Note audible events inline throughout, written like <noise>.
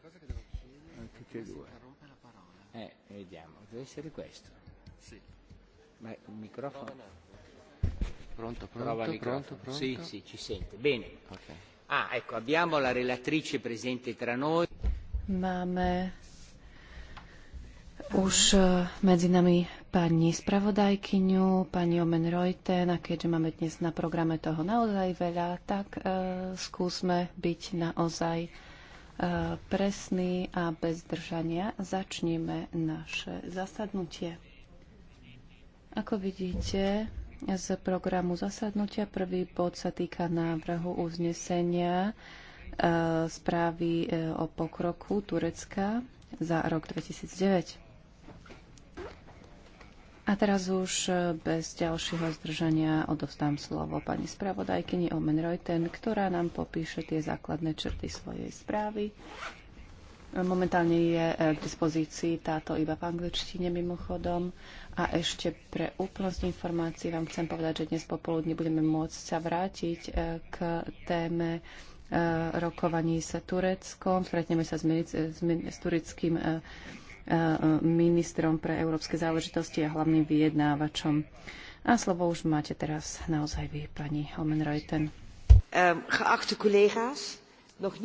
cosa che devo chiedere eh, tutti e due. interrompe la parola. Eh, vediamo, deve essere questo. Sì. Ma il microfono... Pronto, pronto, Prova pronto, pronto, pronto. Sì, sì, ci sente. Bene. Okay. Ah, ecco, abbiamo la relatrice presente tra noi. Máme už eh, medzi nami pani spravodajkyňu, pani Omen Reuten a keďže máme dnes na programe toho naozaj veľa, tak e, skúsme byť naozaj E, presný a bez držania začneme naše zasadnutie. Ako vidíte, z programu zasadnutia prvý bod sa týka návrhu uznesenia e, správy e, o pokroku Turecka za rok 2009. A teraz už e, bez ďalšieho zdržania odovzdám slovo pani spravodajkyni Omen Reuten, ktorá nám popíše tie základné črty svojej správy. E, momentálne je e, k dispozícii táto iba v angličtine mimochodom. A ešte pre úplnosť informácií vám chcem povedať, že dnes popoludne budeme môcť sa vrátiť k téme rokovaní sa Tureckom. Stretneme sa s, s, s tureckým ministrom pre európske záležitosti a hlavným vyjednávačom. A slovo už máte teraz naozaj vy, pani Homen Reuten. Ehm, geachte collega's, nog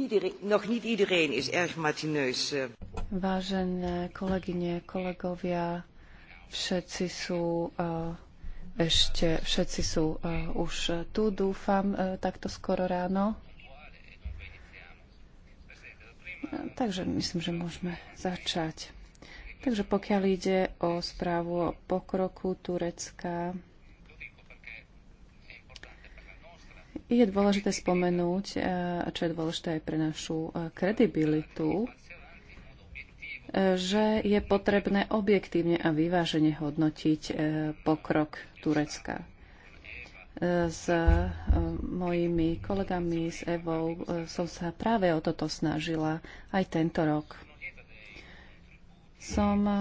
niet iedereen is erg matineus. Eh. Vážené kolegyne, kolegovia, všetci sú eh, ešte, všetci sú eh, už tu, dúfam, takto skoro ráno. Takže myslím, že môžeme začať. Takže pokiaľ ide o správu o pokroku Turecka, je dôležité spomenúť, eh, čo je dôležité aj pre našu eh, kredibilitu, eh, že je potrebné objektívne a vyvážene hodnotiť pokrok Turecka. S mojimi kolegami, z Evou, som sa práve o toto snažila aj tento rok. Som e,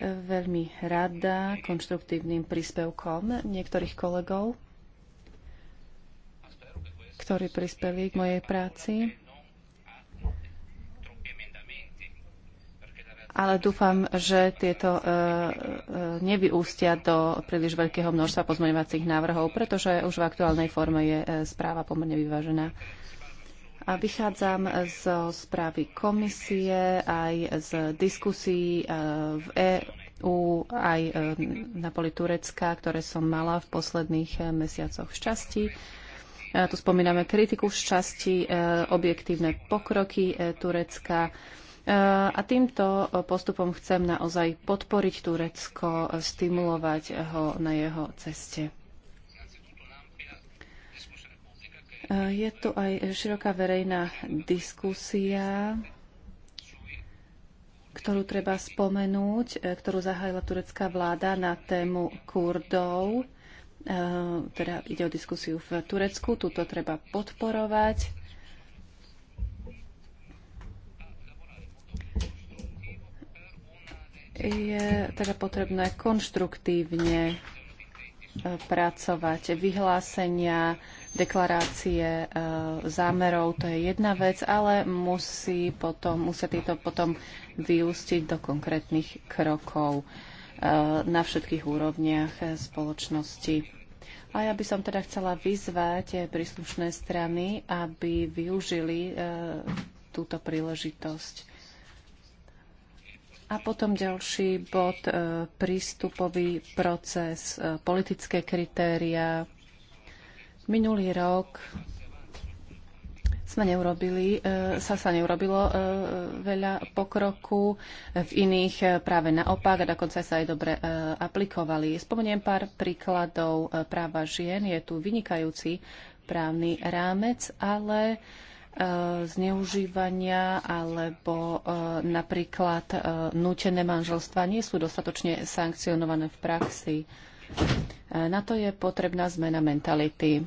veľmi rada konštruktívnym príspevkom niektorých kolegov, ktorí prispeli k mojej práci. Ale dúfam, že tieto e, e, nevyústia do príliš veľkého množstva pozmeňovacích návrhov, pretože už v aktuálnej forme je správa pomerne vyvážená. A vychádzam zo správy komisie, aj z diskusí eh, v EU, aj eh, na poli Turecka, ktoré som mala v posledných eh, mesiacoch v časti. Tu spomíname kritiku v časti, objektívne pokroky Turecka. A týmto postupom chcem naozaj podporiť Turecko, stimulovať ho na jeho ceste. Je tu aj široká verejná diskusia, ktorú treba spomenúť, e, ktorú zahájila turecká vláda na tému Kurdov. E, teda ide o diskusiu v Turecku, túto treba podporovať. je teda potrebné konštruktívne e, pracovať. Vyhlásenia deklarácie e, zámerov, to je jedna vec, ale musí potom, musia tieto potom vyústiť do konkrétnych krokov e, na všetkých úrovniach e, spoločnosti. A ja by som teda chcela vyzvať príslušné strany, aby využili túto príležitosť. A potom ďalší bod, prístupový proces, politické kritéria, Minulý rok sme neurobili, e, sa sa neurobilo e, veľa pokroku, v iných e, práve naopak a dokonca sa aj dobre aplikovali. Spomeniem pár príkladov práva žien. Je tu vynikajúci právny rámec, ale zneužívania alebo napríklad nutené manželstva nie sú dostatočne sankcionované v praxi. E, na to je potrebná zmena mentality,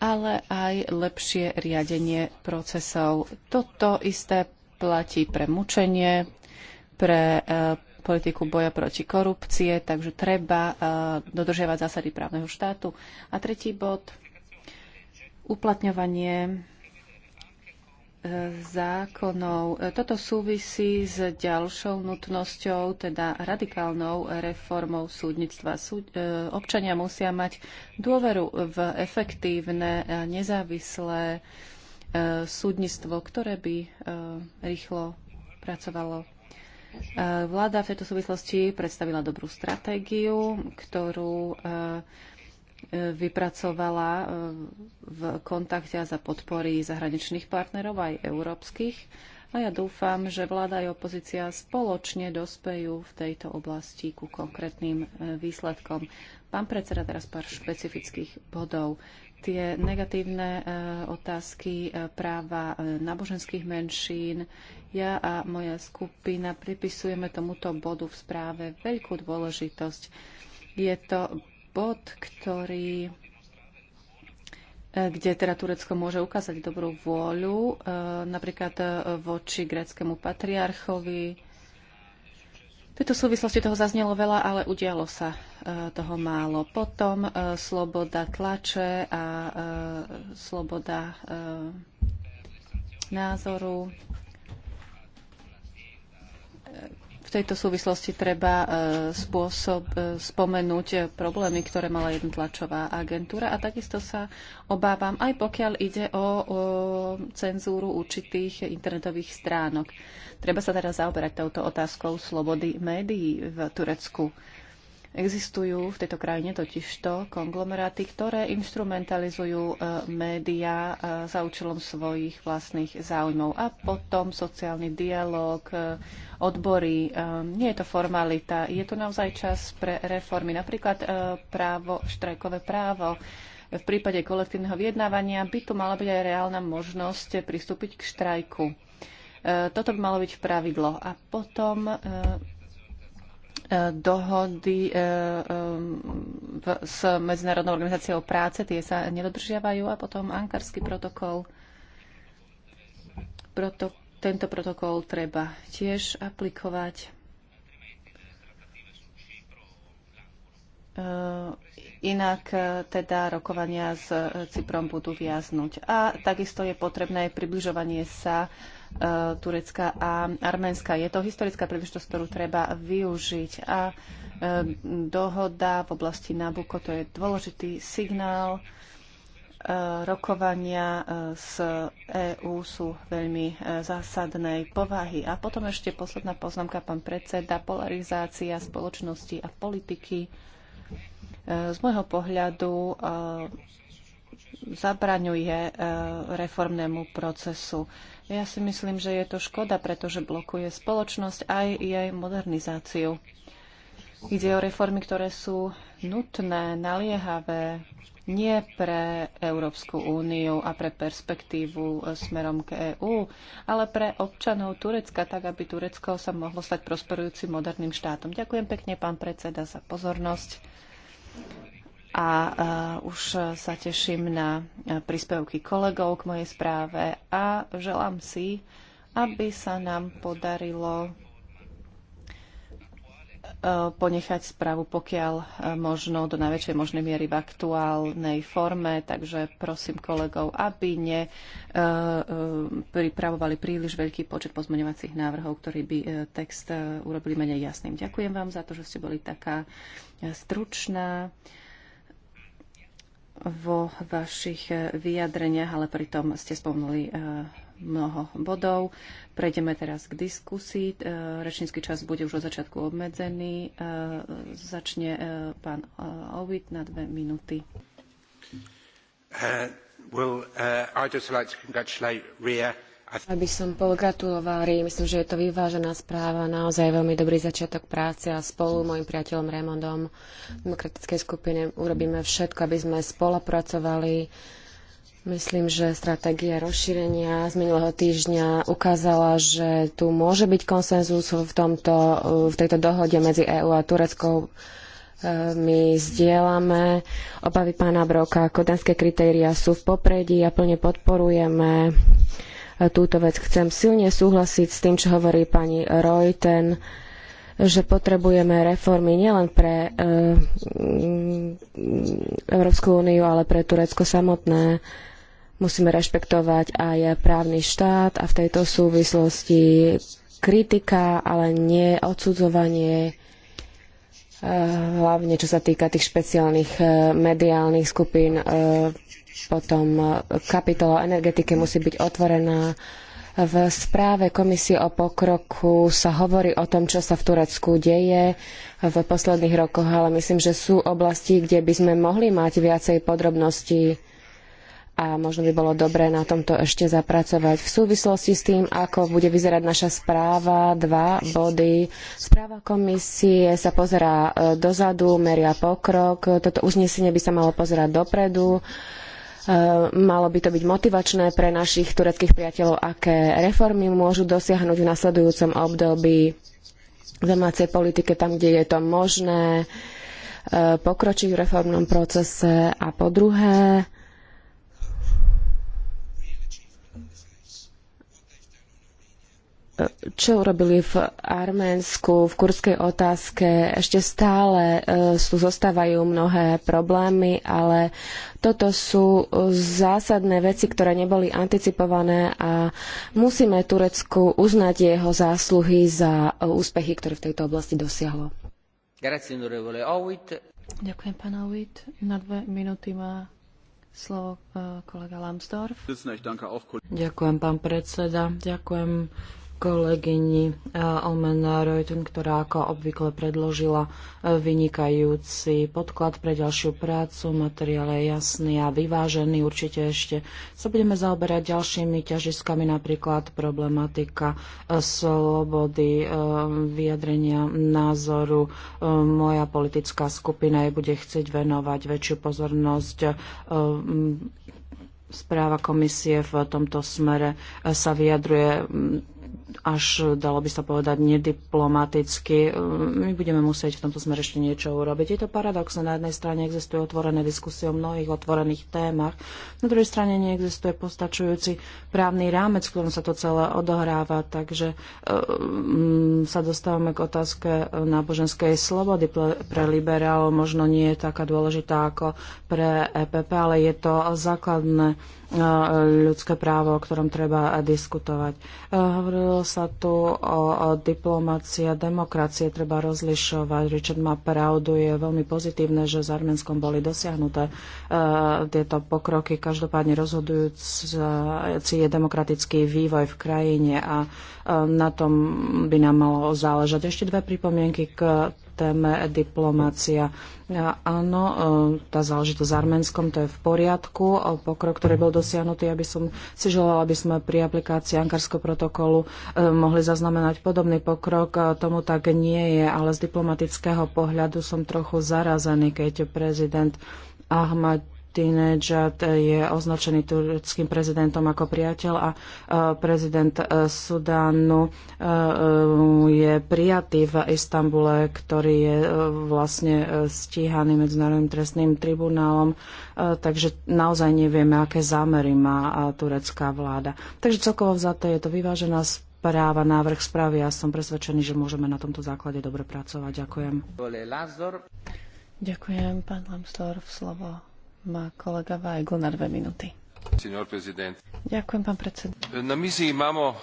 ale aj lepšie riadenie procesov. Toto isté platí pre mučenie, pre e, politiku boja proti korupcie, takže treba e, dodržiavať zásady právneho štátu. A tretí bod, uplatňovanie zákonov. Toto súvisí s ďalšou nutnosťou, teda radikálnou reformou súdnictva. E, občania musia mať dôveru v efektívne a nezávislé e, súdnictvo, ktoré by e, rýchlo pracovalo. Vláda v tejto súvislosti predstavila dobrú stratégiu, ktorú vypracovala e, v kontakte a za podpory zahraničných partnerov aj európskych. A ja dúfam, že vláda aj opozícia spoločne dospejú v tejto oblasti ku konkrétnym e, výsledkom. Pán predseda, teraz pár špecifických bodov. Tie negatívne e, otázky práva náboženských menšín, ja a moja skupina pripisujeme tomuto bodu v správe veľkú dôležitosť. Je to bod, ktorý e, kde teda Turecko môže ukázať dobrú vôľu, e, napríklad e, voči gréckému patriarchovi. V tejto súvislosti toho zaznelo veľa, ale udialo sa toho málo. Potom sloboda tlače a sloboda názoru v tejto súvislosti treba e, spôsob e, spomenúť problémy, ktoré mala jednotlačová agentúra a takisto sa obávam aj pokiaľ ide o, o cenzúru určitých internetových stránok. Treba sa teda zaoberať touto otázkou slobody médií v Turecku. Existujú v tejto krajine totižto konglomeráty, ktoré instrumentalizujú e, médiá e, za účelom svojich vlastných záujmov. A potom sociálny dialog, e, odbory. Nie je to formalita, je to naozaj čas pre reformy. Napríklad právo, štrajkové právo. V prípade kolektívneho vyjednávania by tu mala byť aj reálna možnosť pristúpiť k štrajku. Toto by malo byť pravidlo. A potom dohody e, e, s Medzinárodnou organizáciou práce, tie sa nedodržiavajú a potom ankarský protokol. Proto, tento protokol treba tiež aplikovať. E, inak teda rokovania s Cyprom budú viaznuť. A takisto je potrebné približovanie sa E, Turecka a Arménska. Je to historická príležitosť, ktorú treba využiť. A e, dohoda v oblasti Nabuko, to je dôležitý signál. E, rokovania z EÚ sú veľmi zásadnej povahy. A potom ešte posledná poznámka, pán predseda, polarizácia spoločnosti a politiky. Z môjho pohľadu zabraňuje reformnému procesu ja si myslím, že je to škoda, pretože blokuje spoločnosť aj jej modernizáciu. Ide o reformy, ktoré sú nutné, naliehavé, nie pre Európsku úniu a pre perspektívu e, smerom k EÚ, ale pre občanov Turecka, tak aby Turecko sa mohlo stať prosperujúcim moderným štátom. Ďakujem pekne, pán predseda, za pozornosť a e, už sa teším na e, príspevky kolegov k mojej správe a želám si, aby sa nám podarilo e, ponechať správu pokiaľ možno do najväčšej možnej miery v aktuálnej forme, takže prosím kolegov, aby ne pripravovali príliš veľký počet pozmeňovacích návrhov, ktorí by text urobili menej jasným. Ďakujem vám za to, že ste boli taká stručná vo vašich eh, vyjadreniach, ale pritom ste spomenuli eh, mnoho bodov. Prejdeme teraz k diskusii. Eh, rečnícky čas bude už od začiatku obmedzený. Začne pán Ovid na dve minúty. Uh, well, uh, I'd just like to congratulate Ria aby som pogratuloval Rii, myslím, že je to vyvážená správa, naozaj veľmi dobrý začiatok práce a spolu mojim priateľom Remondom demokratickej skupiny urobíme všetko, aby sme spolupracovali. Myslím, že stratégia rozšírenia z minulého týždňa ukázala, že tu môže byť konsenzus v, tomto, v tejto dohode medzi EÚ a Tureckou e, my zdieľame obavy pána Broka. Kodanské kritéria sú v popredí a plne podporujeme túto vec. Chcem silne súhlasiť s tým, čo hovorí pani Reuten, že potrebujeme reformy nielen pre eh, mm, Európsku úniu, ale pre Turecko samotné. Musíme rešpektovať aj právny štát a v tejto súvislosti kritika, ale nie odsudzovanie eh, hlavne čo sa týka tých špeciálnych eh, mediálnych skupín potom e, kapitola o energetike musí byť otvorená. V správe komisie o pokroku sa hovorí o tom, čo sa v Turecku deje v posledných rokoch, ale myslím, že sú oblasti, kde by sme mohli mať viacej podrobností a možno by bolo dobré na tomto ešte zapracovať. V súvislosti s tým, ako bude vyzerať naša správa, dva body. Správa komisie sa pozerá e, dozadu, meria pokrok. Toto uznesenie by sa malo pozerať dopredu. E, malo by to byť motivačné pre našich tureckých priateľov, aké reformy môžu dosiahnuť v nasledujúcom období v domácej politike, tam, kde je to možné, e, pokročiť v reformnom procese a po druhé, čo urobili v Arménsku, v kurskej otázke. Ešte stále e, sú, zostávajú mnohé problémy, ale toto sú zásadné veci, ktoré neboli anticipované a musíme Turecku uznať jeho zásluhy za e, úspechy, ktoré v tejto oblasti dosiahlo. Ďakujem, pán Na dve minúty má slovo e, kolega Lambsdorff. Ďakujem, pán predseda. Ďakujem kolegyni eh, Omen Reuten, ktorá ako obvykle predložila eh, vynikajúci podklad pre ďalšiu prácu. Materiál je jasný a vyvážený. Určite ešte sa budeme zaoberať ďalšími ťažiskami, napríklad problematika eh, slobody vyjadrenia názoru. Moja politická skupina jej bude chcieť venovať väčšiu pozornosť správa komisie v tomto smere sa vyjadruje až, dalo by sa povedať, nediplomaticky. My budeme musieť v tomto smere ešte niečo urobiť. Je to paradox, na jednej strane existuje otvorené diskusie o mnohých otvorených témach, na druhej strane neexistuje postačujúci právny rámec, v ktorom sa to celé odohráva, takže e, sa dostávame k otázke náboženskej slobody. Pre liberálov možno nie je taká dôležitá ako pre EPP, ale je to základné ľudské právo, o ktorom treba diskutovať. Hovorilo sa tu o, diplomácii a demokracie, treba rozlišovať. Richard má pravdu, je veľmi pozitívne, že s Arménskom boli dosiahnuté tieto pokroky. Každopádne rozhodujúci je demokratický vývoj v krajine a na tom by nám malo záležať. Ešte dve pripomienky k téme diplomácia. Áno, e, tá záležitosť s Arménskom, to je v poriadku. O e, pokrok, ktorý bol dosiahnutý, aby som si želala, aby sme pri aplikácii Ankarského protokolu e, mohli zaznamenať podobný pokrok. Tomu tak nie je, ale z diplomatického pohľadu som trochu zarazený, keď prezident Ahmad Tinejad eh, je označený tureckým prezidentom ako priateľ a eh, prezident eh, Sudánu je prijatý v Istambule, ktorý je vlastne stíhaný Medzinárodným trestným tribunálom. Takže naozaj nevieme, aké zámery má turecká vláda. Takže celkovo vzaté je to vyvážená správa, návrh správy. Ja som presvedčený, že môžeme na tomto základe dobre pracovať. Ďakujem. Ďakujem, pán Lamsdorf. Slovo má kolega Vajgl na dve minúty. Ďakujem, pán predseda. mamo...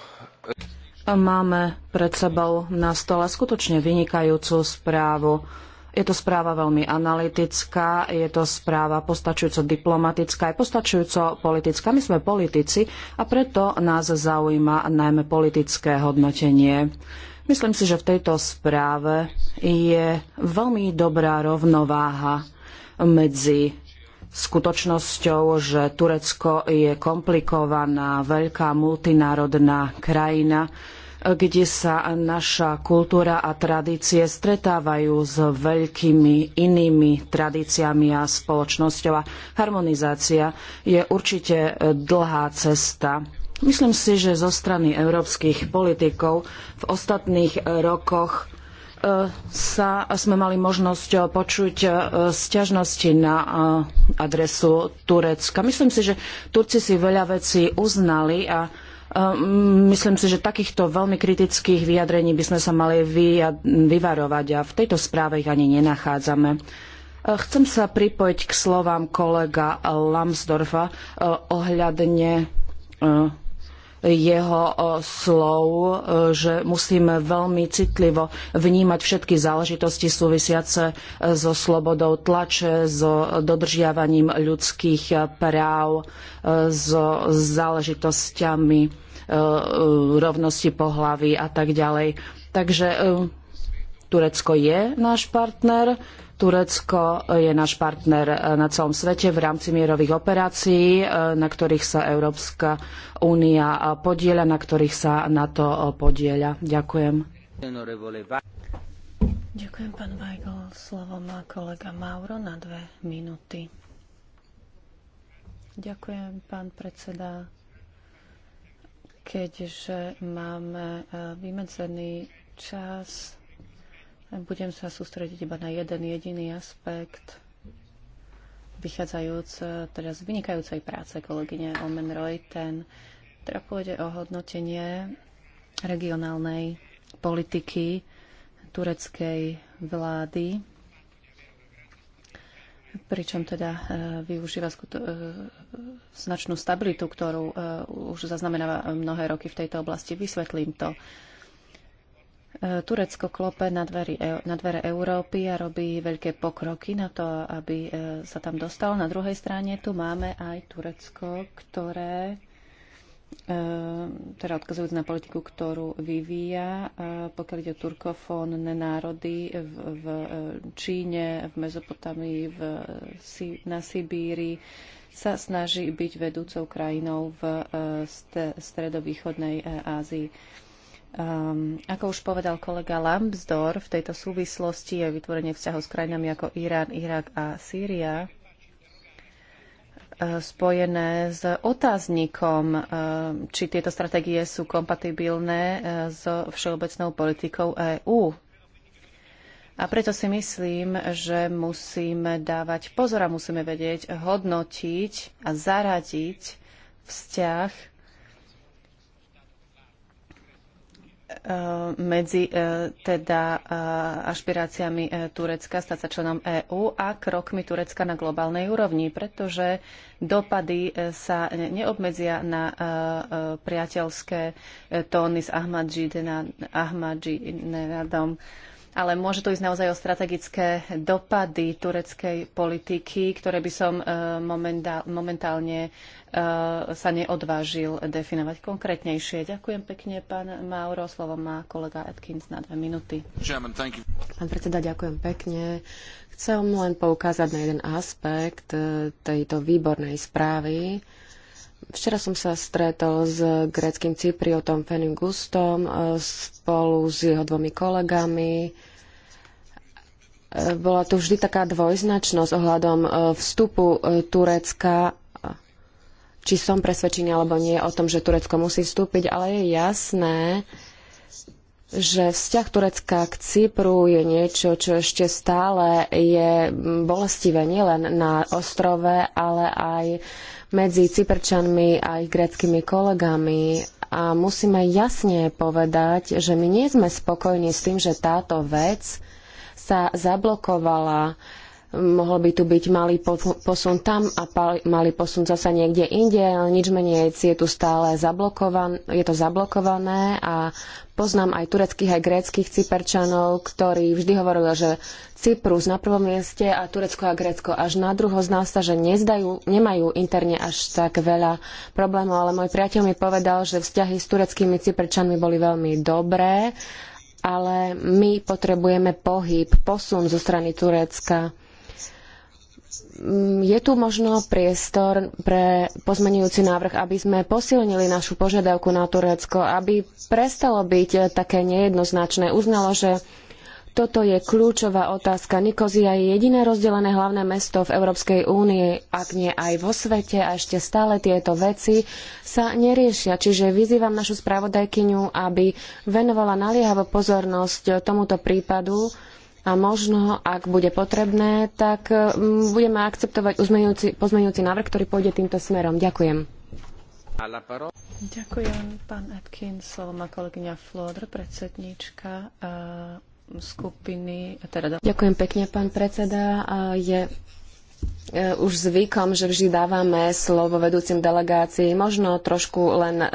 Máme pred sebou na stole skutočne vynikajúcu správu. Je to správa veľmi analytická, je to správa postačujúco diplomatická, aj postačujúco politická. My sme politici a preto nás zaujíma najmä politické hodnotenie. Myslím si, že v tejto správe je veľmi dobrá rovnováha medzi skutočnosťou, že Turecko je komplikovaná, veľká multinárodná krajina, kde sa naša kultúra a tradície stretávajú s veľkými inými tradíciami a spoločnosťou a harmonizácia je určite dlhá cesta. Myslím si, že zo strany európskych politikov v ostatných rokoch sa sme mali možnosť eh, počuť eh, sťažnosti na eh, adresu Turecka. Myslím si, že Turci si veľa vecí uznali a Myslím si, že takýchto veľmi kritických vyjadrení by sme sa mali vyvarovať a v tejto správe ich ani nenachádzame. Chcem sa pripojiť k slovám kolega Lambsdorfa ohľadne jeho eh, slov, eh, že musíme veľmi citlivo vnímať všetky záležitosti súvisiace eh, so slobodou tlače, s so dodržiavaním ľudských práv, so záležitosťami rovnosti pohlavy a tak ďalej. Takže Turecko je náš partner. Turecko je náš partner eh, na celom svete v rámci mierových operácií, eh, na ktorých sa Európska únia eh, podieľa, na ktorých sa NATO podieľa. Ďakujem. Ďakujem, pán Weigl. Slovo má kolega Mauro na dve minúty. Ďakujem, pán predseda. Keďže máme vymedzený čas, budem sa sústrediť iba na jeden jediný aspekt vychádzajúc e, teda z vynikajúcej práce kolegyne Omen Ten teda pôjde o hodnotenie regionálnej politiky tureckej vlády, pričom teda e, využíva e, značnú stabilitu, ktorú už zaznamenáva mnohé roky v tejto oblasti. Vysvetlím to. Turecko klope na, dveri, e- na dvere Európy a robí veľké pokroky na to, aby e, sa tam dostalo. Na druhej strane tu máme aj Turecko, ktoré e, teda odkazujúc na politiku, ktorú vyvíja, pokiaľ ide o turkofónne národy v, v Číne, v Mezopotamii, v, na Sibíri, sa snaží byť vedúcou krajinou v stredovýchodnej Ázii. Um, ako už povedal kolega Lambsdor, v tejto súvislosti je vytvorenie vzťahov s krajinami ako Irán, Irak a Sýria ehm, spojené s otáznikom, ehm, či tieto stratégie sú kompatibilné eh, s všeobecnou politikou EÚ. A preto si myslím, že musíme dávať pozor a musíme vedieť hodnotiť a zaradiť vzťah Eh, medzi eh, teda eh, ašpiráciami Turecka stať sa členom EÚ a krokmi Turecka na globálnej úrovni, pretože dopady sa neobmedzia na priateľské tóny s Ahmadžinejadom. Ahmadži, ale môže to ísť naozaj o strategické dopady tureckej politiky, ktoré by som e, momentálne e, sa neodvážil definovať konkrétnejšie. Ďakujem pekne, pán Mauro. Slovo má kolega Atkins na dve minúty. Pán predseda, ďakujem pekne. Chcem len poukázať na jeden aspekt e, tejto výbornej správy, Včera som sa stretol s gréckým Cypriotom Fenim Gustom e, spolu s jeho dvomi kolegami. E, bola tu vždy taká dvojznačnosť ohľadom e, vstupu Turecka či som presvedčený alebo nie o tom, že Turecko musí vstúpiť, ale je jasné, že vzťah Turecka k Cypru je niečo, čo ešte stále je bolestivé nielen na ostrove, ale aj medzi Cyperčanmi a ich greckými kolegami a musíme jasne povedať, že my nie sme spokojní s tým, že táto vec sa zablokovala mohol by tu byť malý posun tam a malý posun zasa niekde inde, ale nič menej je tu stále zablokované, je to zablokované a poznám aj tureckých, aj gréckych Cyperčanov, ktorí vždy hovorili, že Cyprus na prvom mieste a Turecko a Grécko až na druho. zná sa, že nezdajú, nemajú interne až tak veľa problémov, ale môj priateľ mi povedal, že vzťahy s tureckými Cyperčanmi boli veľmi dobré ale my potrebujeme pohyb, posun zo strany Turecka Mm, je tu možno priestor pre pozmenujúci návrh, aby sme posilnili našu požiadavku na Turecko, aby prestalo byť eh, také nejednoznačné. Uznalo, že toto je kľúčová otázka. Nikozia je jediné rozdelené hlavné mesto v Európskej únii, ak nie aj vo svete a ešte stále tieto veci sa neriešia. Čiže vyzývam našu spravodajkyňu, aby venovala naliehavo pozornosť eh, tomuto prípadu a možno, ak bude potrebné, tak e, budeme akceptovať pozmeňujúci návrh, ktorý pôjde týmto smerom. Ďakujem. Ďakujem, pán Atkins, slovo má kolegyňa Flodr, predsedníčka e, skupiny. E, teda... Ďakujem pekne, pán predseda. Je už zvykom, že vždy dávame slovo vedúcim delegácií. Možno trošku len e,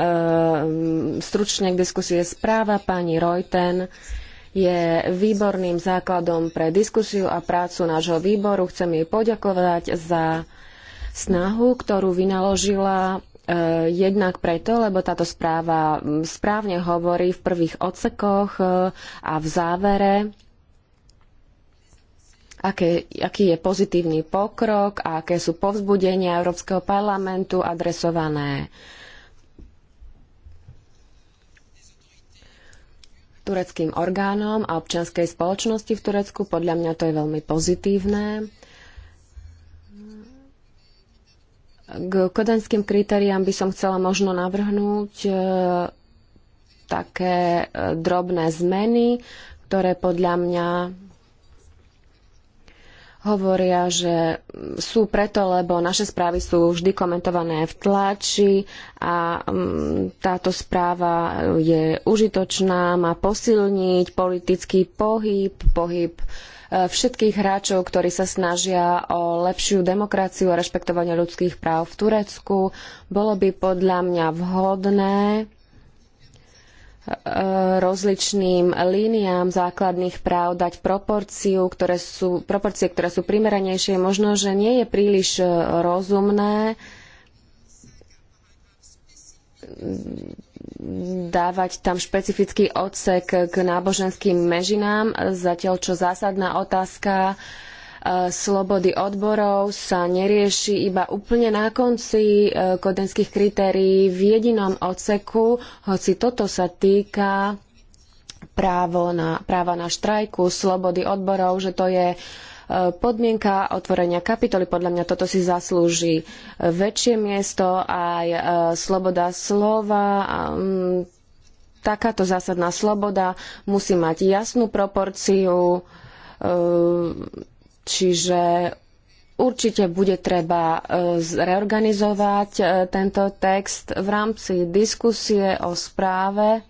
stručne k diskusii správa pani Reuten. E, je výborným základom pre diskusiu a prácu nášho výboru. Chcem jej poďakovať za snahu, ktorú vynaložila e, jednak preto, lebo táto správa správne hovorí v prvých odsekoch e, a v závere, aké, aký je pozitívny pokrok a aké sú povzbudenia Európskeho parlamentu adresované tureckým orgánom a občianskej spoločnosti v Turecku. Podľa mňa to je veľmi pozitívne. K kodaňským kritériám by som chcela možno navrhnúť e, také e, drobné zmeny, ktoré podľa mňa hovoria, že sú preto, lebo naše správy sú vždy komentované v tlači a mm, táto správa je užitočná, má posilniť politický pohyb, pohyb e, všetkých hráčov, ktorí sa snažia o lepšiu demokraciu a rešpektovanie ľudských práv v Turecku. Bolo by podľa mňa vhodné rozličným líniám základných práv dať proporciu, ktoré sú, proporcie, ktoré sú primeranejšie. Možno, že nie je príliš e, rozumné dávať tam špecifický odsek k náboženským menšinám, zatiaľ čo zásadná otázka uh, E, slobody odborov sa nerieši iba úplne na konci e, kodenských kritérií v jedinom odseku, hoci toto sa týka právo na, práva na štrajku, slobody odborov, že to je e, podmienka otvorenia kapitoly. Podľa mňa toto si zaslúži väčšie miesto, aj sloboda slova. Mm, takáto zásadná sloboda musí mať jasnú proporciu Čiže určite bude treba e, zreorganizovať e, tento text v rámci diskusie o správe.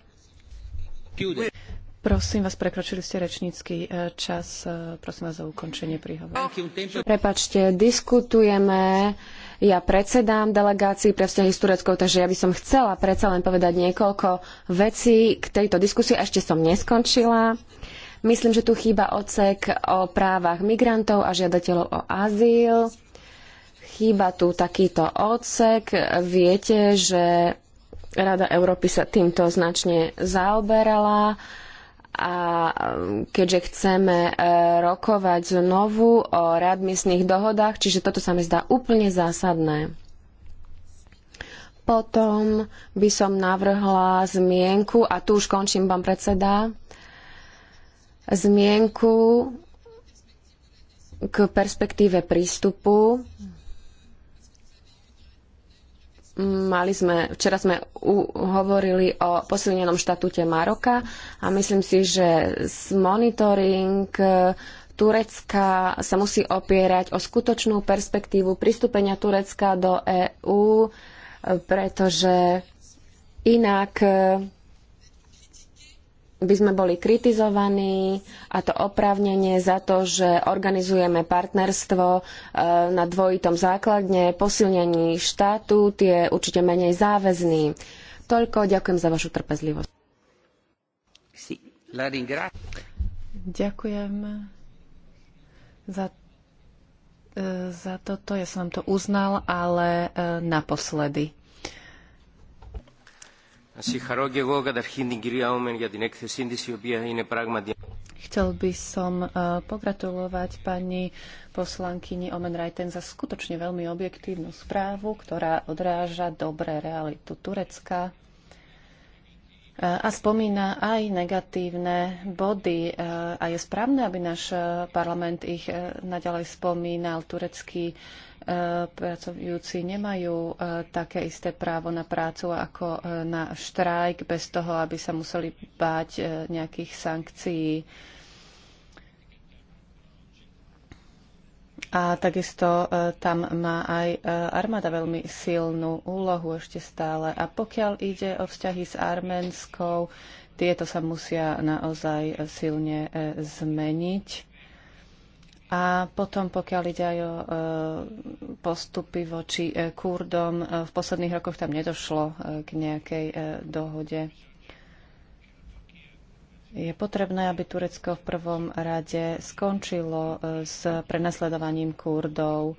Prosím vás, prekročili ste rečnícky e, čas. Prosím vás o ukončenie príhovoru. Prepačte, diskutujeme. Ja predsedám delegácii pre vzťahy s Tureckou, takže ja by som chcela predsa len povedať niekoľko vecí k tejto diskusii. Ešte som neskončila. Myslím, že tu chýba odsek o právach migrantov a žiadateľov o azyl. Chýba tu takýto odsek. Viete, že Rada Európy sa týmto značne zaoberala a keďže chceme e, rokovať znovu o readmisných dohodách, čiže toto sa mi zdá úplne zásadné. Potom by som navrhla zmienku, a tu už končím, pán predseda, zmienku k perspektíve prístupu. Mali sme, včera sme u, hovorili o posilnenom štatúte Maroka a myslím si, že z monitoring e, Turecka sa musí opierať o skutočnú perspektívu pristúpenia Turecka do EÚ, e, pretože inak e, by sme boli kritizovaní a to oprávnenie za to, že organizujeme partnerstvo e, na dvojitom základne, posilnení štátu je určite menej záväzný. Toľko, ďakujem za vašu trpezlivosť. Ďakujem za, e, za toto, ja som to uznal, ale e, naposledy. Chcel by som pogratulovať pani poslankyni Omen Rajten za skutočne veľmi objektívnu správu, ktorá odráža dobré realitu Turecka e, a spomína aj negatívne body e, a je správne, aby náš e, parlament ich naďalej spomínal. Turecký E, pracujúci nemajú e, také isté právo na prácu ako e, na štrajk bez toho, aby sa museli báť nejakých sankcií. A takisto tam má aj armáda veľmi silnú úlohu ešte stále. A pokiaľ ide o vzťahy s Arménskou, tieto sa musia naozaj silne zmeniť a potom, pokiaľ ide aj o e, postupy voči e, Kurdom, e, v posledných rokoch tam nedošlo k nejakej dohode. Je potrebné, aby Turecko v prvom rade skončilo s prenasledovaním Kurdov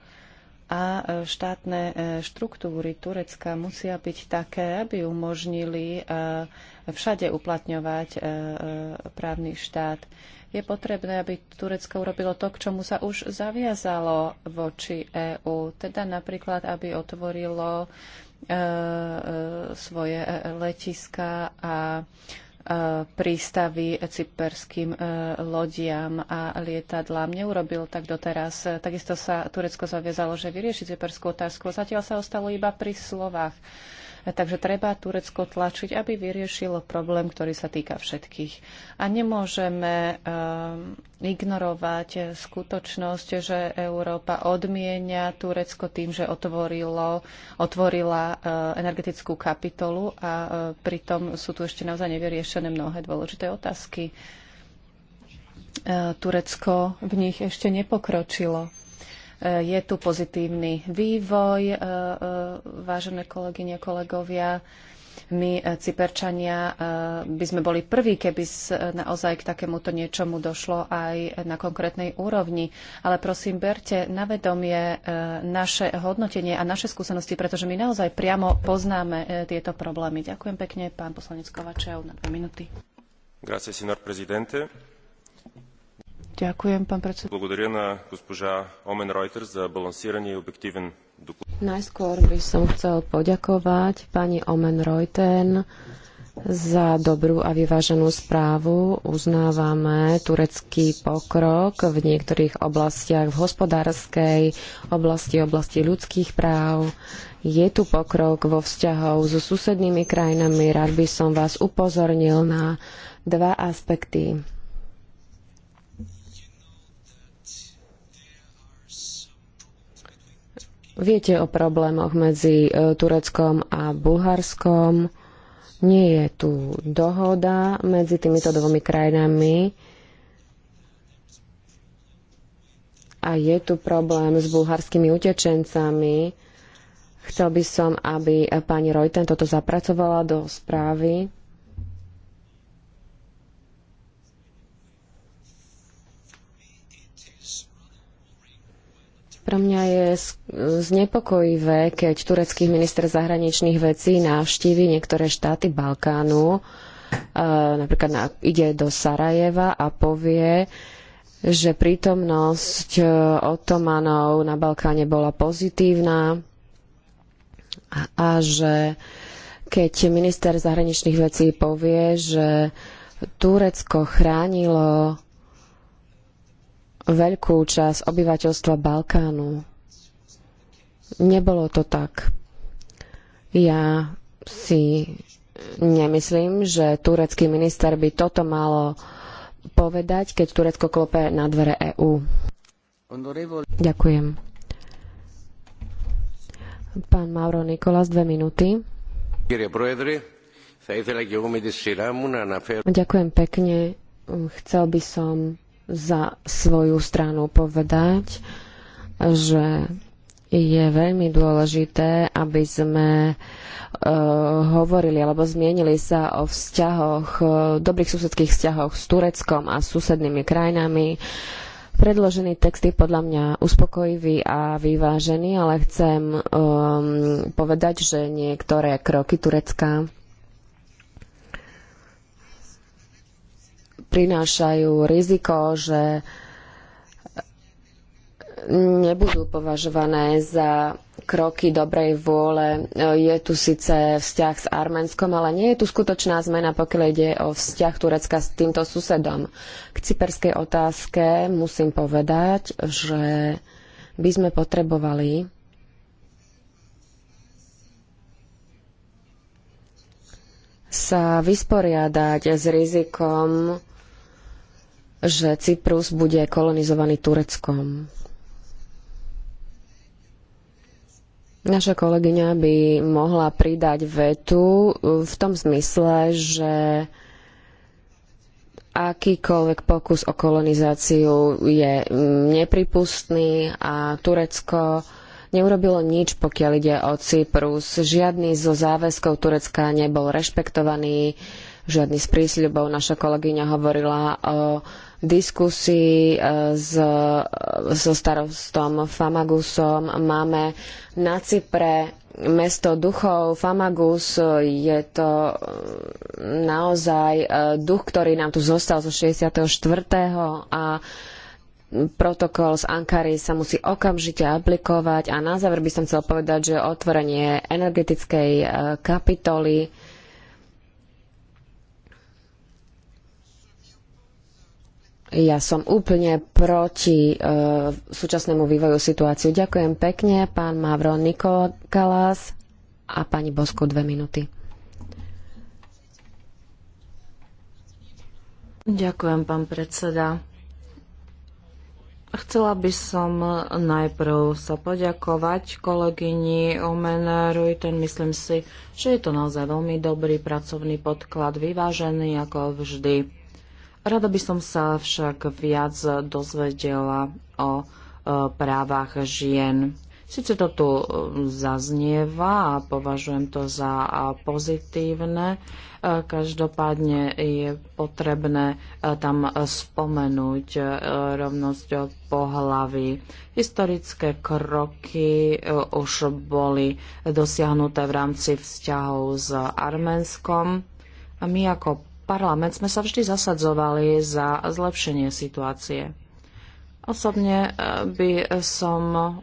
a štátne štruktúry Turecka musia byť také, aby umožnili všade uplatňovať právny štát. Je potrebné, aby Turecko urobilo to, k čomu sa už zaviazalo voči EÚ, teda napríklad, aby otvorilo e, e, svoje e, letiska a e, prístavy cyperským e, lodiam a lietadlám. Neurobil tak doteraz. Takisto sa Turecko zaviazalo, že vyrieši cyperskú otázku. Zatiaľ sa ostalo iba pri slovách. Takže treba Turecko tlačiť, aby vyriešilo problém, ktorý sa týka všetkých. A nemôžeme ehm, ignorovať skutočnosť, že Európa odmienia Turecko tým, že otvorilo, otvorila ehm, energetickú kapitolu a ehm, pritom sú tu ešte naozaj nevyriešené mnohé dôležité otázky. Turecko v nich ešte nepokročilo. Je tu pozitívny vývoj, e, e, vážené kolegyne, kolegovia. My, e, Cyperčania, by sme boli prví, keby naozaj k takémuto niečomu došlo aj na konkrétnej úrovni. Ale prosím, berte na vedomie naše hodnotenie a naše skúsenosti, pretože my naozaj priamo poznáme tieto problémy. Ďakujem pekne, pán poslanec Kovačev, na dve minúty. Grazie, signor presidente. Ďakujem, pán predseda. Najskôr by som chcel poďakovať pani Omen Reuten za dobrú a vyváženú správu. Uznávame turecký pokrok v niektorých oblastiach, v hospodárskej oblasti, oblasti ľudských práv. Je tu pokrok vo vzťahov so susednými krajinami. Rád by som vás upozornil na dva aspekty. Viete o problémoch medzi e, Tureckom a Bulharskom. Nie je tu dohoda medzi týmito dvomi krajinami. A je tu problém s bulharskými utečencami. Chcel by som, aby pani Reuten toto zapracovala do správy. Pre mňa je znepokojivé, keď turecký minister zahraničných vecí navštívi niektoré štáty Balkánu, e, napríklad ide do Sarajeva a povie, že prítomnosť e, otomanov na Balkáne bola pozitívna a že keď minister zahraničných vecí povie, že Turecko chránilo veľkú časť obyvateľstva Balkánu. Nebolo to tak. Ja si nemyslím, že turecký minister by toto malo povedať, keď Turecko klope na dvere EÚ. Ďakujem. Pán Mauro Nikolás, dve minúty. Ďakujem pekne. Chcel by som za svoju stranu povedať, že je veľmi dôležité, aby sme e, hovorili alebo zmienili sa o vzťahoch, e, dobrých susedských vzťahoch s Tureckom a susednými krajinami. Predložený text je podľa mňa uspokojivý a vyvážený, ale chcem um, povedať, že niektoré kroky Turecka prinášajú riziko, že nebudú považované za kroky dobrej vôle. Je tu síce vzťah s Arménskom, ale nie je tu skutočná zmena, pokiaľ ide o vzťah Turecka s týmto susedom. K cyperskej otázke musím povedať, že by sme potrebovali sa vysporiadať s rizikom že Cyprus bude kolonizovaný Tureckom. Naša kolegyňa by mohla pridať vetu v tom zmysle, že akýkoľvek pokus o kolonizáciu je nepripustný a Turecko neurobilo nič, pokiaľ ide o Cyprus. Žiadny zo záväzkov Turecka nebol rešpektovaný, žiadny z prísľubov. Naša kolegyňa hovorila o diskusii eh, s, so starostom Famagusom. Máme na Cypre mesto duchov. Famagus eh, je to eh, naozaj duch, ktorý nám tu zostal zo 64. a protokol z Ankary sa musí okamžite aplikovať. A na záver by som chcel povedať, že otvorenie energetickej kapitoly Ja som úplne proti e, súčasnému vývoju situáciu. Ďakujem pekne, pán Mavro Nikolás a pani Bosko dve minúty. Ďakujem, pán predseda. Chcela by som najprv sa poďakovať kolegyni Omen Ruiten. Myslím si, že je to naozaj veľmi dobrý pracovný podklad, vyvážený ako vždy. Rada by som sa však viac dozvedela o e, právach žien. Sice to tu e, zaznieva a považujem to za e, pozitívne, každopádne je potrebné tam spomenúť rovnosť pohlaví. Historické kroky už boli dosiahnuté v rámci vzťahov s Arménskom. A my ako parlament sme sa vždy zasadzovali za zlepšenie situácie. Osobne eh, by som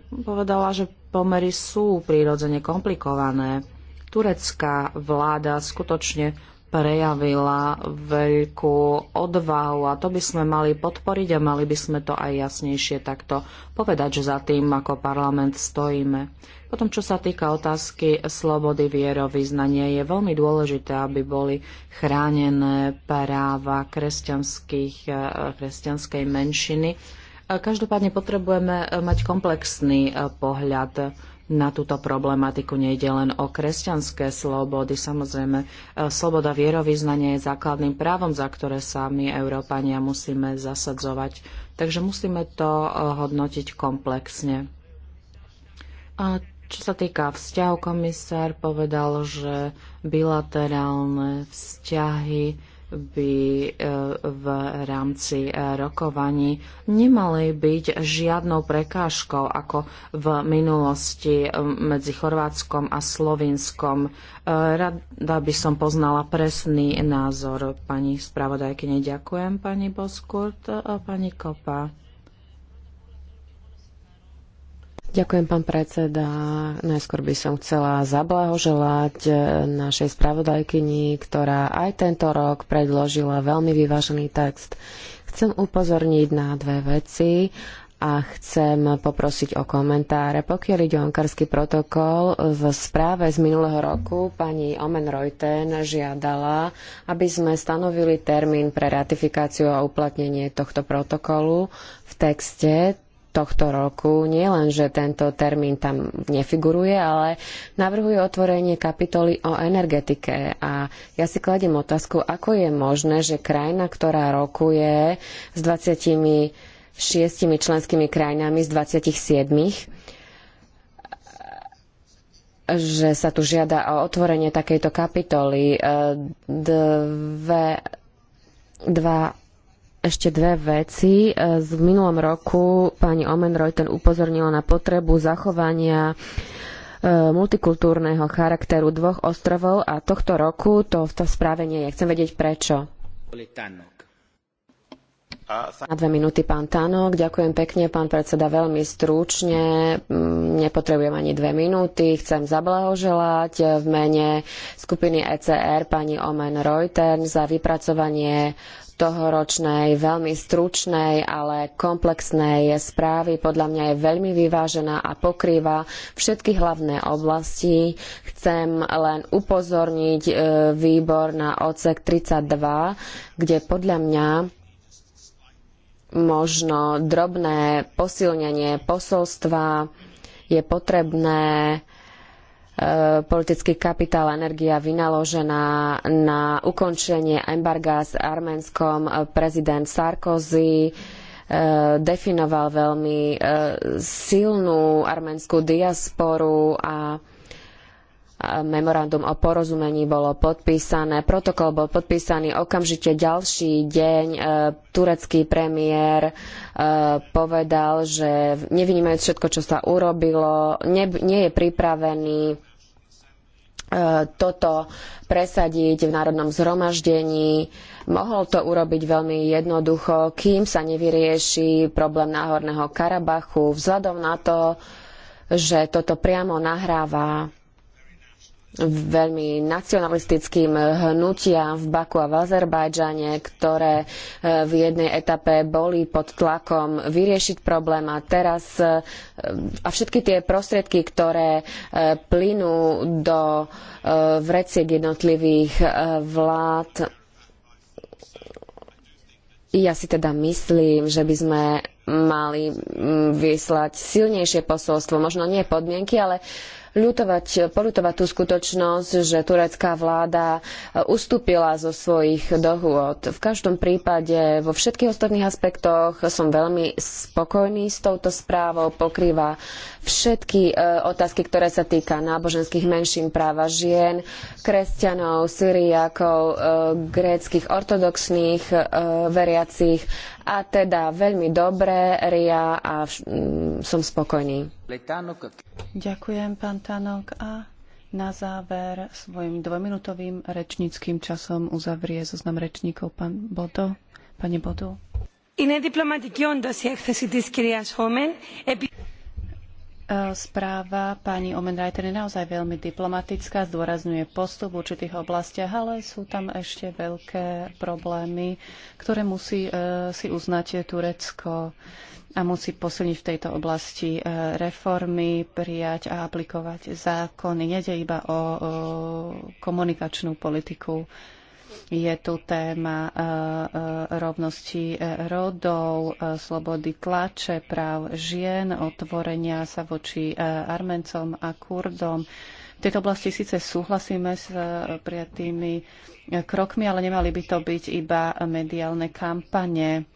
povedala, že pomery sú prirodzene komplikované. Turecká vláda skutočne prejavila veľkú odvahu a to by sme mali podporiť a mali by sme to aj jasnejšie takto povedať, že za tým ako parlament stojíme. Potom, čo sa týka otázky slobody vierovýznania, je veľmi dôležité, aby boli chránené práva eh, kresťanskej menšiny. Eh, každopádne potrebujeme eh, mať komplexný pohľad na túto problematiku. Nejde len o kresťanské slobody. Samozrejme, sloboda vierovýznania je základným právom, za ktoré sa my, Európania, musíme zasadzovať. Takže musíme to hodnotiť komplexne. A čo sa týka vzťahov, komisár povedal, že bilaterálne vzťahy by e, v rámci e, rokovaní nemali byť žiadnou prekážkou, ako v minulosti e, medzi Chorvátskom a Slovinskom. Rada by som poznala presný názor pani spravodajkyne. Ďakujem, pani Boskurt a pani Kopa. Ďakujem, pán predseda. Najskôr by som chcela zablahoželať e, našej spravodajkyni, ktorá aj tento rok predložila veľmi vyvážený text. Chcem upozorniť na dve veci a chcem poprosiť o komentáre. Pokiaľ ide o ankarský protokol, v správe z minulého roku pani Omen Reuten žiadala, aby sme stanovili termín pre ratifikáciu a uplatnenie tohto protokolu v texte tohto roku. Nie len, že tento termín tam nefiguruje, ale navrhuje otvorenie kapitoly o energetike. A ja si kladiem otázku, ako je možné, že krajina, ktorá rokuje s 26 členskými krajinami z 27, že sa tu žiada o otvorenie takejto kapitoly. Eh, dve, dva ešte dve veci. V minulom roku pani Omen Reuten upozornila na potrebu zachovania e, multikultúrneho charakteru dvoch ostrovov a tohto roku to v to správe nie je. Chcem vedieť prečo. Na dve minúty pán Tanok. Ďakujem pekne, pán predseda, veľmi stručne. Mm, nepotrebujem ani dve minúty. Chcem zablahoželať e, v mene skupiny ECR pani Omen Reutern za vypracovanie tohoročnej, veľmi stručnej, ale komplexnej správy. Podľa mňa je veľmi vyvážená a pokrýva všetky hlavné oblasti. Chcem len upozorniť e, výbor na odsek 32, kde podľa mňa možno drobné posilnenie posolstva je potrebné E, politický kapitál, energia vynaložená na ukončenie embarga s Arménskom. E, prezident Sarkozy e, definoval veľmi silnú arménskú diasporu a memorandum o porozumení bolo podpísané, protokol bol podpísaný okamžite ďalší deň. Turecký premiér povedal, že nevynímajúc všetko, čo sa urobilo, nie je pripravený E, toto presadiť v národnom zhromaždení. Mohol to urobiť veľmi jednoducho, kým sa nevyrieši problém Náhorného Karabachu, vzhľadom na to, že toto priamo nahráva veľmi nacionalistickým hnutiam v Baku a v Azerbajdžane, ktoré e, v jednej etape boli pod tlakom vyriešiť problém a teraz e, a všetky tie prostriedky, ktoré e, plynú do vreciek jednotlivých vlád, ja si teda myslím, že by sme mali vyslať silnejšie posolstvo, možno nie podmienky, ale uh, ľutovať, polutovať tú skutočnosť, že turecká vláda e, ustúpila zo svojich dohôd. V každom prípade vo všetkých ostatných aspektoch som veľmi spokojný s touto správou. Pokrýva všetky e, otázky, ktoré sa týka náboženských menšín, práva žien, kresťanov, syriakov, e, gréckych ortodoxných veriacich a teda veľmi dobré, Ria, a vš- m, mm, som spokojný. Ďakujem, pán Tanok. A na záver svojim dvojminútovým rečníckým časom uzavrie zoznam rečníkov pán Bodo. Pani Bodo. Είναι διπλωματική όντω η έκθεση τη κυρία Χόμεν. E, správa pani Omenreiter je naozaj veľmi diplomatická, zdôrazňuje postup v určitých oblastiach, ale sú tam ešte veľké problémy, ktoré musí e, si uznať Turecko a musí posilniť v tejto oblasti e, reformy, prijať a aplikovať zákony. Nede iba o, komunikačnú politiku. Je tu téma e, e, rovnosti e, rodov, slobody tlače, práv žien, otvorenia sa voči Armencom a Kurdom. V tejto oblasti síce súhlasíme s prijatými krokmi, ale nemali by to byť iba mediálne kampane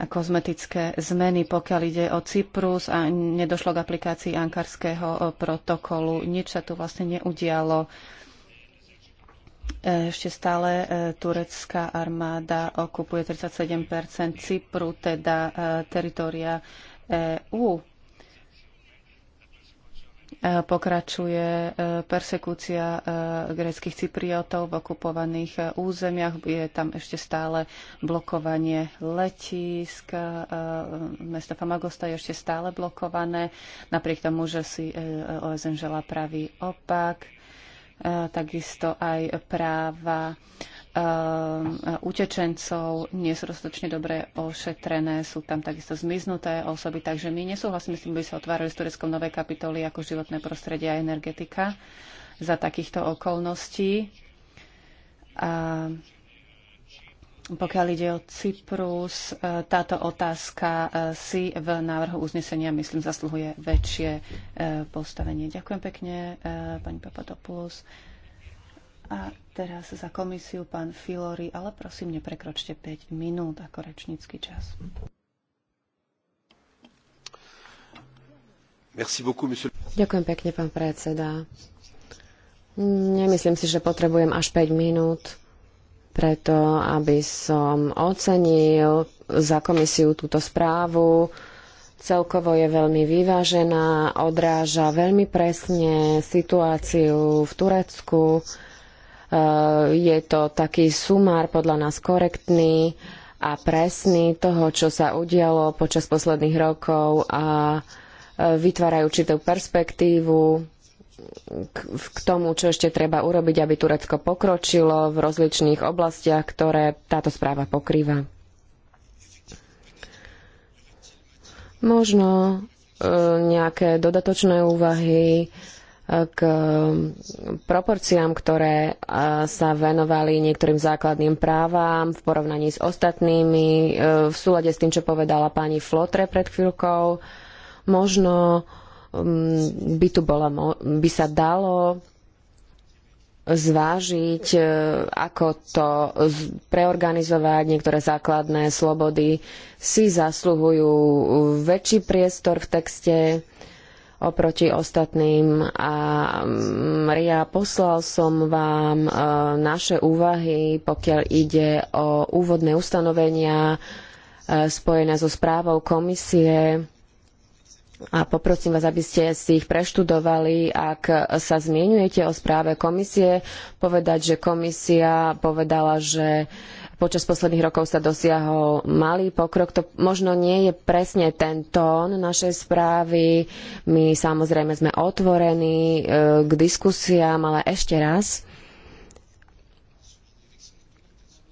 a kozmetické zmeny, pokiaľ ide o Cyprus a nedošlo k aplikácii ankarského protokolu. Nič sa tu vlastne neudialo. Eh, ešte stále eh, turecká armáda okupuje 37 Cypru, teda eh, teritoria EU. Pokračuje persekúcia gréckých cypriotov v okupovaných územiach. Je tam ešte stále blokovanie letísk. Mesto Famagosta je ešte stále blokované, napriek tomu, že si OSN žela pravý opak takisto aj práva um, utečencov nie sú dostatočne dobre ošetrené, sú tam takisto zmiznuté osoby, takže my nesúhlasíme s tým, aby sa otvárali s Tureckom nové kapitoly ako životné prostredie a energetika za takýchto okolností. A pokiaľ ide o Cyprus, e, táto otázka e, si v návrhu uznesenia, myslím, zasluhuje väčšie e, postavenie. Ďakujem pekne, pani Papadopoulos. A teraz za komisiu pán Filori, ale prosím, neprekročte 5 minút ako rečnícky čas. Ďakujem pekne, pán predseda. Nemyslím si, že potrebujem až 5 minút preto, aby som ocenil za komisiu túto správu. Celkovo je veľmi vyvážená, odráža veľmi presne situáciu v Turecku. E, je to taký sumár podľa nás korektný a presný toho, čo sa udialo počas posledných rokov a e, vytvára určitú perspektívu k tomu, čo ešte treba urobiť, aby Turecko pokročilo v rozličných oblastiach, ktoré táto správa pokrýva. Možno e, nejaké dodatočné úvahy e, k proporciám, ktoré e, sa venovali niektorým základným právam v porovnaní s ostatnými, v súlade s tým, čo povedala pani Flotre pred chvíľkou. Možno Hm, by, tu bola, by sa dalo zvážiť, e, ako to preorganizovať. Niektoré základné slobody si zasluhujú väčší priestor v texte oproti ostatným a mm, Ria, poslal som vám e, naše úvahy, pokiaľ ide o úvodné ustanovenia e, spojené so správou komisie a poprosím vás, aby ste si ich preštudovali. Ak sa zmienujete o správe komisie, povedať, že komisia povedala, že počas posledných rokov sa dosiahol malý pokrok. To možno nie je presne ten tón našej správy. My samozrejme sme otvorení e, k diskusiám, ale ešte raz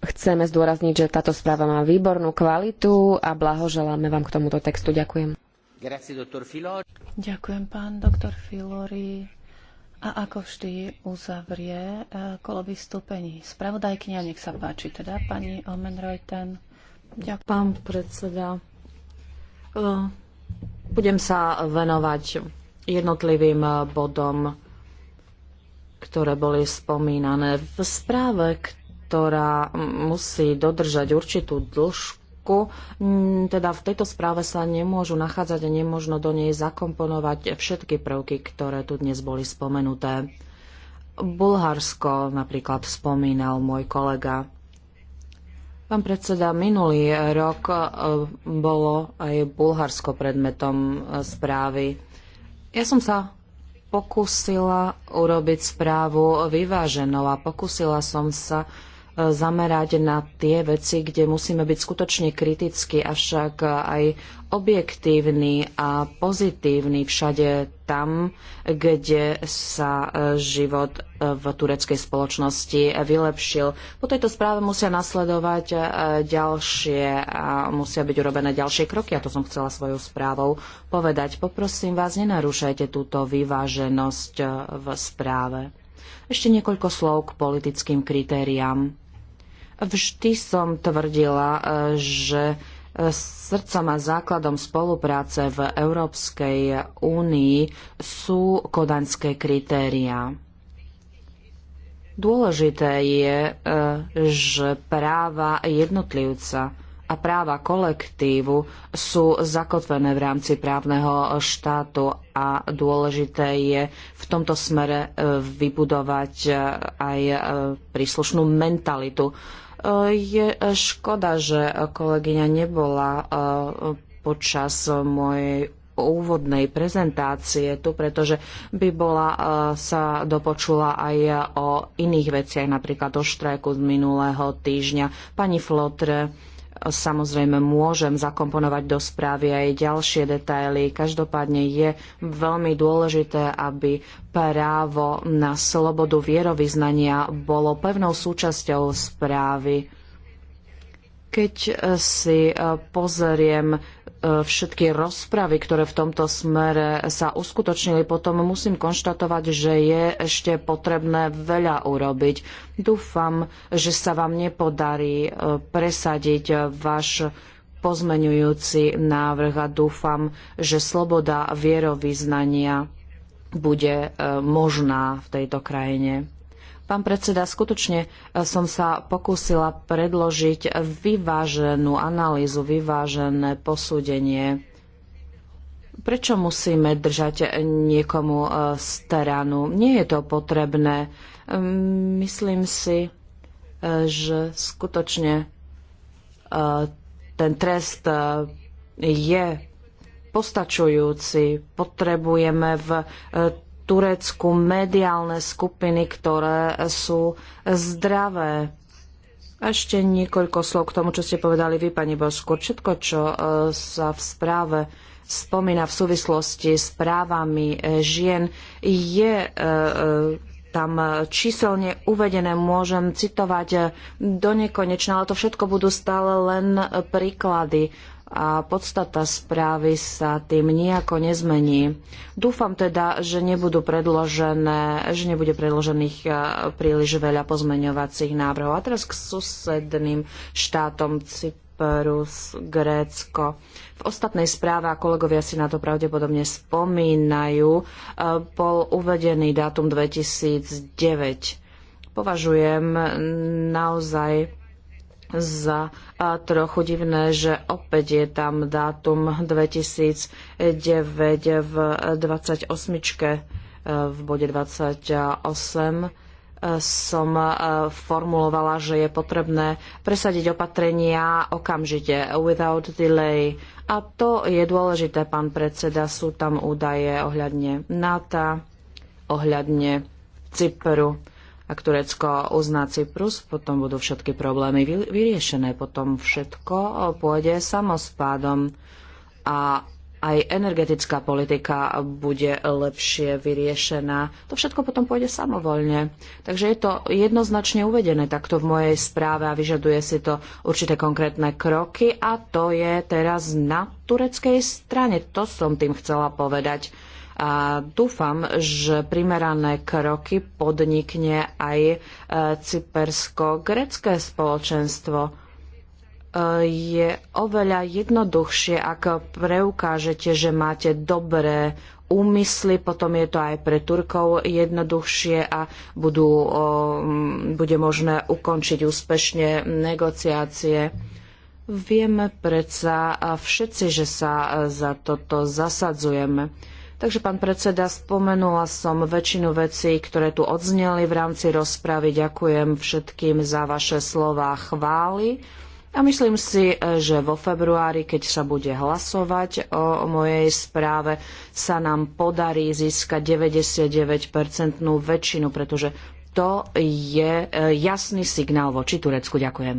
chceme zdôrazniť, že táto správa má výbornú kvalitu a blahoželáme vám k tomuto textu. Ďakujem. Ďakujem, pán doktor Filori. A ako vždy uzavrie e, kolo vystúpení spravodajkynia. Nech sa páči teda, pani Omenreuten. Ďakujem. Pán predseda, e, budem sa venovať jednotlivým e, bodom, ktoré boli spomínané v správe, ktorá musí dodržať určitú dĺžku celku, mm, teda v tejto správe sa nemôžu nachádzať a nemôžno do nej zakomponovať všetky prvky, ktoré tu dnes boli spomenuté. Bulharsko napríklad spomínal môj kolega. Pán predseda, minulý rok e, bolo aj Bulharsko predmetom e, správy. Ja som sa pokúsila urobiť správu vyváženou a pokúsila som sa E, zamerať na tie veci, kde musíme byť skutočne kritickí, avšak aj objektívni a pozitívni všade tam, kde sa e, život e, v tureckej spoločnosti vylepšil. Po tejto správe musia nasledovať ďalšie a musia byť urobené ďalšie kroky a to som chcela svojou správou povedať. Poprosím vás, nenarúšajte túto vyváženosť v správe. Ešte niekoľko slov k politickým kritériám. Vždy som tvrdila, e, že e, srdcom a základom spolupráce v Európskej únii sú kodaňské kritériá. Dôležité je, e, že práva jednotlivca a práva kolektívu sú zakotvené v rámci právneho štátu a dôležité je v tomto smere e, vybudovať e, aj e, príslušnú mentalitu. Je škoda, že kolegyňa nebola počas mojej úvodnej prezentácie tu, pretože by bola sa dopočula aj o iných veciach, napríklad o štrajku z minulého týždňa. Pani Flotre, Samozrejme môžem zakomponovať do správy aj ďalšie detaily. Každopádne je veľmi dôležité, aby právo na slobodu vierovýznania bolo pevnou súčasťou správy. Keď si e, pozriem E, všetky rozpravy, ktoré v tomto smere sa uskutočnili, potom musím konštatovať, že je ešte potrebné veľa urobiť. Dúfam, že sa vám nepodarí e, presadiť váš pozmeňujúci návrh a dúfam, že sloboda vierovyznania bude e, možná v tejto krajine. Pán predseda, skutočne e, som sa pokúsila predložiť vyváženú analýzu, vyvážené posúdenie. Prečo musíme držať niekomu stranu? E, Nie je to potrebné. E, myslím si, že skutočne ten trest je postačujúci. Potrebujeme v Turecku mediálne skupiny, ktoré sú zdravé. Ešte niekoľko slov k tomu, čo ste povedali vy, pani Bosko. Všetko, čo e, sa v správe spomína v súvislosti s právami e, žien, je e, tam číselne uvedené, môžem citovať do nekonečna, ale to všetko budú stále len príklady a podstata správy sa tým nejako nezmení. Dúfam teda, že, nebudú predložené, že nebude predložených e, príliš veľa pozmeňovacích návrhov. A teraz k susedným štátom Cyprus, Grécko. V ostatnej správe, a kolegovia si na to pravdepodobne spomínajú, e, bol uvedený dátum 2009. Považujem naozaj za trochu divné, že opäť je tam dátum 2009 v 28. E, v bode 28 e, som e, formulovala, že je potrebné presadiť opatrenia okamžite, without delay. A to je dôležité, pán predseda, sú tam údaje ohľadne NATO, ohľadne Cyperu. Ak Turecko uzná Cyprus, potom budú všetky problémy vyriešené, potom všetko pôjde samospádom a aj energetická politika bude lepšie vyriešená. To všetko potom pôjde samovoľne. Takže je to jednoznačne uvedené takto v mojej správe a vyžaduje si to určité konkrétne kroky a to je teraz na tureckej strane. To som tým chcela povedať. A dúfam, že primerané kroky podnikne aj e, cypersko-grecké spoločenstvo. E, je oveľa jednoduchšie, ak preukážete, že máte dobré úmysly, potom je to aj pre Turkov jednoduchšie a budú, bude možné ukončiť úspešne negociácie. Vieme predsa všetci, že sa e, za toto zasadzujeme. Takže, pán predseda, spomenula som väčšinu vecí, ktoré tu odzneli v rámci rozpravy. Ďakujem všetkým za vaše slova chvály. A myslím si, že vo februári, keď sa bude hlasovať o mojej správe, sa nám podarí získať 99-percentnú väčšinu, pretože to je e, jasný signál voči Turecku. Ďakujem.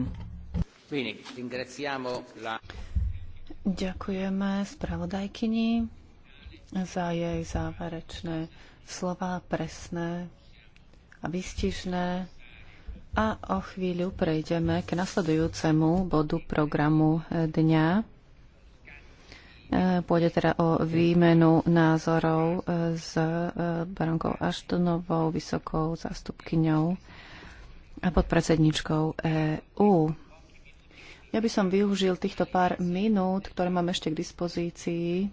Ďakujeme spravodajkyni za jej záverečné slova presné a vystižné. A o chvíľu prejdeme k nasledujúcemu bodu programu dňa. E, pôjde teda o výmenu názorov e, s e, baronkou Aštonovou, vysokou zástupkyňou a podpredsedničkou EÚ. Ja by som využil týchto pár minút, ktoré mám ešte k dispozícii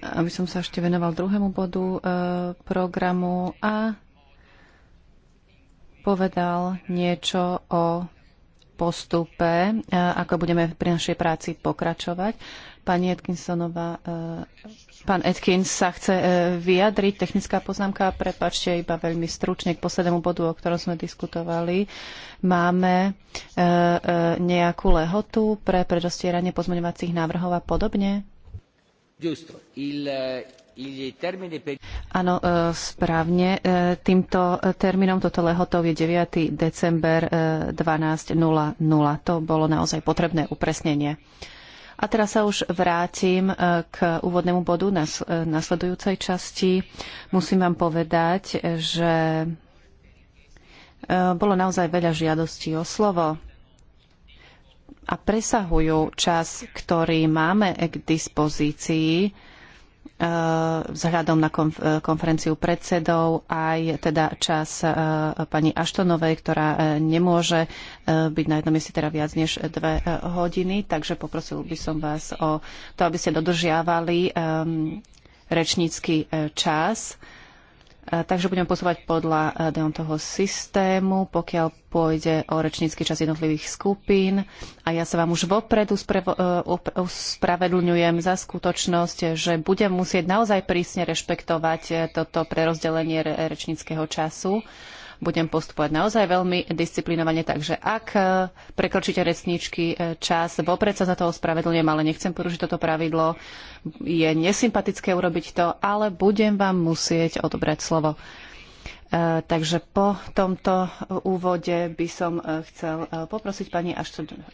aby som sa ešte venoval druhému bodu e, programu a povedal niečo o postupe, e, ako budeme pri našej práci pokračovať. Pani Atkinsonová, e, pán Atkins sa chce e, vyjadriť. Technická poznámka, prepačte, iba veľmi stručne k poslednému bodu, o ktorom sme diskutovali. Máme e, e, nejakú lehotu pre predostieranie pozmeňovacích návrhov a podobne? Eh, Áno, eh, správne. Eh, týmto termínom, toto lehotov je 9. december 12.00. To bolo naozaj potrebné upresnenie. A teraz sa už vrátim k úvodnému bodu nasledujúcej časti. Musím vám povedať, že bolo naozaj veľa žiadostí o slovo a presahujú čas, ktorý máme k dispozícii e, vzhľadom na e, konferenciu predsedov, aj teda čas e, pani Aštonovej, ktorá nemôže byť na jednom mieste teda viac než dve hodiny. Takže poprosil by som vás o to, aby ste dodržiavali rečnícky čas Takže budem posúvať podľa Deontovho systému, pokiaľ pôjde o rečnícky čas jednotlivých skupín. A ja sa vám už vopred e, uspravedlňujem za skutočnosť, že budem musieť naozaj prísne rešpektovať e, toto prerozdelenie rečníckého času budem postupovať naozaj veľmi disciplinovane, takže ak e, prekročíte resničky e, čas, vopred sa za to ospravedlňujem, ale nechcem porušiť toto pravidlo. Je nesympatické urobiť to, ale budem vám musieť odobrať slovo. E, takže po tomto úvode by som chcel poprosiť pani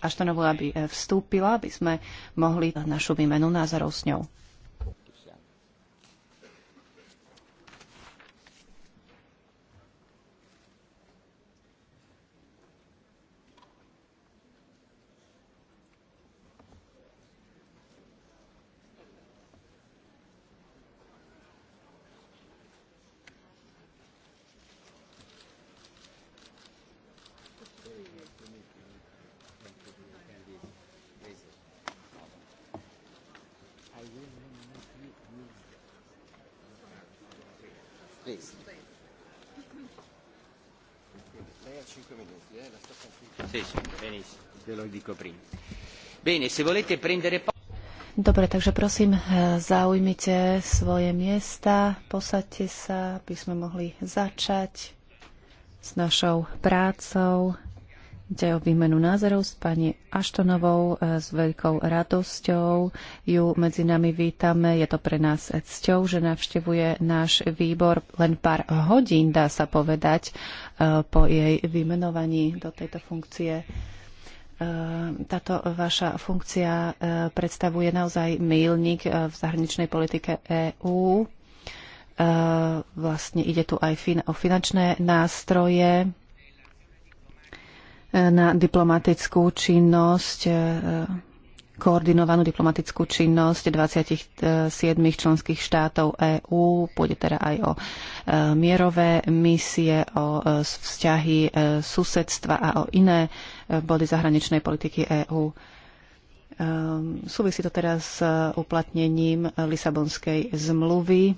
Aštonovú, aby vstúpila, aby sme mohli našu výmenu názorov s ňou. Dobre, takže prosím, eh, zaujmite svoje miesta, posaďte sa, aby sme mohli začať s našou prácou. Ide o výmenu názorov s pani Aštonovou. E, s veľkou radosťou ju medzi nami vítame. Je to pre nás cťou, že navštevuje náš výbor len pár hodín, dá sa povedať, e, po jej vymenovaní do tejto funkcie. E, táto vaša funkcia predstavuje naozaj mílnik v zahraničnej politike EÚ. Vlastne ide tu aj o finančné nástroje na diplomatickú činnosť e, koordinovanú diplomatickú činnosť 27 členských štátov EÚ. Pôjde teda aj o e, mierové misie, o e, vzťahy susedstva a o iné body zahraničnej politiky EÚ. Súvisí to teraz s uplatnením Lisabonskej zmluvy.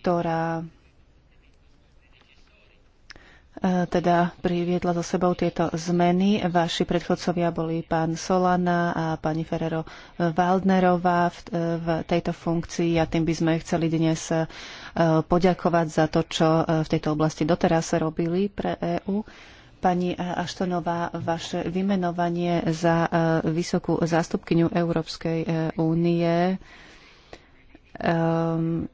ktorá Eh, teda priviedla so sebou tieto zmeny. Vaši predchodcovia boli pán Solana a pani Ferrero Waldnerová v, eh, v tejto funkcii a tým by sme chceli dnes eh, poďakovať za to, čo v tejto oblasti doteraz robili pre EÚ. Pani Aštonová, vaše vymenovanie za vysokú zástupkyňu Európskej únie ehm,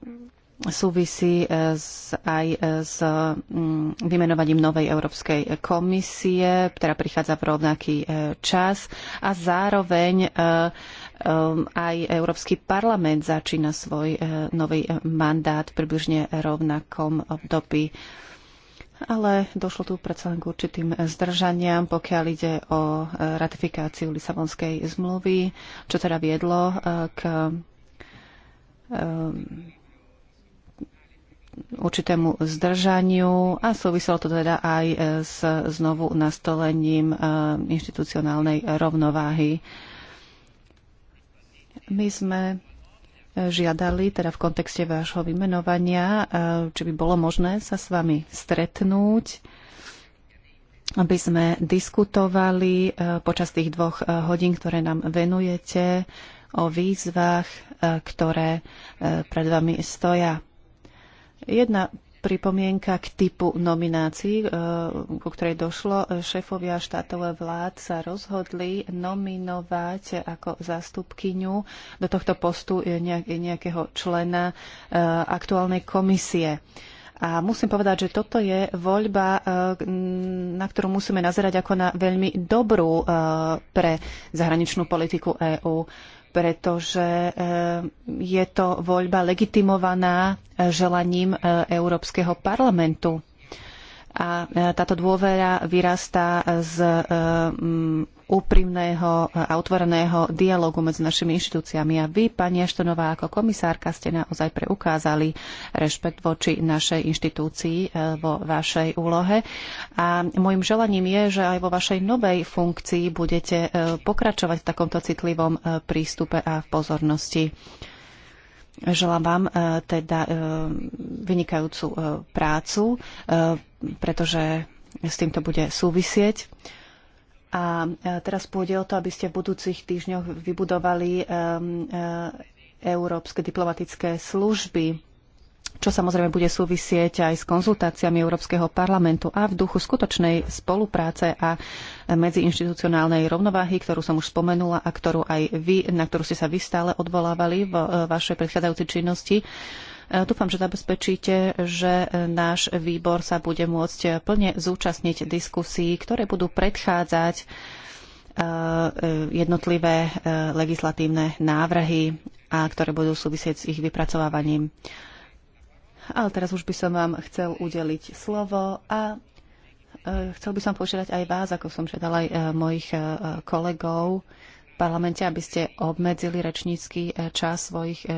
súvisí e, s, aj e, s mm, vymenovaním novej Európskej komisie, ktorá teda prichádza v rovnaký e, čas a zároveň aj Európsky parlament začína svoj nový mandát približne rovnakom období. Ale došlo tu predsa len k určitým zdržaniam, pokiaľ ide o ratifikáciu Lisabonskej zmluvy, čo teda viedlo k určitému zdržaniu a súviselo to teda aj e, s znovu nastolením e, inštitucionálnej rovnováhy. My sme žiadali, teda v kontexte vášho vymenovania, e, či by bolo možné sa s vami stretnúť, aby sme diskutovali počas tých dvoch hodín, ktoré nám venujete, o výzvach, ktoré pred vami stoja. Jedna pripomienka k typu nominácií, e, ku ktorej došlo. Šéfovia štátov a vlád sa rozhodli nominovať ako zástupkyňu do tohto postu nejakého člena e, aktuálnej komisie. A musím povedať, že toto je voľba, e, na ktorú musíme nazerať ako na veľmi dobrú pre zahraničnú politiku EÚ pretože eh, je to voľba legitimovaná eh, želaním eh, Európskeho parlamentu. A táto dôvera vyrastá z úprimného a otvoreného dialogu medzi našimi inštitúciami. A vy, pani Aštonová, ako komisárka ste naozaj preukázali rešpekt voči našej inštitúcii e, vo vašej úlohe. A môjim želaním je, že aj vo vašej novej funkcii budete e, pokračovať v takomto citlivom e, prístupe a v pozornosti. Želám vám teda vynikajúcu prácu, pretože s týmto bude súvisieť. A e, teraz pôjde o to, aby ste v budúcich týždňoch vybudovali e, e, európske diplomatické služby, čo samozrejme bude súvisieť aj s konzultáciami Európskeho parlamentu a v duchu skutočnej spolupráce a medziinštitucionálnej rovnováhy, ktorú som už spomenula a ktorú aj vy, na ktorú ste sa vy stále odvolávali v vašej predchádzajúcej činnosti. E, dúfam, že zabezpečíte, že e, náš výbor sa bude môcť e, plne zúčastniť diskusí, ktoré budú predchádzať jednotlivé legislatívne návrhy, a ktoré budú súvisieť s ich vypracovávaním. Ale teraz už by som vám chcel udeliť slovo a chcel by som požiadať aj vás, ako som žiadala aj mojich kolegov, parlamente, aby ste obmedzili rečnícky e, čas svojich e,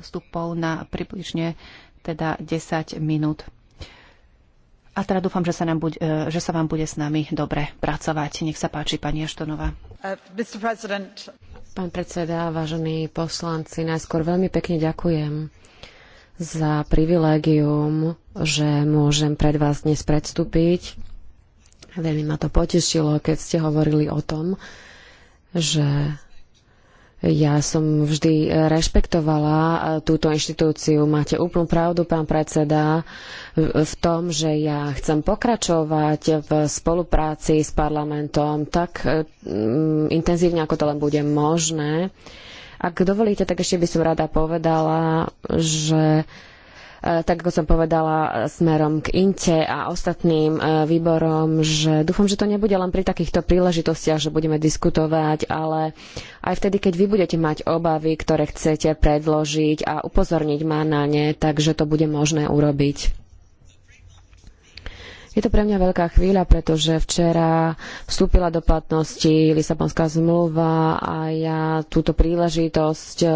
vstupov na približne teda 10 minút. A teda dúfam, že sa, nám buď, e, že sa vám bude s nami dobre pracovať. Nech sa páči, pani Aštonová. Uh, Pán predseda, vážení poslanci, najskôr veľmi pekne ďakujem za privilégium, že môžem pred vás dnes predstúpiť. Veľmi ma to potešilo, keď ste hovorili o tom, že ja som vždy rešpektovala e, túto inštitúciu. Máte úplnú pravdu, pán predseda, v tom, že ja chcem pokračovať v spolupráci s parlamentom tak e, intenzívne, ako to len bude možné. Ak dovolíte, tak ešte by som rada povedala, že Eh, tak ako som povedala, eh, smerom k INTE a ostatným eh, výborom, že dúfam, že to nebude len pri takýchto príležitostiach, že budeme diskutovať, ale aj vtedy, keď vy budete mať obavy, ktoré chcete predložiť a upozorniť ma na ne, takže to bude možné urobiť. Je to pre mňa veľká chvíľa, pretože včera vstúpila do platnosti Lisabonská zmluva a ja túto príležitosť e,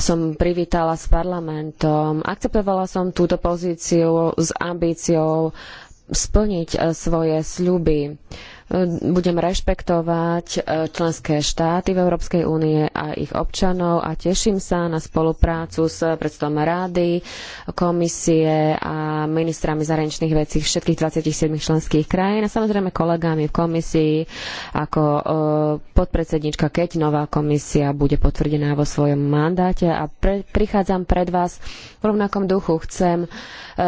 som privítala s parlamentom. Akceptovala som túto pozíciu s ambíciou splniť e, svoje sľuby budem rešpektovať e, členské štáty v Európskej únie a ich občanov a teším sa na spoluprácu s predstavom rády, komisie a ministrami zahraničných vecí všetkých 27 členských krajín a samozrejme kolegami v komisii ako e, podpredsednička, keď nová komisia bude potvrdená vo svojom mandáte a pre, prichádzam pred vás v rovnakom duchu. Chcem e,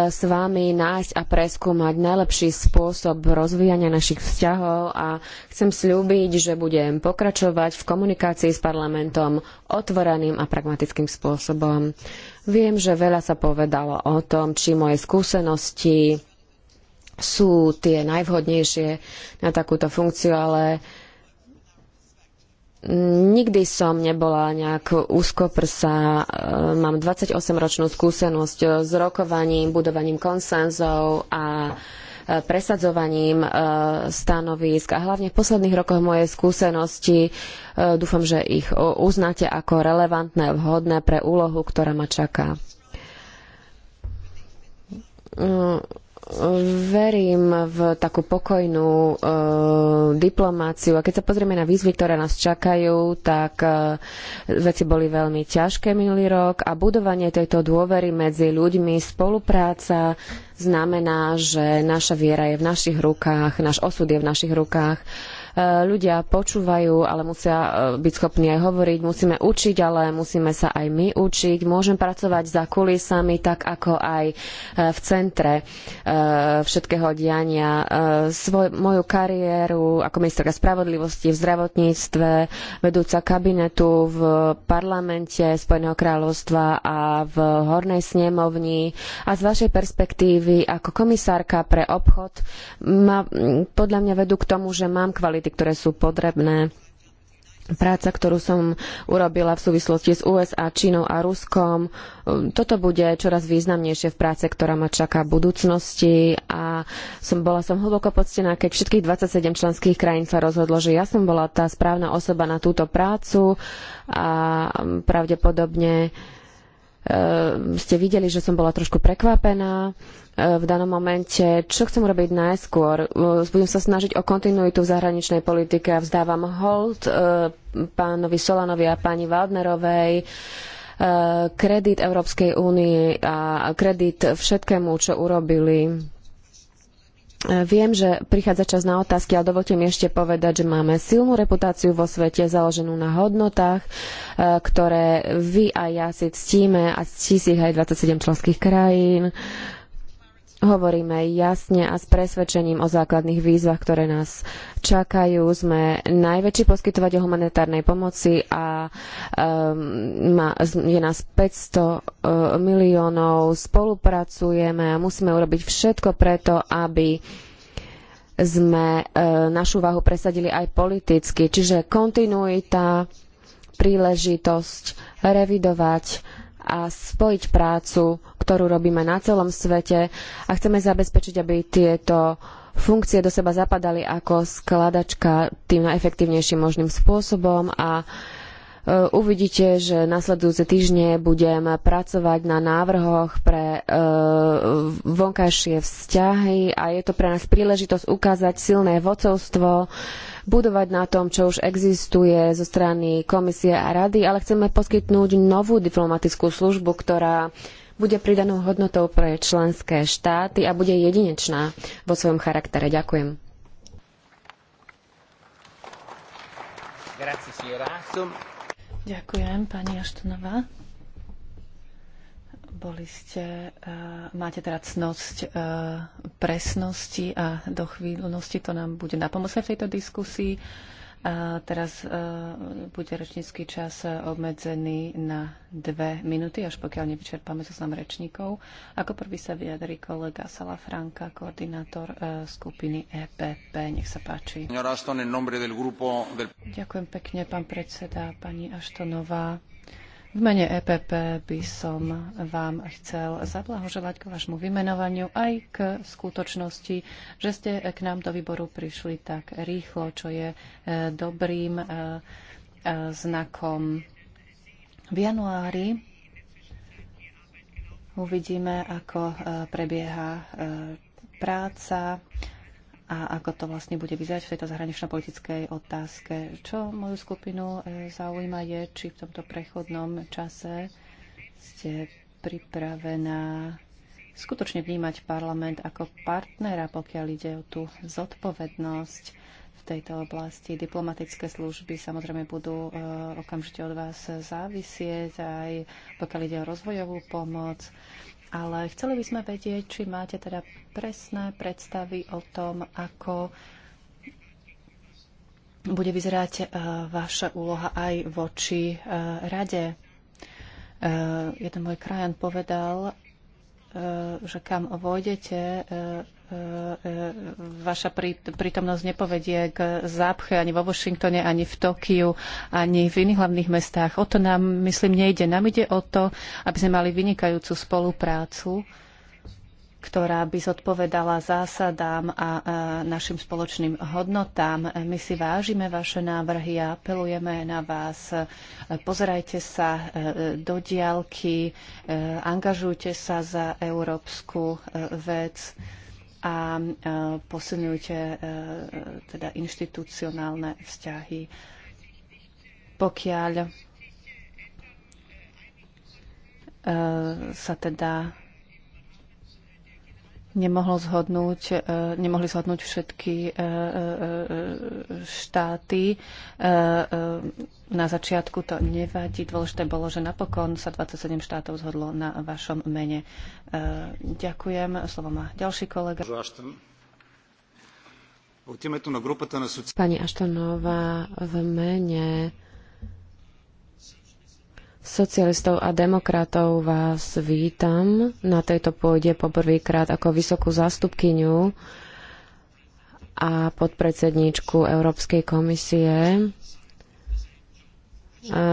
s vami nájsť a preskúmať najlepší spôsob rozvíjania našich vzťahov návrhov a chcem slúbiť, že budem pokračovať v komunikácii s parlamentom otvoreným a pragmatickým spôsobom. Viem, že veľa sa povedalo o tom, či moje skúsenosti sú tie najvhodnejšie na takúto funkciu, ale Nikdy som nebola nejak úzkoprsá. Ehm, mám 28-ročnú skúsenosť s rokovaním, budovaním konsenzov a presadzovaním e, stanovisk a hlavne v posledných rokoch moje skúsenosti, e, dúfam, že ich uznáte ako relevantné, vhodné pre úlohu, ktorá ma čaká. Mm, verím v takú pokojnú e, diplomáciu a keď sa pozrieme na výzvy, ktoré nás čakajú, tak e, veci boli veľmi ťažké minulý rok a budovanie tejto dôvery medzi ľuďmi, spolupráca znamená, že naša viera je v našich rukách, náš osud je v našich rukách Eh, ľudia počúvajú, ale musia eh, byť schopní aj hovoriť. Musíme učiť, ale musíme sa aj my učiť. Môžem pracovať za kulisami, tak ako aj eh, v centre všetkého diania. Svoj, moju kariéru ako ministerka spravodlivosti v zdravotníctve, vedúca kabinetu v parlamente Spojeného kráľovstva a v Hornej snemovni a z vašej perspektívy ako komisárka pre obchod ma mm, podľa mňa vedú k tomu, že mám kvality dokumenty, ktoré sú potrebné. Práca, ktorú som urobila v súvislosti s USA, Čínou a Ruskom, um, toto bude čoraz významnejšie v práce, ktorá ma čaká v budúcnosti a som, bola som hlboko poctená, keď všetkých 27 členských krajín sa rozhodlo, že ja som bola tá správna osoba na túto prácu a um, pravdepodobne um, ste videli, že som bola trošku prekvapená v danom momente. Čo chcem robiť najskôr? Budem sa snažiť o kontinuitu v zahraničnej politike a vzdávam hold e, pánovi Solanovi a pani Waldnerovej e, kredit Európskej únie a kredit všetkému, čo urobili. E, viem, že prichádza čas na otázky, ale dovolte mi ešte povedať, že máme silnú reputáciu vo svete, založenú na hodnotách, ktoré vy a ja si ctíme a ctí si ich aj 27 členských krajín. Uh, hovoríme jasne a s presvedčením o základných výzvach, ktoré nás čakajú. Sme najväčší poskytovateľ humanitárnej pomoci a um, má, je nás 500 uh, e, miliónov, spolupracujeme a musíme urobiť všetko preto, aby sme uh, našu váhu presadili aj politicky. Čiže kontinuita, príležitosť revidovať a spojiť prácu, ktorú robíme na celom svete a chceme zabezpečiť, aby tieto funkcie do seba zapadali ako skladačka tým najefektívnejším možným spôsobom a e, Uvidíte, že nasledujúce týždne budem pracovať na návrhoch pre e, vonkajšie vzťahy a je to pre nás príležitosť ukázať silné vodcovstvo, budovať na tom, čo už existuje zo strany komisie a rady, ale chceme poskytnúť novú diplomatickú službu, ktorá bude pridanou hodnotou pre členské štáty a bude jedinečná vo svojom charaktere. Ďakujem. Ďakujem, pani Aštonová. Boli ste, uh, máte teda cnosť uh, presnosti a dochvíľnosti, to nám bude napomocné v tejto diskusii. A teraz uh, bude rečnícky čas obmedzený na dve minúty, až pokiaľ nevyčerpáme zoznam rečníkov. Ako prvý sa vyjadrí kolega Sala Franka, koordinátor uh, skupiny EPP. Nech sa páči. Ďakujem pekne, pán predseda, pani Aštonová. V mene EPP by som vám chcel zablahoželať k vašmu vymenovaniu aj k skutočnosti, že ste k nám do výboru prišli tak rýchlo, čo je e, dobrým e, e, znakom. V januári uvidíme, ako prebieha práca a ako to vlastne bude vyzerať v tejto zahranično-politickej otázke. Čo moju skupinu e, zaujíma je, či v tomto prechodnom čase ste pripravená skutočne vnímať parlament ako partnera, pokiaľ ide o tú zodpovednosť v tejto oblasti. Diplomatické služby samozrejme budú e, okamžite od vás závisieť, aj pokiaľ ide o rozvojovú pomoc ale chceli by sme vedieť, či máte teda presné predstavy o tom, ako bude vyzerať e, vaša úloha aj voči e, rade. E, jeden môj krajan povedal, že kam vojdete, E, e, vaša prítomnosť nepovedie k zápche ani vo Washingtone, ani v Tokiu, ani v iných hlavných mestách. O to nám, myslím, nejde. Nám ide o to, aby sme mali vynikajúcu spoluprácu, ktorá by zodpovedala zásadám a našim spoločným hodnotám. My si vážime vaše návrhy a apelujeme na vás. Pozerajte sa e, do diálky, angažujte sa za európsku vec a e, posilňujte e, teda inštitucionálne vzťahy. Pokiaľ e, sa teda nemohlo zhodnúť, e, nemohli zhodnúť všetky e, e, štáty. Na začiatku to nevadí. Dôležité bolo, že napokon sa 27 štátov zhodlo na vašom mene. Ďakujem. Slovo má ďalší kolega. Pani Aštonová, v mene socialistov a demokratov vás vítam na tejto pôde poprvýkrát ako vysokú zástupkyňu a podpredsedníčku Európskej komisie.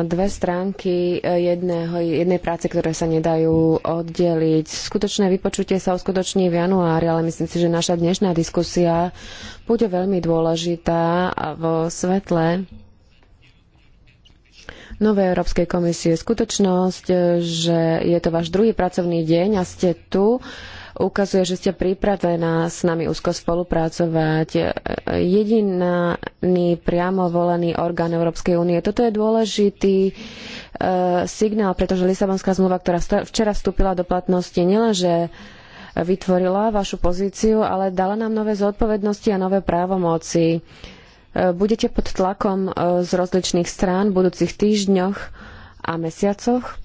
Dve stránky jedného, jednej práce, ktoré sa nedajú oddeliť. Skutočné vypočutie sa uskutoční v januári, ale myslím si, že naša dnešná diskusia bude veľmi dôležitá vo svetle novej Európskej komisie. Skutočnosť, e, že je to váš druhý pracovný deň a ste tu, ukazuje, že ste pripravená s nami úzko spolupracovať. E, jediný priamo volený orgán Európskej únie. Toto je dôležitý e, signál, pretože Lisabonská zmluva, ktorá včera vstúpila do platnosti, nielenže vytvorila vašu pozíciu, ale dala nám nové zodpovednosti a nové právomoci. E, budete pod tlakom e, z rozličných strán v budúcich týždňoch a mesiacoch,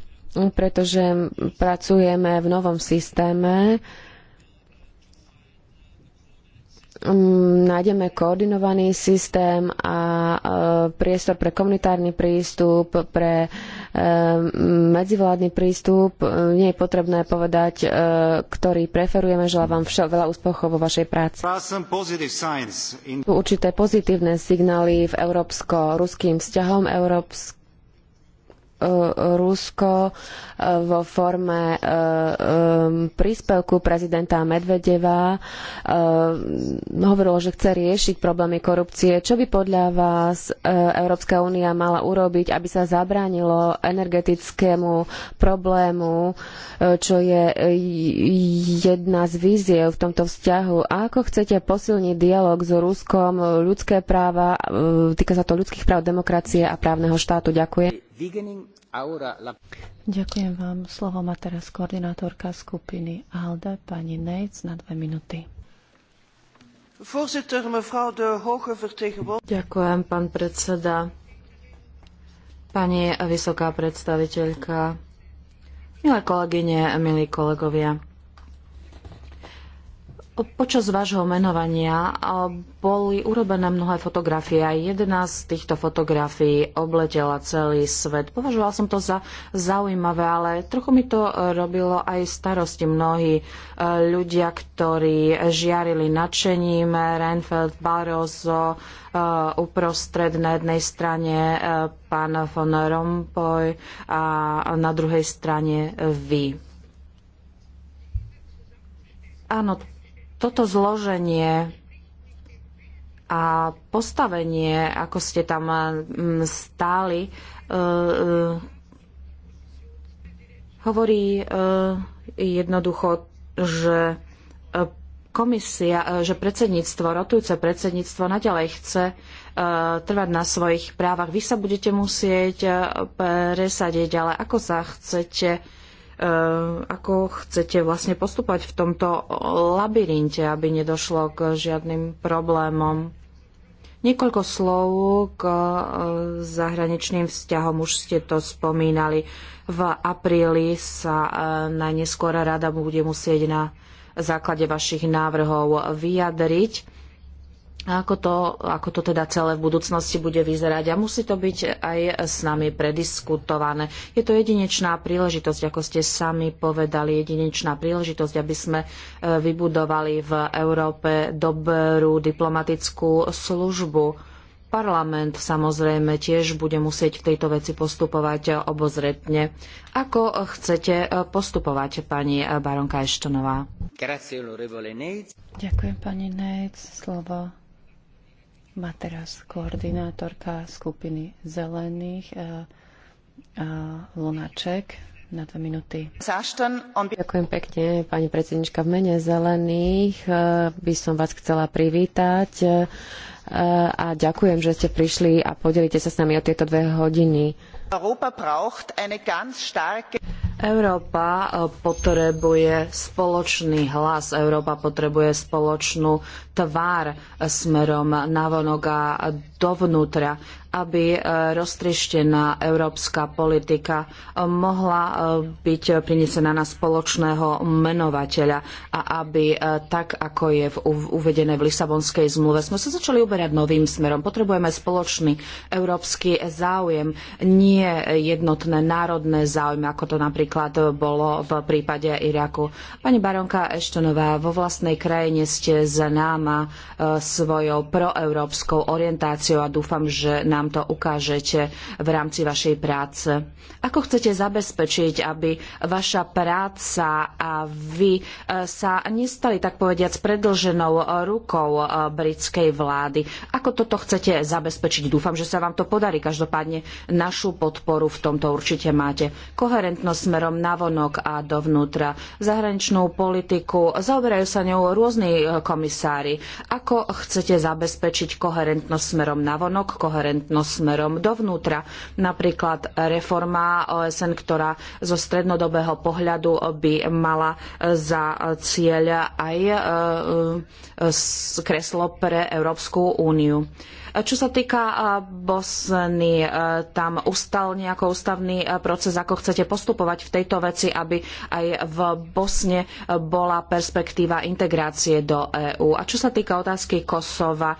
pretože pracujeme v novom systéme, Mm, nájdeme koordinovaný systém a e, priestor pre komunitárny prístup, pre e, medzivládny prístup. E, nie je potrebné povedať, ktorý preferujeme. Želám vám všel, veľa úspechov vo vašej práci. Určité pozitívne signály v európsko-ruským vzťahom. Európsk Rusko e, vo forme e, e, príspevku prezidenta Medvedeva hovorilo, že chce riešiť problémy korupcie. Čo by podľa vás Európska únia mala urobiť, aby sa zabránilo energetickému problému, čo je jedna z víziev v tomto vzťahu? A ako chcete posilniť dialog s Ruskom, ľudské práva, týka sa to ľudských práv, demokracie a právneho štátu? Ďakujem. Ďakujem vám. Slovo má teraz koordinátorka skupiny ALDE, pani Nejc, na dve minúty. Ďakujem, pán predseda. Pani vysoká predstaviteľka, milé kolegyne, milí kolegovia. Počas vášho menovania boli urobené mnohé fotografie a jedna z týchto fotografií obletela celý svet. Považoval som to za zaujímavé, ale trochu mi to robilo aj starosti mnohí e, ľudia, ktorí žiarili nadšením Reinfeld, Barroso, e, uprostred na jednej strane e, pán von Rompuy a na druhej strane vy. Áno, toto zloženie a postavenie, ako ste tam stáli, e, e, hovorí e, jednoducho, že komisia, že predsedníctvo, rotujúce predsedníctvo naďalej chce trvať na svojich právach. Vy sa budete musieť presadiť, ale ako sa chcete Eh, ako chcete vlastne postupovať v tomto labyrinte, aby nedošlo k žiadnym problémom. Niekoľko slov k eh, zahraničným vzťahom, už ste to spomínali. V apríli sa eh, najneskôr rada bude musieť na základe vašich návrhov vyjadriť a ako to, ako to teda celé v budúcnosti bude vyzerať. A musí to byť aj s nami prediskutované. Je to jedinečná príležitosť, ako ste sami povedali, jedinečná príležitosť, aby sme e, vybudovali v Európe dobrú diplomatickú službu. Parlament samozrejme tiež bude musieť v tejto veci postupovať obozretne. Ako chcete postupovať, pani baronka Eštonová? Ďakujem, pani Nejc. Slovo má teraz koordinátorka skupiny zelených eh, eh, Lunaček na dve minúty. Ďakujem pekne, pani predsednička. V mene zelených eh, by som vás chcela privítať a ďakujem, že ste prišli a podelíte sa s nami o tieto dve hodiny. Európa eh, potrebuje spoločný hlas, Európa potrebuje spoločnú tvár eh, smerom navonok a dovnútra aby e, roztrieštená európska politika e, mohla e, byť prinesená na spoločného menovateľa a aby tak, ako je v uvedené v Lisabonskej zmluve, sme sa začali uberať novým smerom. Potrebujeme spoločný európsky záujem, nie jednotné národné záujmy, ako to napríklad bolo v prípade Iraku. Pani baronka Eštonová, vo vlastnej krajine ste známa svojou proeurópskou orientáciou a dúfam, že nám nám to ukážete v rámci vašej práce. Ako chcete zabezpečiť, aby vaša práca a vy e, sa nestali, tak povediac, predlženou rukou e, britskej vlády? Ako toto chcete zabezpečiť? Dúfam, že sa vám to podarí. Každopádne našu podporu v tomto určite máte. Koherentnosť smerom navonok a dovnútra. Zahraničnú politiku zaoberajú sa ňou rôzni e, komisári. Ako chcete zabezpečiť koherentnosť smerom navonok, koherentnosť transparentnosť smerom dovnútra. Napríklad reforma OSN, ktorá zo strednodobého pohľadu by mala za cieľ aj e, e, kreslo pre Európsku úniu. Čo sa týka Bosny, e, tam ustal nejaký ústavný e, proces, ako chcete postupovať v tejto veci, aby aj v Bosne e, bola perspektíva integrácie do EÚ. A čo sa týka otázky Kosova,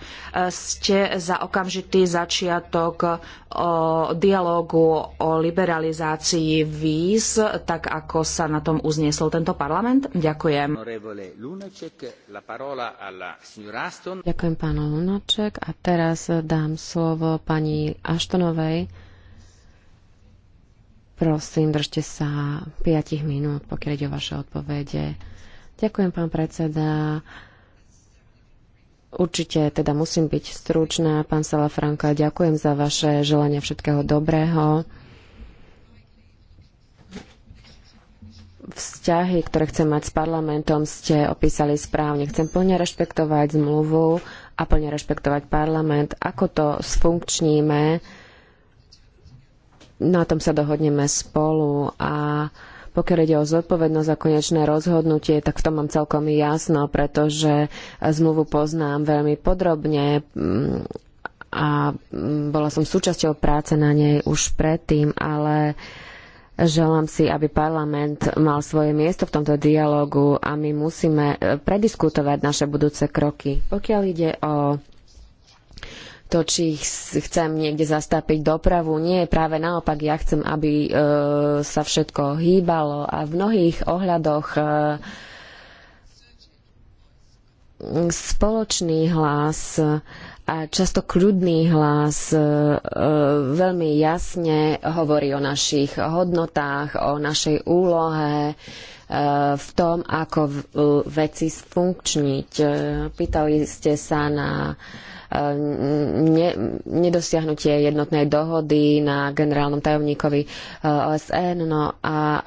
ste za okamžitý začiatok dialógu o liberalizácii víz, tak ako sa na tom uzniesol tento parlament? Ďakujem. Ďakujem, pán Lunaček. A teraz teraz dám slovo pani Aštonovej. Prosím, držte sa 5 minút, pokiaľ ide o vaše odpovede. Ďakujem, pán predseda. Určite teda musím byť stručná. Pán Sala Franka, ďakujem za vaše želania všetkého dobrého. Vzťahy, ktoré chcem mať s parlamentom, ste opísali správne. Chcem plne rešpektovať zmluvu a plne rešpektovať parlament. Ako to sfunkčníme, na tom sa dohodneme spolu a pokiaľ ide o zodpovednosť a konečné rozhodnutie, tak v tom mám celkom jasno, pretože zmluvu poznám veľmi podrobne mm, a mm, bola som súčasťou práce na nej už predtým, ale uh, Želám si, aby parlament mal svoje miesto v tomto dialógu a my musíme e, prediskutovať naše budúce kroky. Pokiaľ ide o to, či chcem niekde zastápiť dopravu. Nie, práve naopak, ja chcem, aby e, sa všetko hýbalo a v mnohých ohľadoch e, spoločný hlas e, a často kľudný hlas e, e, veľmi jasne hovorí o našich hodnotách, o našej úlohe, e, v tom, ako veci sfunkčniť. Pýtali ste sa na nedosiahnutie jednotnej dohody na generálnom tajomníkovi OSN, no a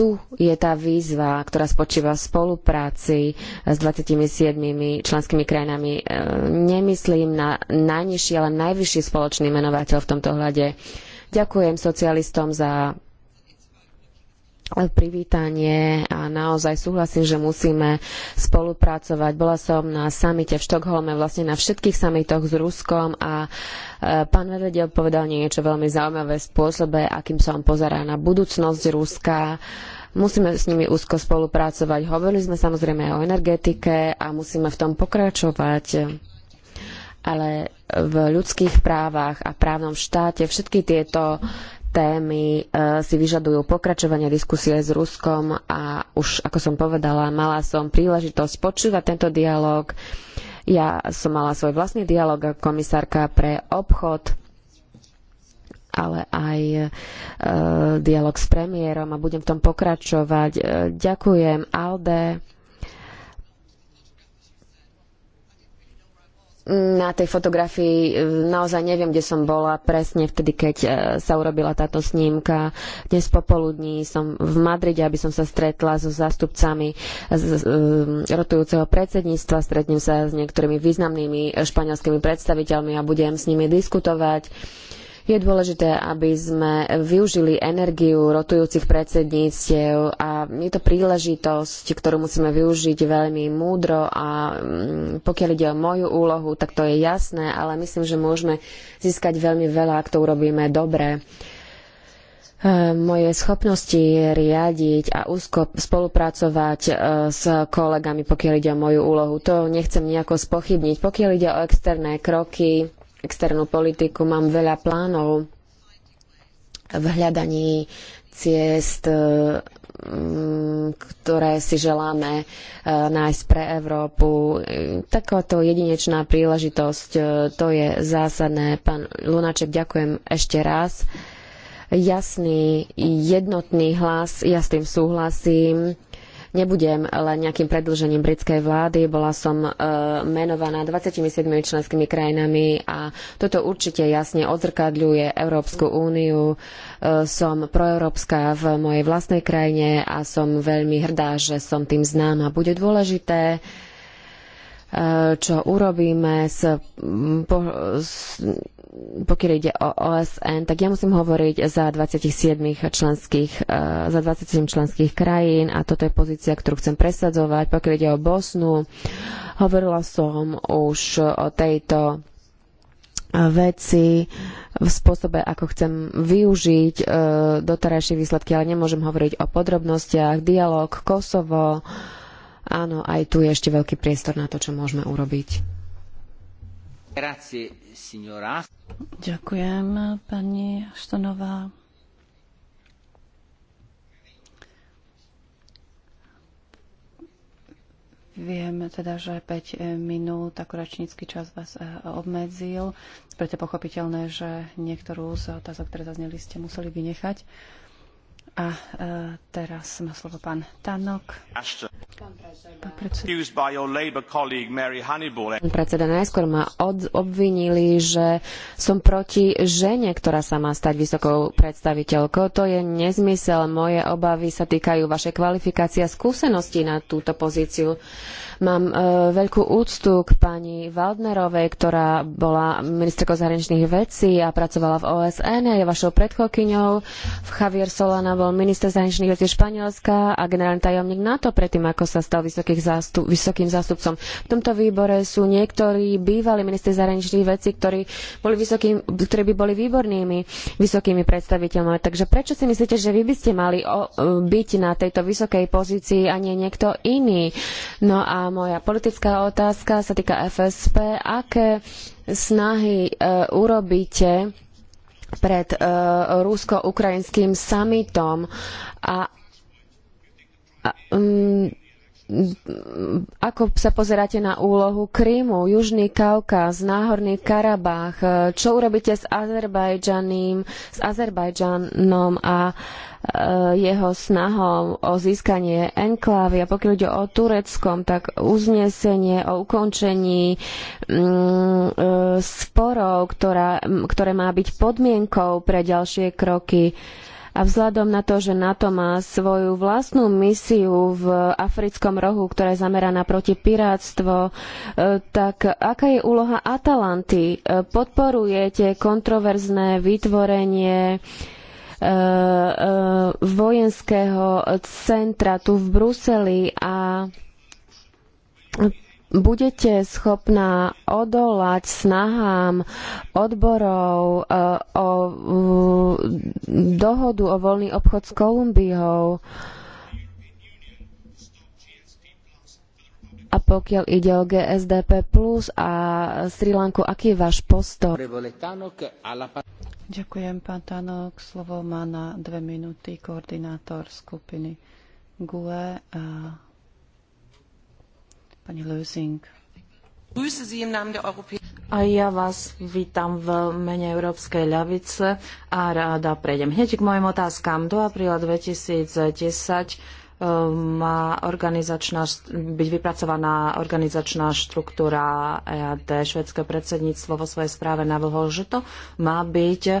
tu je tá výzva, ktorá spočíva v spolupráci s 27 členskými krajinami. E, nemyslím na najnižší, ale najvyšší spoločný menovateľ v tomto hľade. Ďakujem socialistom za privítanie a naozaj súhlasím, že musíme spolupracovať. Bola som na samite v Štokholme, vlastne na všetkých samitoch s Ruskom a e, pán Vedvedel povedal niečo veľmi zaujímavé v spôsobe, akým sa on pozerá na budúcnosť Ruska. Musíme s nimi úzko spolupracovať. Hovorili sme samozrejme o energetike a musíme v tom pokračovať ale v ľudských právach a právnom štáte všetky tieto témy e, si vyžadujú pokračovanie diskusie s Ruskom a už, ako som povedala, mala som príležitosť počúvať tento dialog. Ja som mala svoj vlastný dialog ako komisárka pre obchod ale aj e, dialog s premiérom a budem v tom pokračovať. E, ďakujem Alde na tej fotografii e, naozaj neviem, kde som bola presne vtedy, keď e, sa urobila táto snímka. Dnes popoludní som v Madride, aby som sa stretla so zástupcami z, e, rotujúceho predsedníctva. Stretnem sa s niektorými významnými španielskými predstaviteľmi a budem s nimi diskutovať je dôležité, aby sme využili energiu rotujúcich predsedníctiev a je to príležitosť, ktorú musíme využiť veľmi múdro a mm, pokiaľ ide o moju úlohu, tak to je jasné, ale myslím, že môžeme získať veľmi veľa, ak to urobíme dobre. E, moje schopnosti riadiť a úzko spolupracovať e, s kolegami, pokiaľ ide o moju úlohu, to nechcem nejako spochybniť. Pokiaľ ide o externé kroky, externú politiku, mám veľa plánov v hľadaní ciest, e, ktoré si želáme e, nájsť pre Európu. E, takáto jedinečná príležitosť, to je zásadné. Pán Lunaček, ďakujem ešte raz. Jasný, jednotný hlas, ja s tým súhlasím nebudem len nejakým predlžením britskej vlády. Bola som e, menovaná 27 členskými krajinami a toto určite jasne odzrkadľuje Európsku úniu. E, som proeurópska v mojej vlastnej krajine a som veľmi hrdá, že som tým známa. Bude dôležité, čo urobíme s, po, s pokiaľ ide o OSN, tak ja musím hovoriť za 27 členských, e, za 27 členských krajín a toto je pozícia, ktorú chcem presadzovať. Pokiaľ ide o Bosnu, hovorila som už o tejto veci v spôsobe, ako chcem využiť e, doterajšie výsledky, ale nemôžem hovoriť o podrobnostiach. Dialóg Kosovo, Áno, aj tu je ešte veľký priestor na to, čo môžeme urobiť. Grazie, Ďakujem, pani Štonová. Viem teda, že 5 minút ako čas vás eh, obmedzil, preto pochopiteľné, že niektorú z otázok, ktoré zazneli, ste museli vynechať. A e, teraz má slovo pán Tanok. Pán predseda. najskôr ma od, obvinili, že som proti žene, ktorá sa má stať vysokou predstaviteľkou. To je nezmysel. Moje obavy sa týkajú vašej kvalifikácie a skúsenosti na túto pozíciu. Mám e, veľkú úctu k pani Waldnerovej, ktorá bola ministerkou zahraničných vecí a pracovala v OSN, je vašou predchokyňou. Javier Solana bol minister zahraničných vecí Španielska a generálny tajomník NATO predtým, ako sa stal zástup, vysokým zástupcom. V tomto výbore sú niektorí bývalí ministri zahraničných vecí, ktorí, boli vysokým, ktorí by boli výbornými vysokými predstaviteľmi. Takže prečo si myslíte, že vy by ste mali e, byť na tejto vysokej pozícii a nie niekto iný? No a moja politická otázka sa týka FSP. Aké snahy e, urobíte pred e, rusko-ukrajinským summitom a, a mm, ako sa pozeráte na úlohu Krímu, Južný Kaukaz, Náhorný Karabach, e, čo urobíte s Azerbajdžanom a E, jeho snahou o získanie enklávy. A pokiaľ ide o Tureckom, tak uznesenie o ukončení mm, e, sporov, ktorá, ktoré má byť podmienkou pre ďalšie kroky. A vzhľadom na to, že NATO má svoju vlastnú misiu v africkom rohu, ktorá je zameraná proti pirátstvo, e, tak aká je úloha Atalanty? Podporujete kontroverzné vytvorenie E, e, vojenského centra tu v Bruseli a budete schopná odolať snahám odborov e, o dohodu o voľný obchod s Kolumbiou. A pokiaľ ide o GSDP plus a Sri Lanku, aký je váš postoj? Ďakujem, pán Tanok. Slovo má na dve minúty koordinátor skupiny GUE a pani Lusing. A ja vás vítam v mene Európskej ľavice a ráda prejdem hneď k mojim otázkam. Do apríla 2010 má organizačná, byť vypracovaná organizačná štruktúra EAD. Švedské predsedníctvo vo svojej správe navrhol, že to má byť e, e,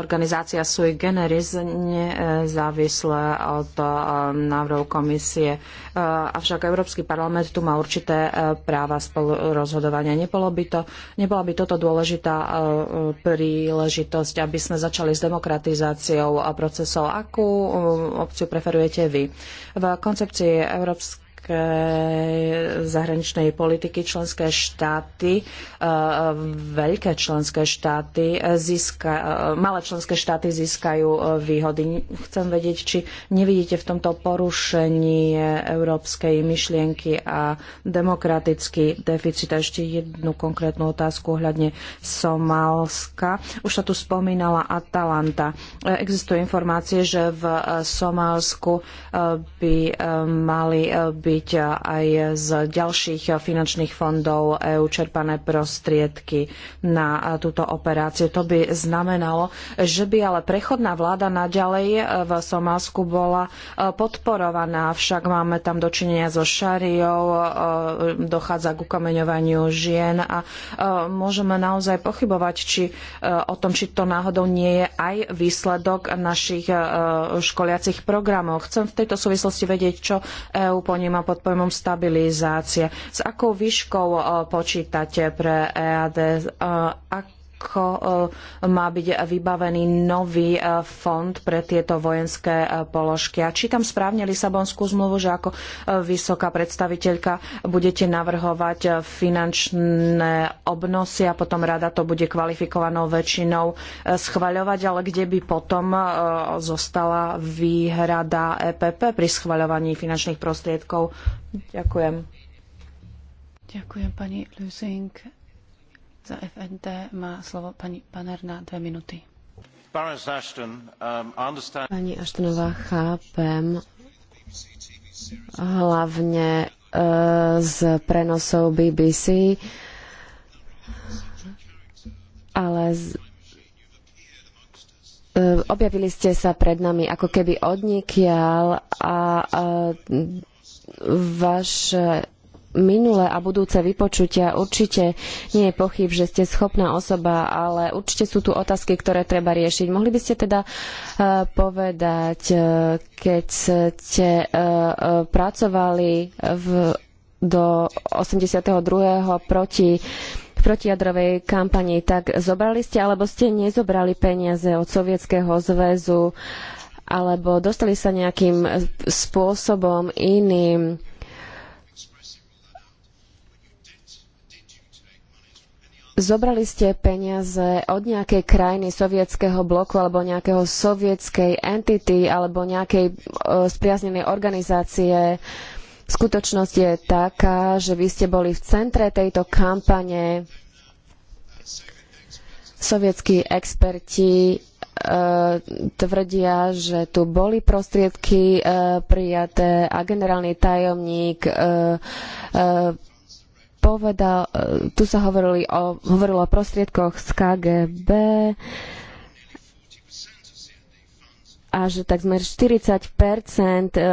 organizácia sui generis nezávisle od e, návrhu komisie. Avšak Európsky parlament tu má určité práva spolurozhodovania. Nebolo by to, nebola by toto dôležitá príležitosť, aby sme začali s demokratizáciou procesov. Akú opciu preferujete vy? V koncepcii Európskej európskej zahraničnej politiky členské štáty, e, veľké členské štáty, získa, e, malé členské štáty získajú e, výhody. Chcem vedieť, či nevidíte v tomto porušení európskej myšlienky a demokratický deficit. A ešte jednu konkrétnu otázku ohľadne Somálska. Už sa tu spomínala Atalanta. Existujú informácie, že v Somálsku by mali by spojiť aj z ďalších finančných fondov EU čerpané prostriedky na túto operáciu. To by znamenalo, že by ale prechodná vláda naďalej v Somálsku bola e, podporovaná. Však máme tam dočinenia so šariou, e, dochádza k ukameňovaniu žien a e, môžeme naozaj pochybovať či, o tom, či to náhodou nie je aj výsledok našich školiacich programov. Chcem v tejto súvislosti vedieť, čo EÚ poníma pod pojmom stabilizácie. S akou výškou e, počítate pre EAD? E, ak ako eh, má byť vybavený nový eh, fond pre tieto vojenské eh, položky. A čítam správne Lisabonskú zmluvu, že ako vysoká predstaviteľka budete navrhovať finančné obnosy a potom rada to bude kvalifikovanou väčšinou schvaľovať, ale kde by potom zostala výhrada EPP pri schvaľovaní finančných prostriedkov. Ďakujem. Ďakujem pani Lusing. Za má slovo um, pani ashtonová chápem hlavne uh, z prenosov BBC, ale z, uh, objavili ste sa pred nami ako keby odnikial a, a vaše minulé a budúce vypočutia. Určite nie je pochyb, že ste schopná osoba, ale určite sú tu otázky, ktoré treba riešiť. Mohli by ste teda eh, povedať, eh, keď ste eh, pracovali v, do 82. proti protijadrovej kampanii, tak zobrali ste alebo ste nezobrali peniaze od Sovietskeho zväzu alebo dostali sa nejakým spôsobom iným Zobrali ste peniaze od nejakej krajiny sovietskeho bloku alebo nejakého sovietskej entity alebo nejakej e, spriaznenej organizácie. Skutočnosť je taká, že vy ste boli v centre tejto kampane. Sovietskí experti e, tvrdia, že tu boli prostriedky e, prijaté a generálny tajomník e, e povedal, e, tu sa hovorili o, hovorilo o prostriedkoch z KGB a že takmer 40 e,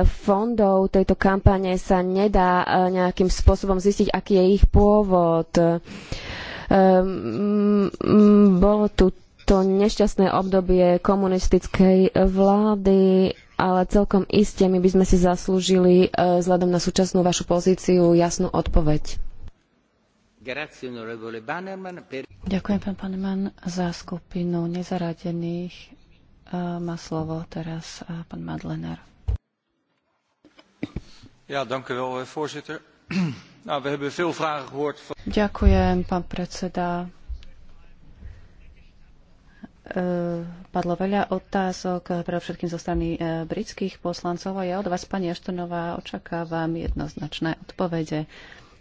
fondov tejto kampane sa nedá e, nejakým spôsobom zistiť, aký je ich pôvod. Bolo tu to nešťastné obdobie komunistickej vlády, ale celkom iste my by sme si zaslúžili vzhľadom na súčasnú vašu pozíciu jasnú odpoveď. Ďakujem, pán Paneman, za skupinu nezaradených. E, má slovo teraz e, pán Madlener. Eh, <clears throat> Ďakujem, pán predseda. E, padlo veľa otázok, pre všetkým zo strany britských poslancov a ja od vás, pani Aštonová, očakávam jednoznačné odpovede.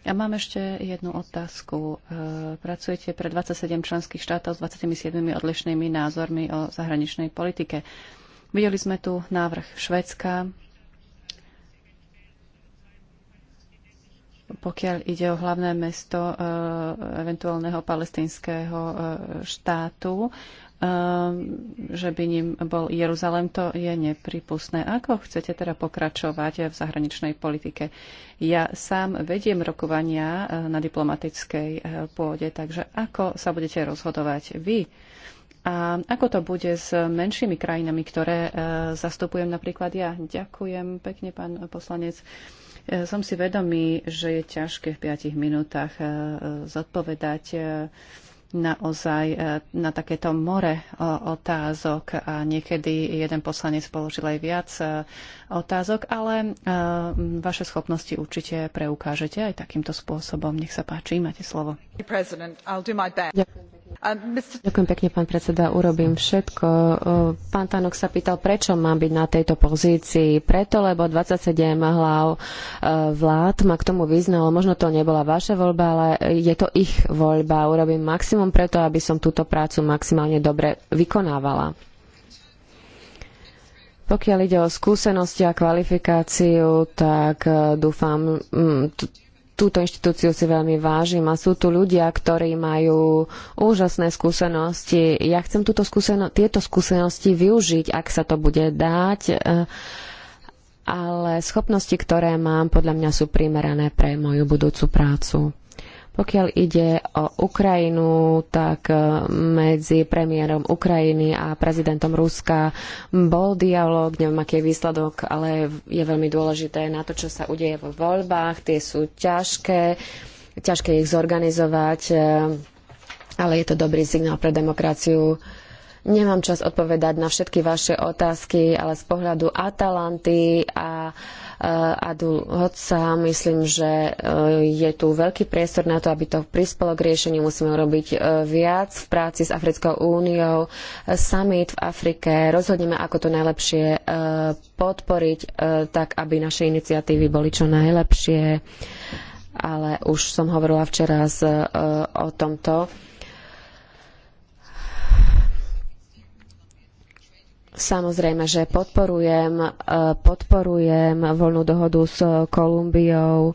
Ja mám ešte jednu otázku. E, pracujete pre 27 členských štátov s 27 odlišnými názormi o zahraničnej politike. Videli sme tu návrh Švedska, pokiaľ ide o hlavné mesto e, eventuálneho palestinského e, štátu. Ehm, že by ním bol Jeruzalem, to je nepripustné. Ako chcete teda pokračovať v zahraničnej politike? Ja sám vediem rokovania eh, na diplomatickej eh, pôde, takže ako sa budete rozhodovať vy? A ako to bude s menšími krajinami, ktoré eh, zastupujem napríklad ja? Ďakujem pekne, pán poslanec. Som si vedomý, že je ťažké v 5 minútach zodpovedať naozaj e, na takéto more e, otázok a niekedy jeden poslanec položil aj viac e, otázok, ale vaše schopnosti určite preukážete aj takýmto spôsobom. Nech sa páči, máte slovo. Um, Ďakujem pekne, pán predseda. Urobím všetko. Pán Tannock sa pýtal, prečo mám byť na tejto pozícii. Preto, lebo 27 hlav e, vlád ma k tomu vyznalo. Možno to nebola vaša voľba, ale je to ich voľba. Urobím maximum preto, aby som túto prácu maximálne dobre vykonávala. Pokiaľ ide o skúsenosti a kvalifikáciu, tak e, dúfam, túto inštitúciu si veľmi vážim a sú tu ľudia, ktorí majú úžasné skúsenosti. Ja chcem túto skúseno- tieto skúsenosti využiť, ak sa to bude dať, eh, ale schopnosti, ktoré mám, podľa mňa sú primerané pre moju budúcu prácu. Pokiaľ ide o Ukrajinu, tak e, medzi premiérom Ukrajiny a prezidentom Ruska bol dialog, neviem aký je výsledok, ale je veľmi dôležité na to, čo sa udeje vo voľbách. Tie sú ťažké, ťažké ich zorganizovať, e, ale je to dobrý signál pre demokraciu. Nemám čas odpovedať na všetky vaše otázky, ale z pohľadu Atalanty a Eh, Adul Hodca. Myslím, že eh, je tu veľký priestor na to, aby to prispelo k riešeniu. Musíme robiť eh, viac v práci s Africkou úniou. Summit v Afrike. Rozhodneme, ako to najlepšie podporiť, tak aby naše iniciatívy boli čo najlepšie. Ale už som hovorila včera o tomto Samozrejme, že podporujem, e, podporujem voľnú dohodu s Kolumbiou.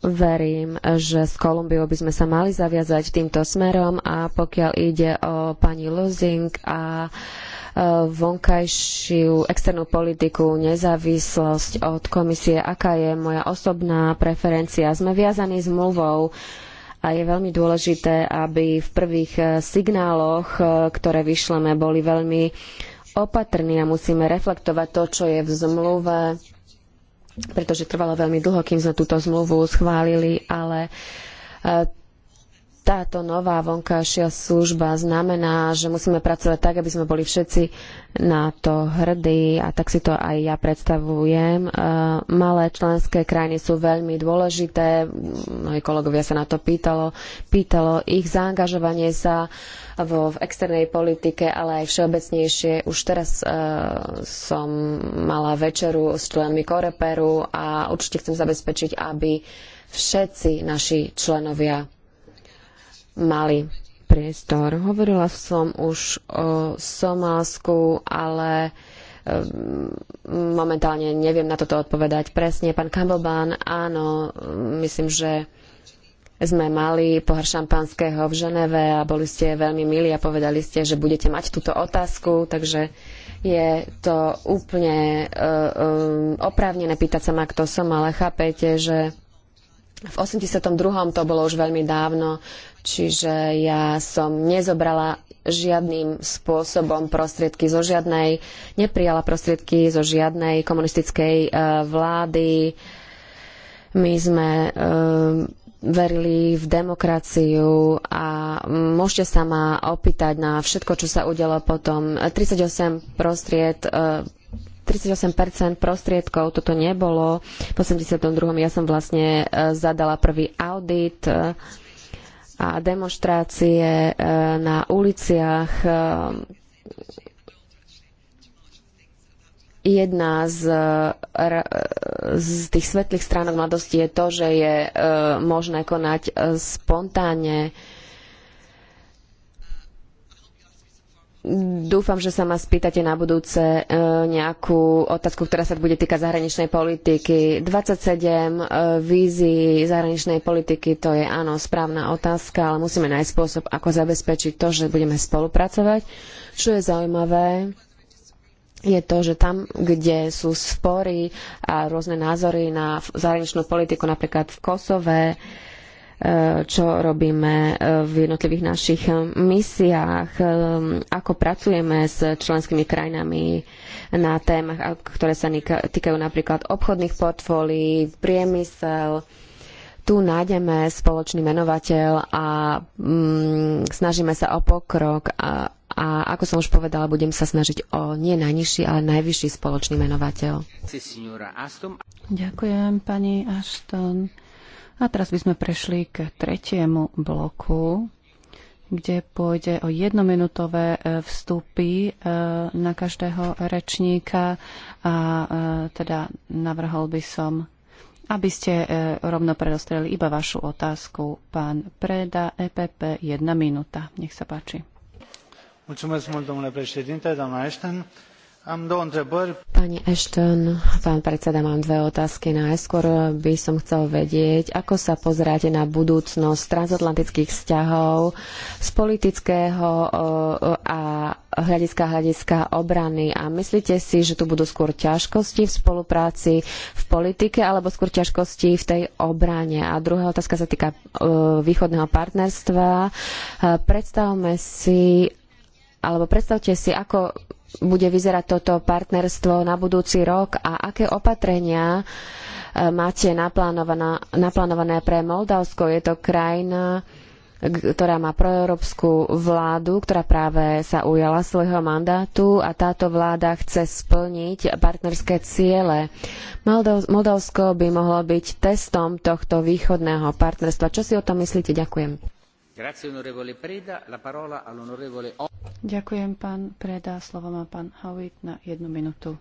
Verím, že s Kolumbiou by sme sa mali zaviazať týmto smerom a pokiaľ ide o pani Lozing a e, vonkajšiu externú politiku, nezávislosť od komisie, aká je moja osobná preferencia. Sme viazaní zmluvou, mluvou a je veľmi dôležité, aby v prvých eh, signáloch, eh, ktoré vyšleme, boli veľmi opatrní a musíme reflektovať to, čo je v zmluve, pretože trvalo veľmi dlho, kým sme túto zmluvu schválili, ale eh, táto nová vonkajšia služba znamená, že musíme pracovať tak, aby sme boli všetci na to hrdí a tak si to aj ja predstavujem. E, malé členské krajiny sú veľmi dôležité, mnohí kolegovia sa na to pýtalo, pýtalo ich zaangažovanie sa vo, v externej politike, ale aj všeobecnejšie. Už teraz uh, som mala večeru s členmi Koreperu a určite chcem zabezpečiť, aby všetci naši členovia mali priestor. Hovorila som už o Somálsku, ale mm, momentálne neviem na toto odpovedať presne. Pán Kambobán, áno, myslím, že sme mali pohár šampanského v Ženeve a boli ste veľmi milí a povedali ste, že budete mať túto otázku, takže je to úplne uh, um, oprávnené pýtať sa ma, kto som, ale chápete, že v 82. to bolo už veľmi dávno Čiže ja som nezobrala žiadnym spôsobom prostriedky zo žiadnej, neprijala prostriedky zo žiadnej komunistickej e, vlády. My sme e, verili v demokraciu a môžete sa ma opýtať na všetko, čo sa udialo potom. 38 prostried 38% e, prostriedkov toto nebolo. V 82. ja som vlastne zadala prvý audit a demonštrácie e, na uliciach. E, jedna z, e, z tých svetlých stránok mladosti je to, že je možné konať spontánne Dúfam, že sa ma spýtate na budúce e, nejakú otázku, ktorá sa bude týkať zahraničnej politiky. 27 e, vízií zahraničnej politiky, to je áno, správna otázka, ale musíme nájsť spôsob, ako zabezpečiť to, že budeme spolupracovať. Čo je zaujímavé, je to, že tam, kde sú spory a rôzne názory na zahraničnú politiku, napríklad v Kosove, čo robíme eh, v jednotlivých našich eh, misiách, eh, ako pracujeme s členskými krajinami na témach, ktoré sa týkajú napríklad obchodných portfólií, priemysel. Tu nájdeme spoločný menovateľ a mm, snažíme sa o pokrok a, a ako som už povedala, budem sa snažiť o nie najnižší, ale najvyšší spoločný menovateľ. Ďakujem, pani Ashton. A teraz by sme prešli k tretiemu bloku, kde pôjde o jednominútové e, vstupy e, na každého rečníka a e, teda navrhol by som, aby ste rovno predostreli iba vašu otázku. Pán Preda, EPP, jedna minúta. Nech sa páči. Mulțumesc mult, domnule președinte, doamna Ashton. Pani Ashton, pán predseda, mám dve otázky. Najskôr by som chcel vedieť, ako sa pozeráte na budúcnosť transatlantických vzťahov z politického a hľadiska hľadiska obrany. A myslíte si, že tu budú skôr ťažkosti v spolupráci v politike alebo skôr ťažkosti v tej obrane? A druhá otázka sa týka východného partnerstva. Predstavme si, alebo predstavte si, ako bude vyzerať toto partnerstvo na budúci rok a aké opatrenia e, máte naplánované pre Moldavsko. Je to krajina, ktorá má proeurópsku vládu, ktorá práve sa ujala svojho mandátu a táto vláda chce splniť partnerské ciele. Moldavsko by mohlo byť testom tohto východného partnerstva. Čo si o tom myslíte? Ďakujem. Ďakujem, pán Preda. Slovo má pán Howitt na jednu minútu.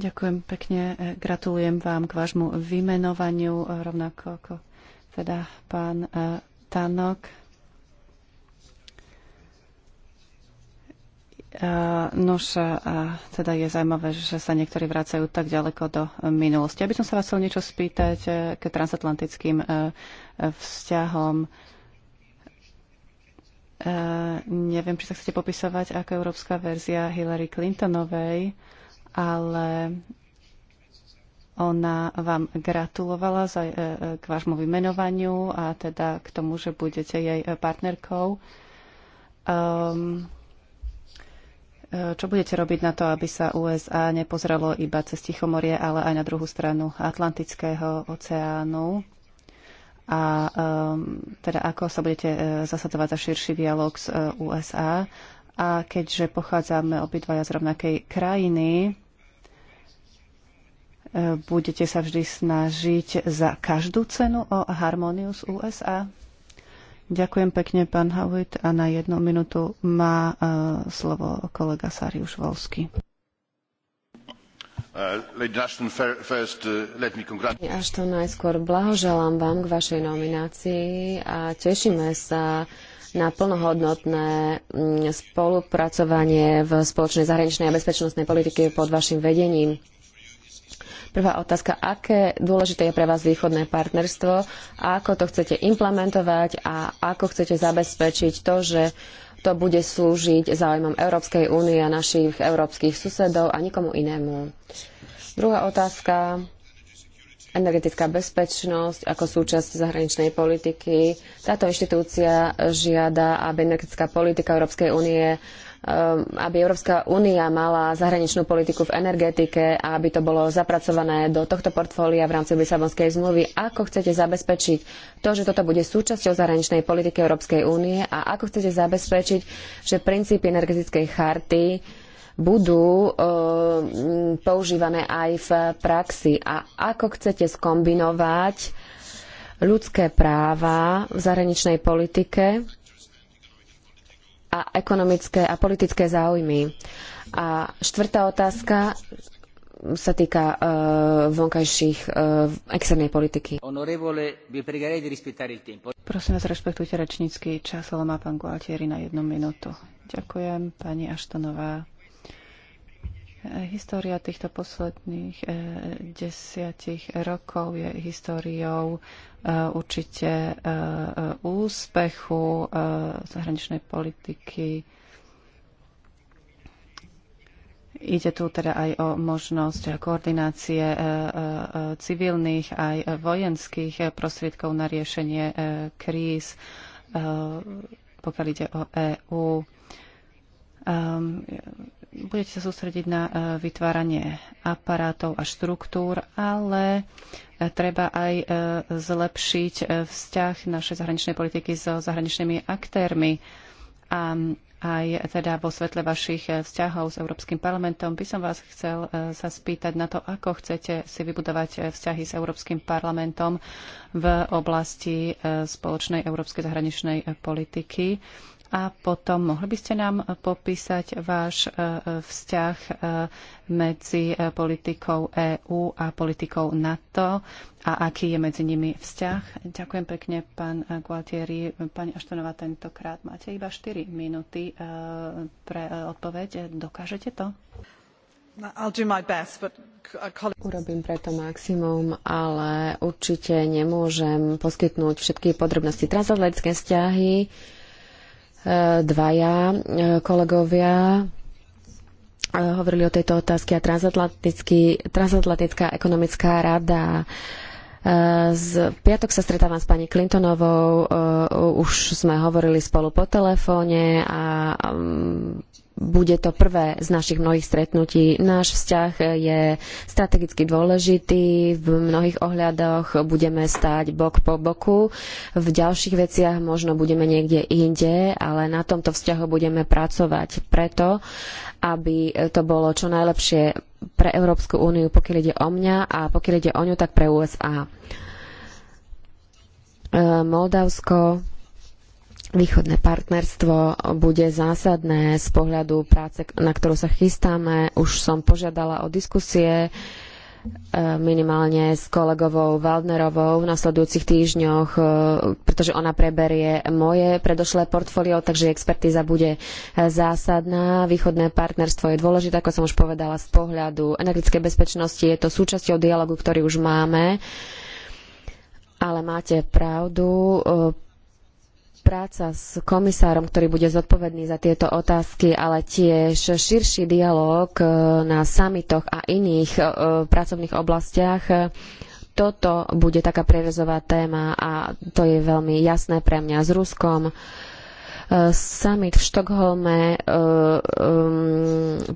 Ďakujem pekne. E, gratulujem vám k vášmu vymenovaniu, e, rovnako ako teda pán e, Tanok Nož, teda je zaujímavé, že sa niektorí vracajú tak ďaleko do minulosti. Aby som sa vás chcel niečo spýtať e, k transatlantickým e, e, vzťahom. Neviem, či sa chcete popisovať ako európska verzia Hillary Clintonovej, ale ona vám gratulovala za, k vášmu vymenovaniu a teda k tomu, že budete jej partnerkou. Um, E, čo budete robiť na to, aby sa USA nepozrelo iba cez Tichomorie, ale aj na druhú stranu Atlantického oceánu? A ehm, teda ako sa budete e, zasadzovať za širší dialog s e, USA? A keďže pochádzame obidvaja z rovnakej krajiny, budete sa vždy snažiť za každú cenu o harmóniu z USA? Ďakujem pekne, pán Howitt. A na jednu minútu má uh, slovo kolega Sariuš Volsky. Uh, uh, až to najskôr blahoželám vám k vašej nominácii a tešíme sa na plnohodnotné mm, spolupracovanie v spoločnej zahraničnej a bezpečnostnej politike pod vašim vedením. Prvá otázka, aké dôležité je pre vás východné partnerstvo, ako to chcete implementovať a ako chcete zabezpečiť to, že to bude slúžiť záujmom Európskej únie a našich európskych susedov a nikomu inému. Druhá otázka, energetická bezpečnosť ako súčasť zahraničnej politiky. Táto inštitúcia žiada, aby energetická politika Európskej únie Um, aby Európska únia mala zahraničnú politiku v energetike a aby to bolo zapracované do tohto portfólia v rámci Lisabonskej zmluvy. Ako chcete zabezpečiť to, že toto bude súčasťou zahraničnej politiky Európskej únie a ako chcete zabezpečiť, že princípy energetickej charty budú e, používané aj v praxi a ako chcete skombinovať ľudské práva v zahraničnej politike a ekonomické a politické záujmy. A štvrtá otázka sa týka uh, vonkajších uh, externej politiky. Prosím vás, rešpektujte rečnícky čas, ale má pán Gualtieri na jednu minútu. Ďakujem, pani Aštonová. História týchto posledných eh, desiatich rokov je históriou eh, určite eh, úspechu zahraničnej politiky. Ide tu teda aj o možnosť koordinácie civilných aj vojenských prostriedkov na riešenie kríz, pokiaľ ide o EÚ budete sa sústrediť na e, vytváranie aparátov a štruktúr, ale e, treba aj e, zlepšiť vzťah našej zahraničnej politiky so zahraničnými aktérmi. A aj teda vo svetle vašich vzťahov s Európskym parlamentom by som vás chcel sa spýtať na to, ako chcete si vybudovať vzťahy s Európskym parlamentom v oblasti spoločnej európskej zahraničnej politiky a potom mohli by ste nám popísať váš e, e, vzťah e, medzi politikou EÚ a politikou NATO a aký je medzi nimi vzťah. Ďakujem pekne, pán Gualtieri. Pani Aštonová, tentokrát máte iba 4 minúty pre odpoveď. Dokážete to? No, best, but... Uh, Urobím preto maximum, ale určite nemôžem poskytnúť všetky podrobnosti transatlantické vzťahy dvaja e, kolegovia e, hovorili o tejto otázke a Transatlantická ekonomická rada e, z piatok sa stretávam s pani Clintonovou, už sme hovorili spolu po telefóne a mm, bude to prvé z našich mnohých stretnutí. Náš vzťah je strategicky dôležitý, v mnohých ohľadoch budeme stáť bok po boku, v ďalších veciach možno budeme niekde inde, ale na tomto vzťahu budeme pracovať preto, aby to bolo čo najlepšie pre Európsku úniu, pokiaľ ide o mňa a pokiaľ ide o ňu, tak pre USA. E, Moldavsko Východné partnerstvo bude zásadné z pohľadu práce, na ktorú sa chystáme. Už som požiadala o diskusie e, minimálne s kolegovou Waldnerovou v nasledujúcich týždňoch, e, pretože ona preberie moje predošlé portfólio, takže expertíza bude e, zásadná. Východné partnerstvo je dôležité, ako som už povedala, z pohľadu energetickej bezpečnosti. Je to súčasťou dialogu, ktorý už máme. Ale máte pravdu, práca s komisárom, ktorý bude zodpovedný za tieto otázky, ale tiež širší dialog e, na samitoch a iných e, pracovných oblastiach. Toto bude taká prerezová téma a to je veľmi jasné pre mňa s Ruskom. E, summit v Štokholme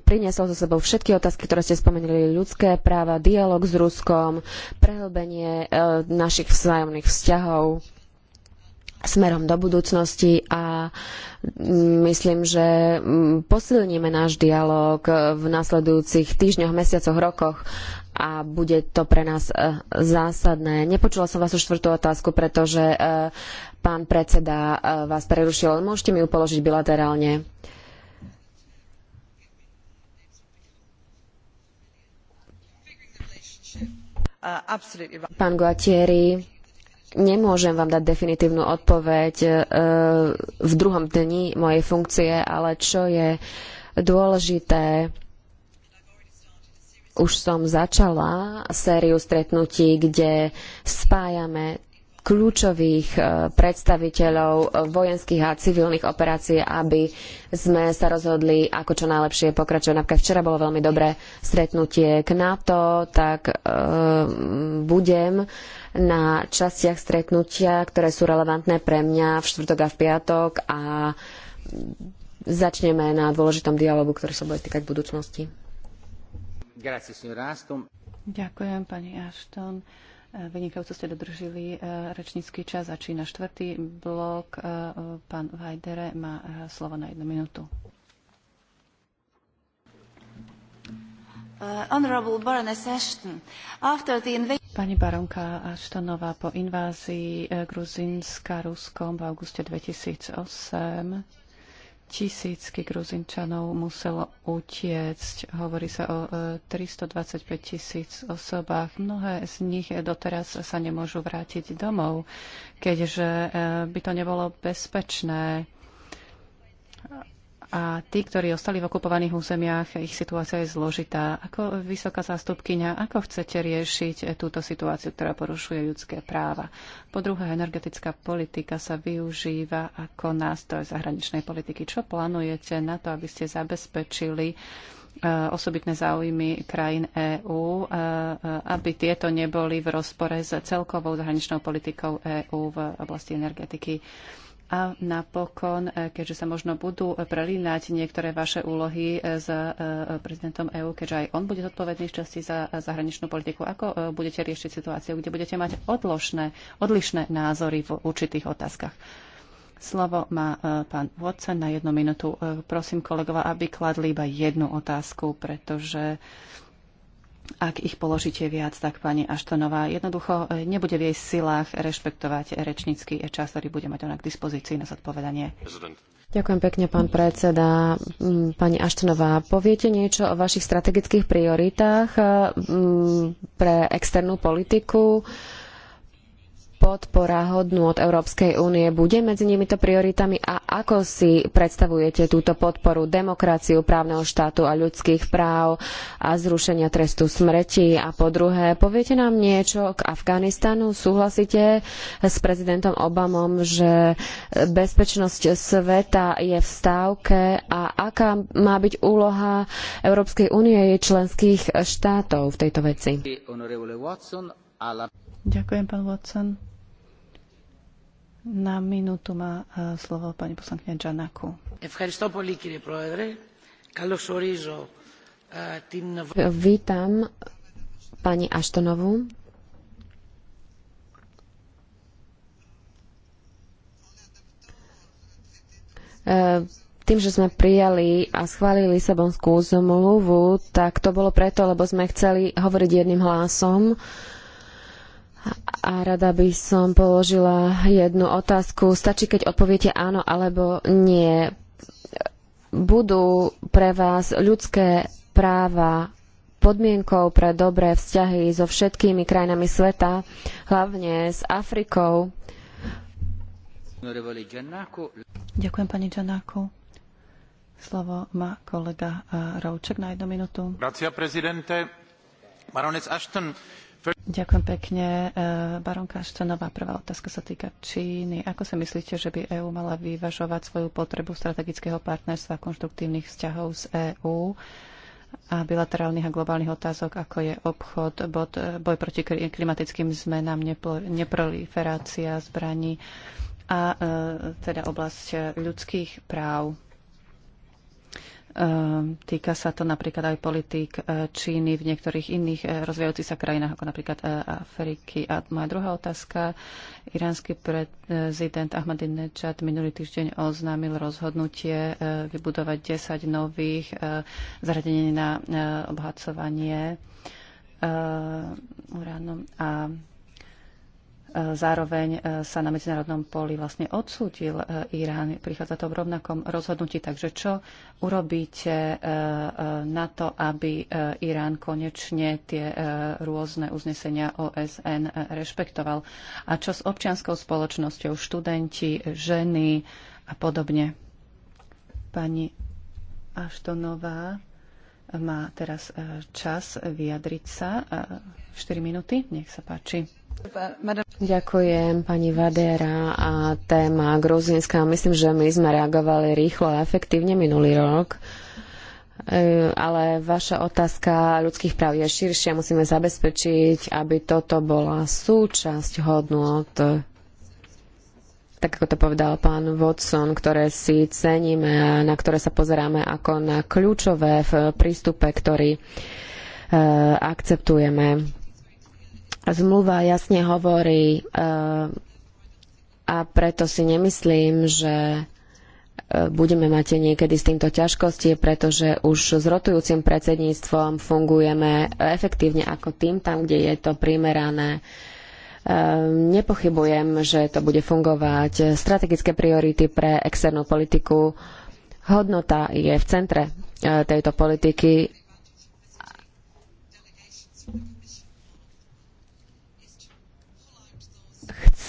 priniesol so sebou všetky otázky, ktoré ste spomenuli, ľudské práva, dialog s Ruskom, prehlbenie našich vzájomných vzťahov smerom do budúcnosti a mm, myslím, že mm, posilníme náš dialog e, v nasledujúcich týždňoch, mesiacoch, rokoch a bude to pre nás e, zásadné. Nepočula som vašu štvrtú otázku, pretože e, pán predseda vás prerušil. Môžete mi ju položiť bilaterálne. Uh, pán Guatieri, Nemôžem vám dať definitívnu odpoveď e, v druhom dni mojej funkcie, ale čo je dôležité, už som začala sériu stretnutí, kde spájame kľúčových e, predstaviteľov e, vojenských a civilných operácií, aby sme sa rozhodli, ako čo najlepšie pokračovať. Napríklad včera bolo veľmi dobré stretnutie k NATO, tak budem na častiach stretnutia, ktoré sú relevantné pre mňa v štvrtok a v piatok a začneme na dôležitom dialogu, ktorý sa bude týkať budúcnosti. Ďakujem, pani Ashton. E, vynikajúco ste dodržili e, rečnícky čas. Začína štvrtý blok. E, pán Vajdere má slovo na jednu minútu. Uh, Pani baronka Ashtonová, po invázii uh, Gruzínska Ruskom v auguste 2008 tisícky Gruzinčanov muselo utiecť. Hovorí sa o 325 uh, tisíc osobách. Mnohé z nich doteraz sa nemôžu vrátiť domov, keďže by to nebolo bezpečné a tí, ktorí ostali v okupovaných územiach, ich situácia je zložitá. Ako vysoká zástupkyňa, ako chcete riešiť túto situáciu, ktorá porušuje ľudské práva? Po druhé, energetická politika sa využíva ako nástroj zahraničnej politiky. Čo plánujete na to, aby ste zabezpečili e, osobitné záujmy krajín EÚ, e, e, aby tieto neboli v rozpore s celkovou zahraničnou politikou EÚ v oblasti energetiky? A napokon, e, keďže sa možno budú prelínať niektoré vaše úlohy e, s e, prezidentom EÚ, keďže aj on bude zodpovedný v časti za zahraničnú politiku, ako budete riešiť situáciu, kde budete mať odložné, odlišné názory v určitých otázkach? Slovo má pán Watson na jednu minútu. Prosím kolegova, aby kladli iba jednu otázku, pretože ak ich položíte viac, tak pani Aštonová jednoducho e, nebude v jej silách rešpektovať rečnícky čas, ktorý bude mať ona k dispozícii na zodpovedanie. Ďakujem pekne, pán predseda. Mm, pani Aštonová, poviete niečo o vašich strategických prioritách e, mm, pre externú politiku? podpora hodnôt Európskej únie bude medzi týmito prioritami a ako si predstavujete túto podporu demokraciu, právneho štátu a ľudských práv a zrušenia trestu smrti? A po druhé, poviete nám niečo k Afganistanu? Súhlasíte s prezidentom Obamom, že bezpečnosť sveta je v stávke a aká má byť úloha Európskej únie a jej členských štátov v tejto veci? Ďakujem, pán Watson. Na minútu má e, slovo pani poslankyňa Džanaku. E, Vítam pani Aštonovú. E, tým, že sme prijali a schválili Lisabonskú zmluvu, tak to bolo preto, lebo sme chceli hovoriť jedným hlasom. A rada by som položila jednu otázku. Stačí, keď odpoviete áno alebo nie. Budú pre vás ľudské práva podmienkou pre dobré vzťahy so všetkými krajinami sveta, hlavne s Afrikou? Ďakujem pani Giannaku. Slovo má kolega eh, Rouček na jednu minútu. Grazie, prezidente. Baronec Ashton, Ďakujem pekne. E, Baronka Štenová, prvá otázka sa týka Číny. Ako si myslíte, že by EÚ mala vyvažovať svoju potrebu strategického partnerstva a konštruktívnych vzťahov z EÚ a bilaterálnych a globálnych otázok, ako je obchod, bod, e, boj proti klimatickým zmenám, neproliferácia zbraní a e, teda oblasť ľudských práv? Ehm, týka sa to napríklad aj politík e, Číny v niektorých iných e, rozvíjajúcich sa krajinách, ako napríklad e, Afriky. A moja druhá otázka. Iránsky prezident Ahmadinejad minulý týždeň oznámil rozhodnutie vybudovať 10 nových zariadení na obhacovanie uránom a Zároveň e, sa na medzinárodnom poli vlastne odsúdil e, Irán. Prichádza to v rovnakom rozhodnutí. Takže čo urobíte e, na to, aby Irán konečne tie rôzne uznesenia OSN rešpektoval? A čo s občianskou spoločnosťou, študenti, ženy a podobne? Pani Aštonová má teraz čas vyjadriť sa. 4 minúty, nech sa páči. Ďakujem pani Vadera a téma Gruzinská. Myslím, že my sme reagovali rýchlo a efektívne minulý rok e, ale vaša otázka ľudských práv je širšia. Musíme zabezpečiť, aby toto bola súčasť hodnot, tak ako to povedal pán Watson, ktoré si ceníme a na ktoré sa pozeráme ako na kľúčové v prístupe, ktorý e, akceptujeme. Zmluva jasne hovorí eh, a preto si nemyslím, že eh, budeme mať niekedy s týmto ťažkosti, pretože už s rotujúcim predsedníctvom fungujeme efektívne ako tým tam, kde je to primerané. Eh, nepochybujem, že to bude fungovať. Strategické priority pre externú politiku. Hodnota je v centre tejto politiky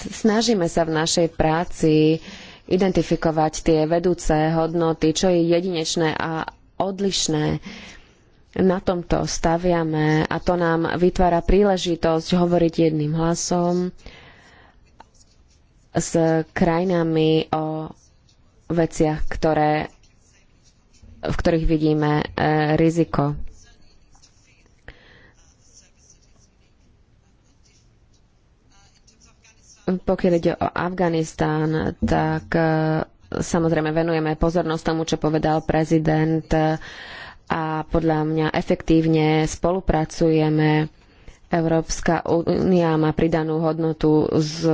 snažíme sa v našej práci identifikovať tie vedúce hodnoty, čo je jedinečné a odlišné. Na tomto staviame a to nám vytvára príležitosť hovoriť jedným hlasom s krajinami o veciach, ktoré, v ktorých vidíme e, riziko. Pokiaľ ide o Afganistán, tak e, samozrejme venujeme pozornosť tomu, čo povedal prezident e, a podľa mňa efektívne spolupracujeme. Európska únia má pridanú hodnotu z,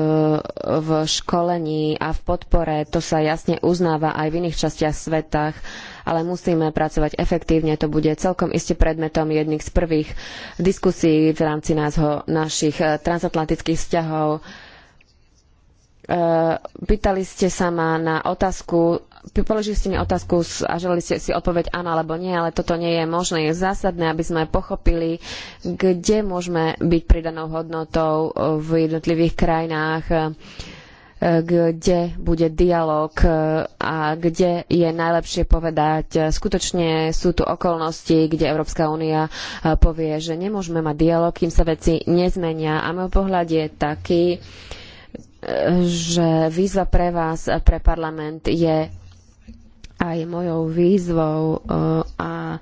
v školení a v podpore. To sa jasne uznáva aj v iných častiach sveta, ale musíme pracovať efektívne. To bude celkom iste predmetom jedných z prvých diskusí v rámci nášho, našich e, transatlantických vzťahov Eh, pýtali ste sa ma na otázku, položili ste mi otázku a želali ste si odpoveď áno alebo nie, ale toto nie je možné. Je zásadné, aby sme pochopili, kde môžeme byť pridanou hodnotou eh, v jednotlivých krajinách, eh, kde bude dialog a kde je najlepšie povedať. Skutočne sú tu okolnosti, kde Európska únia povie, že nemôžeme mať dialog, kým sa veci nezmenia. A môj pohľad je taký, že výzva pre vás, pre parlament je aj mojou výzvou e, a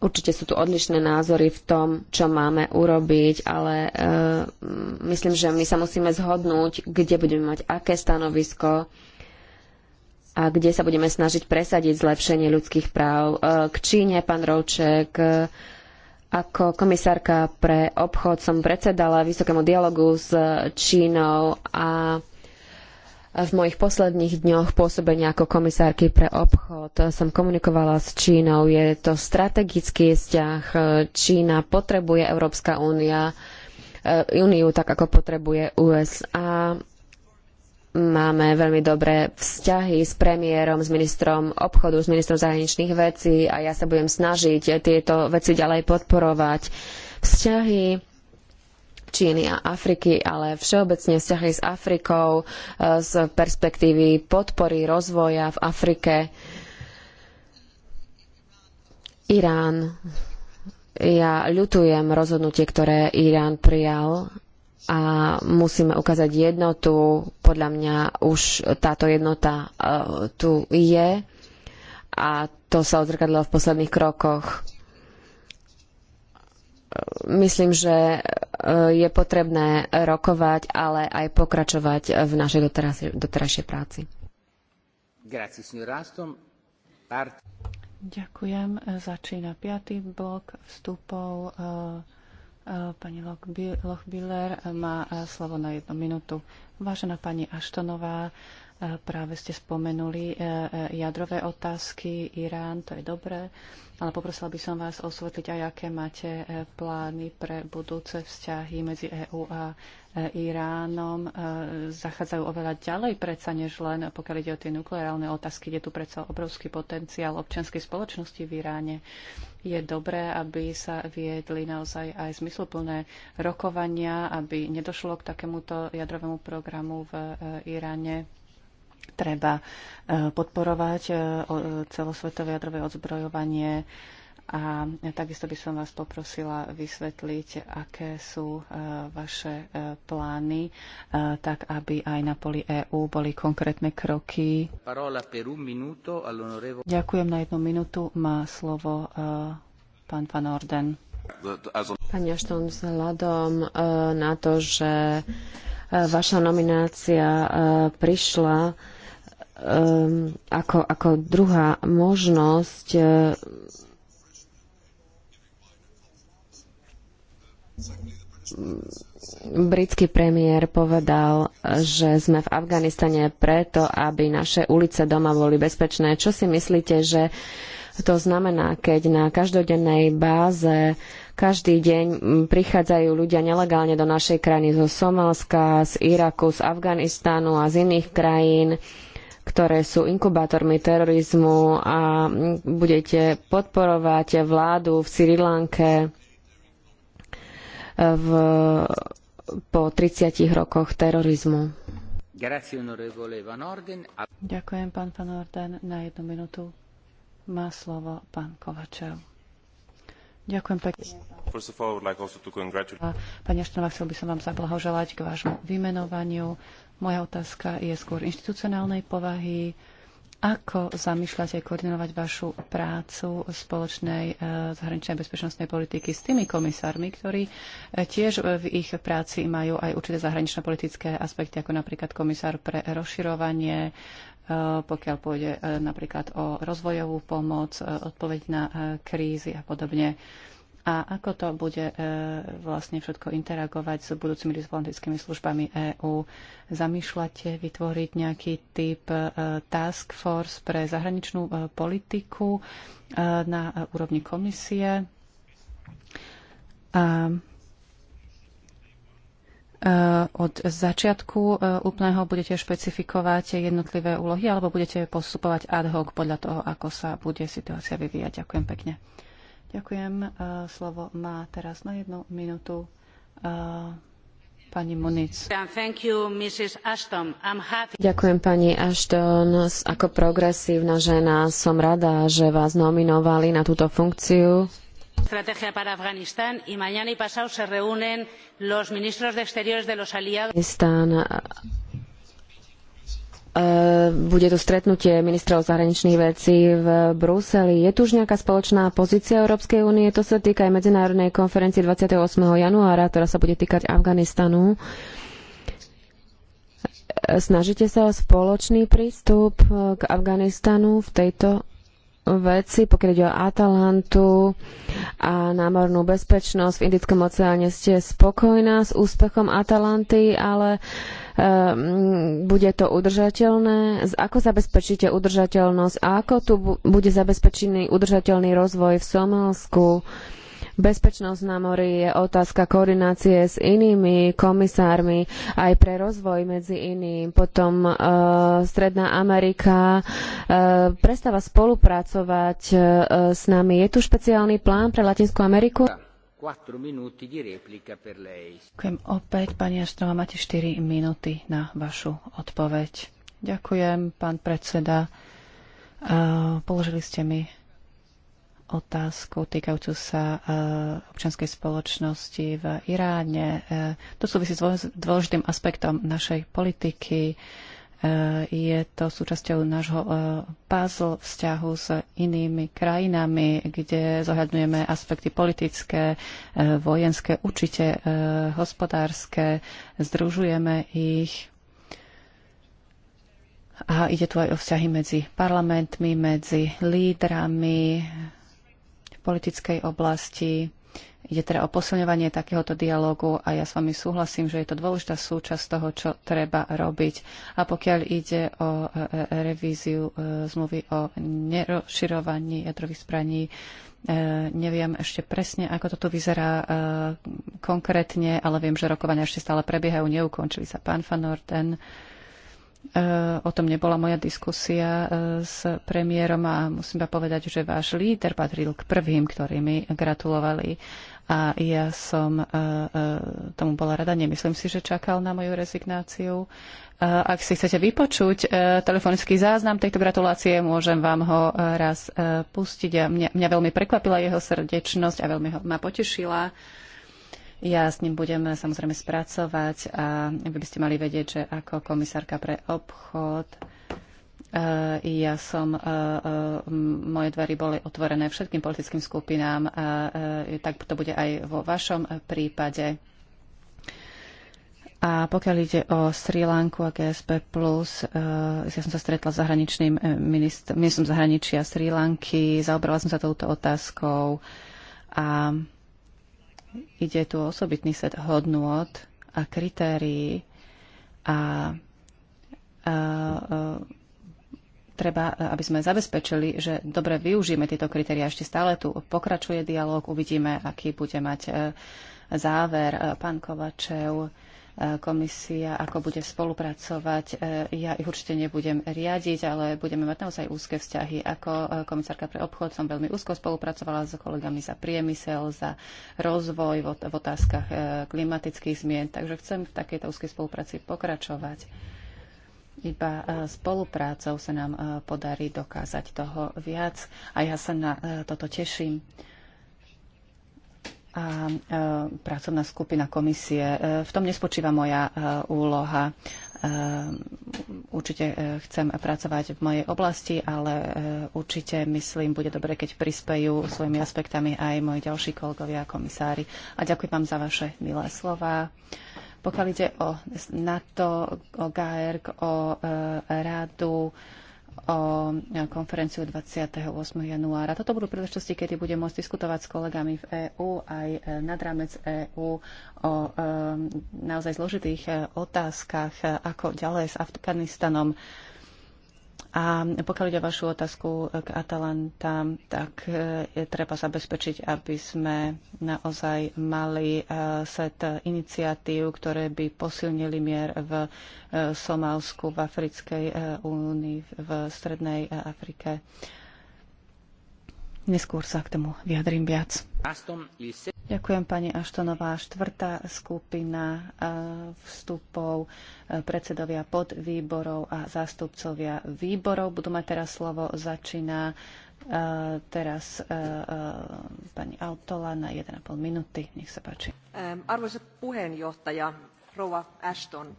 určite sú tu odlišné názory v tom, čo máme urobiť, ale e, myslím, že my sa musíme zhodnúť, kde budeme mať aké stanovisko a kde sa budeme snažiť presadiť zlepšenie ľudských práv. E, k Číne, pán Rovček, ako komisárka pre obchod som predsedala vysokému dialogu s Čínou a v mojich posledných dňoch pôsobenia ako komisárky pre obchod som komunikovala s Čínou. Je to strategický vzťah. Čína potrebuje Európska únia, úniu eh, tak ako potrebuje USA. Máme veľmi dobré vzťahy s premiérom, s ministrom obchodu, s ministrom zahraničných vecí a ja sa budem snažiť tieto veci ďalej podporovať. Vzťahy Číny a Afriky, ale všeobecne vzťahy s Afrikou e, z perspektívy podpory rozvoja v Afrike. Irán. Ja ľutujem rozhodnutie, ktoré Irán prijal a musíme ukázať jednotu. Podľa mňa už táto jednota uh, tu je a to sa odzrkadlo v posledných krokoch. Myslím, že e, je potrebné rokovať, ale aj pokračovať v našej doterajšej, práci. Ďakujem. E, začína piatý blok vstupov. Uh Eh, pani Lochbiller eh, má eh, slovo na jednu minútu. Vážená pani Aštonová, práve ste spomenuli jadrové otázky, Irán, to je dobré ale poprosila by som vás osvetliť aj, aké máte e, plány pre budúce vzťahy medzi EÚ a e, Iránom. E, zachádzajú oveľa ďalej predsa, než len pokiaľ ide o tie nukleárne otázky. Je tu predsa obrovský potenciál občianskej spoločnosti v Iráne. Je dobré, aby sa viedli naozaj aj zmysluplné rokovania, aby nedošlo k takémuto jadrovému programu v Iráne Treba e, podporovať e, celosvetové jadrové odzbrojovanie a takisto by som vás poprosila vysvetliť, aké sú e, vaše plány, tak aby aj na poli EÚ boli konkrétne kroky. Ďakujem na jednu minútu. Má slovo pán Van Orden. Pani Ašton, vzhľadom na to, že Vaša nominácia e, prišla e, ako, ako druhá možnosť e, britský premiér povedal, že sme v Afganistane preto, aby naše ulice doma boli bezpečné. Čo si myslíte, že to znamená, keď na každodennej báze každý deň prichádzajú ľudia nelegálne do našej krajiny zo Somálska, z Iraku, z Afganistánu a z iných krajín ktoré sú inkubátormi terorizmu a budete podporovať vládu v Sri Lanke e, v, po 30 rokoch terorizmu. Ďakujem, pán Van Orden. Na jednu minútu má slovo pán Kovačev. Ďakujem pekne. Pani Aštonová, chcel by som vám zablahoželať k vášmu vymenovaniu. Moja otázka je skôr inštitucionálnej povahy. Ako zamýšľate koordinovať vašu prácu spoločnej e, zahraničnej bezpečnostnej politiky s tými komisármi, ktorí e, tiež v ich práci majú aj určité zahranično-politické aspekty, ako napríklad komisár pre rozširovanie, Eh, pokiaľ pôjde eh, napríklad o rozvojovú pomoc, eh, odpoveď na krízy a podobne. A ako to bude vlastne všetko interagovať s budúcimi diplomatickými službami EÚ? Zamýšľate vytvoriť nejaký typ task force pre zahraničnú politiku na úrovni komisie? A Eh, od začiatku eh, úplného budete špecifikovať jednotlivé úlohy alebo budete postupovať ad hoc podľa toho, ako sa bude situácia vyvíjať. Ďakujem pekne. Ďakujem. Eh, slovo má teraz na jednu minútu pani Munic. You, Ďakujem pani Ashton. Ako progresívna žena som rada, že vás nominovali na túto funkciu estrategia para Afganistán y mañana y pasado se reúnen los ministros de Exteriores de los aliados. Eh, bude tu stretnutie ministrov zahraničných vecí v Bruseli. Je tu už nejaká spoločná pozícia Európskej únie? To sa týka aj medzinárodnej konferencie 28. januára, ktorá sa bude týkať Afganistanu. Snažíte sa o spoločný prístup k Afganistanu v tejto veci, pokiaľ ide o Atalantu a námornú bezpečnosť v Indickom oceáne. Ste spokojná s úspechom Atalanty, ale ehm, bude to udržateľné? Ako zabezpečíte udržateľnosť a ako tu bude zabezpečený udržateľný rozvoj v Somálsku? Bezpečnosť na mori je otázka koordinácie s inými komisármi aj pre rozvoj medzi iným. Potom e, Stredná Amerika e, prestáva spolupracovať e, s nami. Je tu špeciálny plán pre Latinskú Ameriku? Ďakujem opäť, pani Astrova, máte 4 minúty na vašu odpoveď. Ďakujem, pán predseda. E, položili ste mi otázku týkajúcu sa e, občianskej spoločnosti v Iráne. E, to súvisí s dôležitým aspektom našej politiky. E, je to súčasťou nášho puzzle vzťahu s inými krajinami, kde zohľadňujeme aspekty politické, vojenské, určite hospodárske. Združujeme ich a ide tu aj o vzťahy medzi parlamentmi, medzi lídrami, politickej oblasti. Ide teda o posilňovanie takéhoto dialogu a ja s vami súhlasím, že je to dôležitá súčasť toho, čo treba robiť. A pokiaľ ide o e, e, revíziu e, zmluvy o nerozširovaní jadrových zbraní, neviem ešte presne, ako toto vyzerá konkrétne, ale viem, že rokovania ešte stále prebiehajú, neukončili sa. Pán Van Orden, E, o tom nebola moja diskusia e, s premiérom a musím povedať, že váš líder patril k prvým, ktorí mi gratulovali a ja som e, tomu bola rada. Nemyslím si, že čakal na moju rezignáciu. Ak si chcete vypočuť telefonický záznam tejto gratulácie, môžem vám ho raz pustiť. A mňa, mňa veľmi prekvapila jeho srdečnosť a veľmi ho, ma potešila ja s ním budem samozrejme spracovať a vy by ste mali vedieť, že ako komisárka pre obchod eh, ja som, eh, eh, moje dvery boli otvorené všetkým politickým skupinám a tak to bude aj vo vašom prípade. A pokiaľ ide o Sri Lanku a GSP+, ja som sa stretla s zahraničným ministrom, ministrom zahraničia Sri Lanky, zaobrala som sa touto otázkou a Ide tu o osobitný set hodnôt a kritérií a, a, a treba, aby sme zabezpečili, že dobre využijeme tieto kritéria. Ešte stále tu pokračuje dialog, uvidíme, aký bude mať e, záver. E, pán Kovačev komisia, ako bude spolupracovať. E, ja ich určite nebudem riadiť, ale budeme mať naozaj úzke vzťahy. Ako e, komisárka pre obchod som veľmi úzko spolupracovala s kolegami za priemysel, za rozvoj v otázkach e, klimatických zmien, takže chcem v takejto úzkej spolupráci pokračovať. Iba spoluprácou sa nám podarí dokázať toho viac a ja sa na toto teším a e, pracovná skupina komisie. E, v tom nespočíva moja e, úloha. Určite chcem pracovať v mojej oblasti, ale určite myslím, bude dobre, keď prispejú svojimi aspektami aj moji ďalší kolegovia a komisári. A ďakujem vám za vaše milé slova. Pokiaľ ide o NATO, o GAERK, o Radu, o e, konferenciu 28. januára. Toto budú príležitosti, kedy budem môcť diskutovať s kolegami v EÚ aj e, nad rámec EÚ o e, naozaj zložitých otázkach, ako ďalej s Afganistanom a pokiaľ ide o vašu otázku k Atalanta, tak eh, je treba zabezpečiť, aby sme naozaj mali eh, set iniciatív, ktoré by posilnili mier v eh, Somálsku, v Africkej únii, v Strednej Afrike. Neskôr sa k tomu vyjadrím viac. Ďakujem pani Aštonová. Štvrtá skupina e, vstupov e, predsedovia podvýborov a zástupcovia výborov. Budú mať teraz slovo. Začína e, teraz pani Autola na 1,5 minúty. Nech sa páči. Arvoisa puheenjohtaja, rouva Ashton.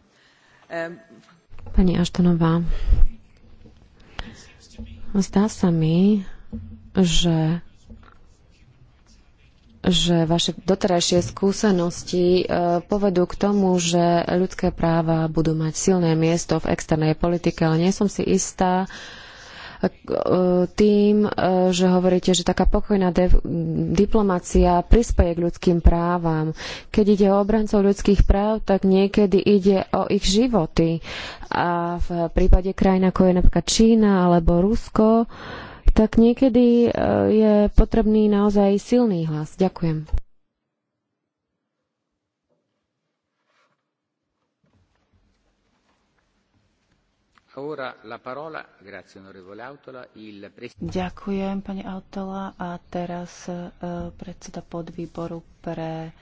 Pani Aštonová, zdá sa mi, že že vaše doterajšie skúsenosti e, povedú k tomu, že ľudské práva budú mať silné miesto v externej politike, ale nie som si istá e, tým, e, že hovoríte, že taká pokojná diplomacia prispieje k ľudským právam. Keď ide o obrancov ľudských práv, tak niekedy ide o ich životy. A v prípade krajín, ako je napríklad Čína alebo Rusko, tak niekedy e, je potrebný naozaj silný hlas. Ďakujem. Ďakujem, pani Autola. A teraz e, predseda podvýboru pre e,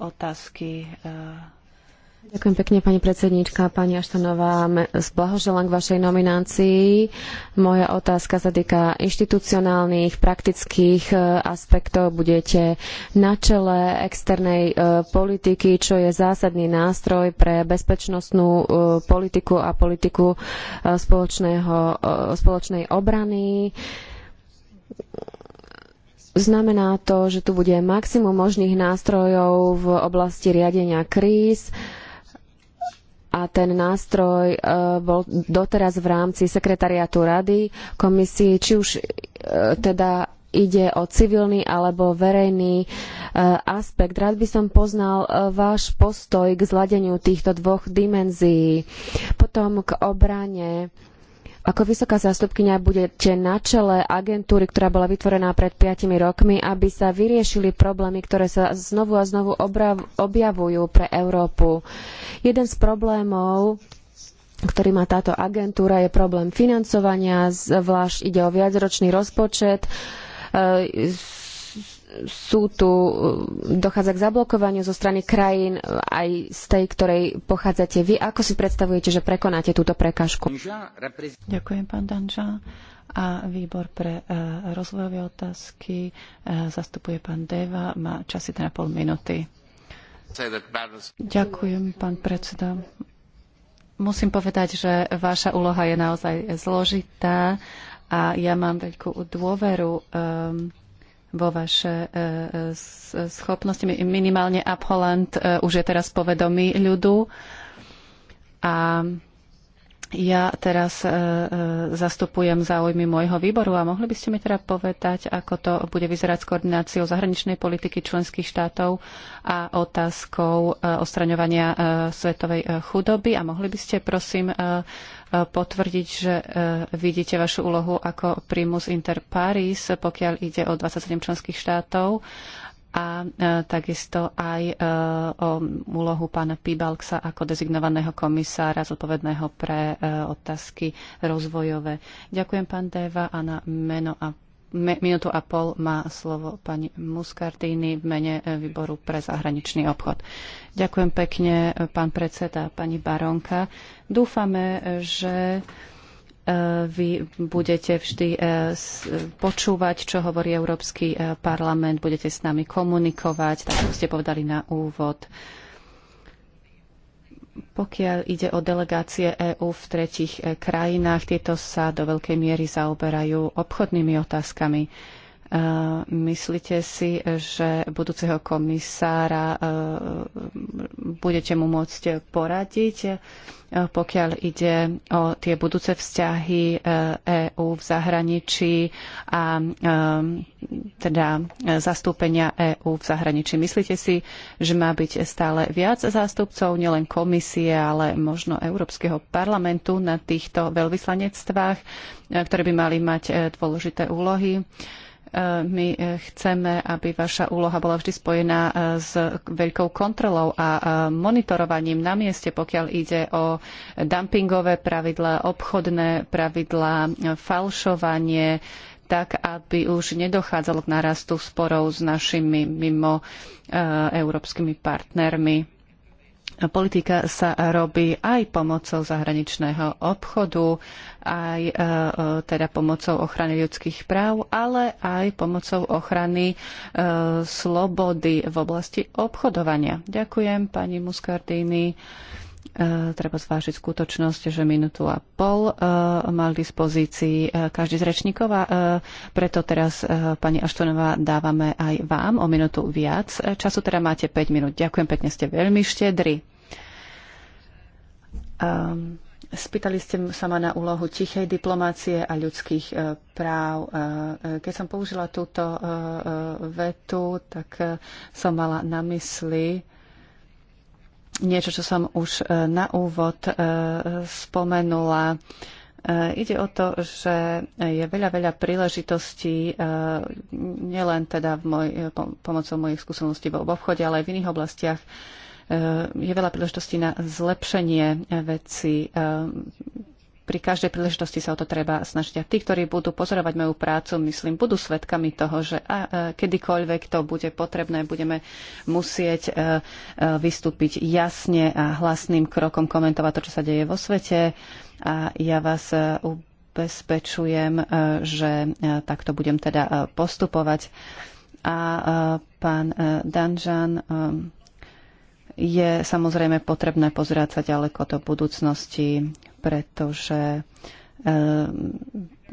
otázky Ďakujem pekne, pani predsedníčka. Pani Aštanová, blahoželám k vašej nominácii. Moja otázka sa týka inštitucionálnych, praktických e, aspektov. Budete na čele externej e, politiky, čo je zásadný nástroj pre bezpečnostnú e, politiku a politiku spoločnej obrany. Znamená to, že tu bude maximum možných nástrojov v oblasti riadenia kríz a ten nástroj e, bol doteraz v rámci sekretariátu rady komisie, či už e, teda ide o civilný alebo verejný e, aspekt. Rád by som poznal váš postoj k zladeniu týchto dvoch dimenzií. Potom k obrane ako vysoká zástupkynia budete na čele agentúry, ktorá bola vytvorená pred 5 rokmi, aby sa vyriešili problémy, ktoré sa znovu a znovu objavujú pre Európu. Jeden z problémov ktorý má táto agentúra, je problém financovania, zvlášť ide o viacročný rozpočet. E, sú tu, e, dochádza k zablokovaniu zo strany krajín aj z tej, ktorej pochádzate vy. Ako si predstavujete, že prekonáte túto prekážku? Ďakujem, pán Danža. A výbor pre e, rozvojové otázky e, zastupuje pán Deva. Má čas 1,5 minúty. Ďakujem, pán predseda. Musím povedať, že vaša úloha je naozaj zložitá a ja mám veľkú dôveru um, vo vaše e, e, e, schopnosti. Minimálne Upholland už je teraz povedomí ľudu. A ja teraz zastupujem záujmy môjho výboru a mohli by ste mi teda povedať, ako to bude vyzerať s koordináciou zahraničnej politiky členských štátov a otázkou ostraňovania svetovej chudoby. A mohli by ste prosím potvrdiť, že e, vidíte vašu úlohu ako primus inter paris, pokiaľ ide o 27 členských štátov a e, takisto aj e, o úlohu pána Pibalksa ako dezignovaného komisára zodpovedného pre otázky rozvojové. Ďakujem pán Deva a na meno a minútu a pol má slovo pani Muscardini v mene eh, výboru pre zahraničný obchod. Ďakujem pekne, eh, pán predseda, pani Baronka. Dúfame, eh, že vy budete vždy počúvať, čo hovorí Európsky parlament, budete s nami komunikovať, tak ako ste povedali na úvod pokiaľ ide o delegácie EÚ v tretich e, krajinách, tieto sa do veľkej miery zaoberajú obchodnými otázkami. Myslíte si, že budúceho komisára e, budete mu môcť poradiť, e, pokiaľ ide o tie budúce vzťahy EÚ e v zahraničí a teda zastúpenia EÚ v zahraničí? Myslíte si, že má byť stále viac zástupcov, nielen komisie, ale možno Európskeho parlamentu na týchto veľvyslanectvách, ktoré by mali mať dôležité úlohy? My e, chceme, aby vaša úloha bola vždy spojená e, s veľkou kontrolou a e, monitorovaním na mieste, pokiaľ ide o dumpingové pravidlá, obchodné pravidlá, falšovanie, tak aby už nedochádzalo k narastu sporov s našimi mimo európskymi partnermi. Politika sa robí aj pomocou zahraničného obchodu, aj e, e, teda pomocou ochrany ľudských práv, ale aj pomocou ochrany e, slobody v oblasti obchodovania. Ďakujem pani Muscardini treba zvážiť skutočnosť, že minútu a pol uh, mal k dispozícii každý z rečníkov a uh, preto teraz, uh, pani Aštonová, dávame aj vám o minútu viac. Času teda máte 5 minút. Ďakujem pekne, ste veľmi štedri. Ehm, spýtali ste sa ma na úlohu tichej diplomácie a ľudských e, práv. E, e, keď som použila túto vetu, tak som mala na mysli niečo, čo som už na úvod spomenula. Ide o to, že je veľa, veľa príležitostí, nielen teda v moj, pomocou mojich skúseností v obchode, ale aj v iných oblastiach Eh, je veľa príležitostí na zlepšenie eh, veci. Eh, pri každej príležitosti sa o to treba snažiť. A tí, ktorí budú pozorovať moju prácu, myslím, budú svedkami toho, že a, kedykoľvek to bude potrebné, budeme musieť vystúpiť jasne a hlasným krokom komentovať to, čo sa deje vo svete. A ja vás ubezpečujem, že takto budem teda postupovať. A pán Danžan, je samozrejme potrebné pozerať sa ďaleko do budúcnosti, pretože eh,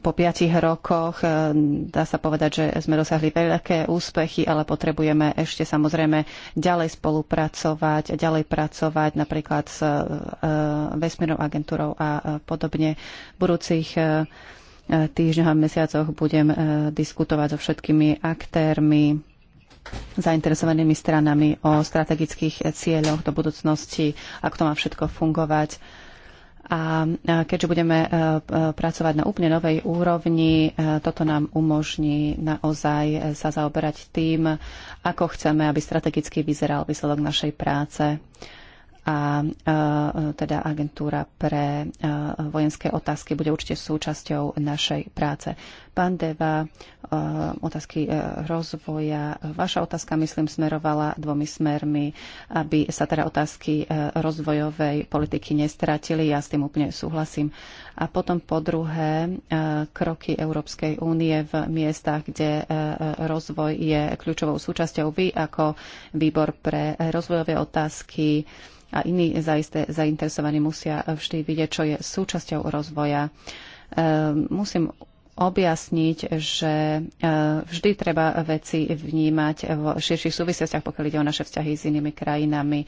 po piatich rokoch eh, dá sa povedať, že sme dosahli veľké úspechy, ale potrebujeme ešte samozrejme ďalej spolupracovať, ďalej pracovať napríklad s eh, vesmírnou agentúrou a podobne. V budúcich týždňoch a mesiacoch budem diskutovať so všetkými aktérmi zainteresovanými stranami o strategických cieľoch do budúcnosti, ako to má všetko fungovať. A keďže budeme e, e, pracovať na úplne novej úrovni, e, toto nám umožní naozaj sa zaoberať tým, ako chceme, aby strategicky vyzeral výsledok našej práce a e, teda agentúra pre e, vojenské otázky bude určite súčasťou našej práce. Pán Deva, e, otázky rozvoja. Vaša otázka, myslím, smerovala dvomi smermi, aby sa teda otázky rozvojovej politiky nestratili. Ja s tým úplne súhlasím. A potom po druhé, kroky Európskej únie v miestach, kde rozvoj je kľúčovou súčasťou. Vy ako výbor pre rozvojové otázky a iní zaiste, zainteresovaní musia vždy vidieť, čo je súčasťou rozvoja. Ehm, musím objasniť, že e, vždy treba veci vnímať v širších súvislostiach, pokiaľ ide o naše vzťahy s inými krajinami. E,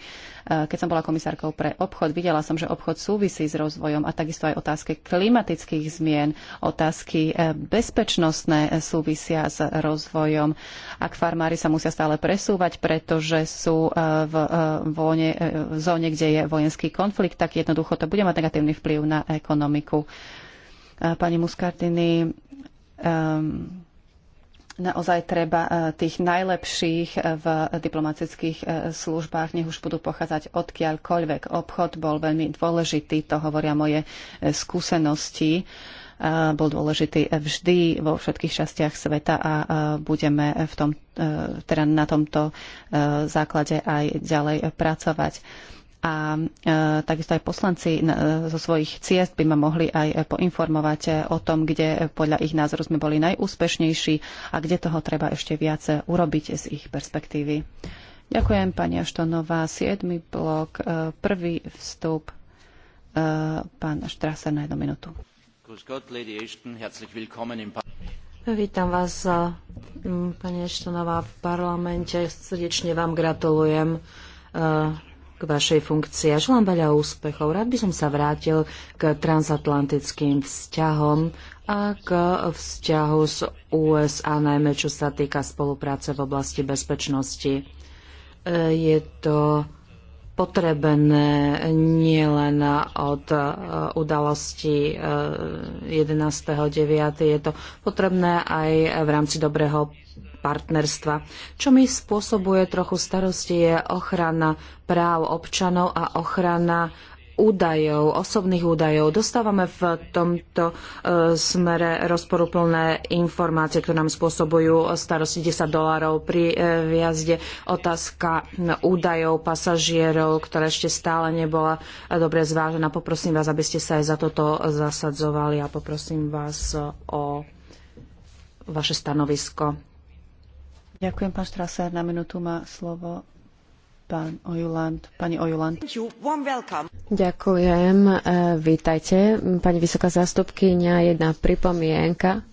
keď som bola komisárkou pre obchod, videla som, že obchod súvisí s rozvojom a takisto aj otázky klimatických zmien, otázky e, bezpečnostné súvisia s rozvojom. Ak farmári sa musia stále presúvať, pretože sú v, vojne, v zóne, kde je vojenský konflikt, tak jednoducho to bude mať negatívny vplyv na ekonomiku. Pani Muscardini, um, naozaj treba e, tých najlepších e, v diplomatických e, službách, nech už budú pochádzať odkiaľkoľvek. Obchod bol veľmi dôležitý, to hovoria moje skúsenosti. Bol dôležitý vždy vo všetkých častiach sveta a budeme v tom, teda na tomto základe aj ďalej pracovať a e, takisto aj poslanci na, e, zo svojich ciest by ma mohli aj poinformovať e, o tom, kde e, podľa ich názoru sme boli najúspešnejší a kde toho treba ešte viac urobiť z ich perspektívy. Ďakujem pani Aštonová. Siedmy blok, e, prvý vstup, e, pán Štraser na jednu minútu. Vítam vás, pani Eštonová, v parlamente. Srdečne vám gratulujem k vašej funkcii a želám veľa úspechov. Rád by som sa vrátil k transatlantickým vzťahom a k vzťahu s USA, najmä čo sa týka spolupráce v oblasti bezpečnosti. Je to potrebné nielen od e, udalosti 11.9. E, Je to potrebné aj v rámci dobrého partnerstva. Čo mi spôsobuje trochu starosti je ochrana práv občanov a ochrana údajov, osobných údajov. Dostávame v tomto e, smere rozporuplné informácie, ktoré nám spôsobujú starosti 10 dolárov pri e, viazde. Otázka údajov pasažierov, ktorá ešte stále nebola e, dobre zvážená. Poprosím vás, aby ste sa aj za toto zasadzovali a poprosím vás o vaše stanovisko. Ďakujem, pán Štrasár. Na minútu má slovo pán Ojuland. Pani Ojuland. Ďakujem. E, vítajte. Pani vysoká zástupkynia, jedna pripomienka.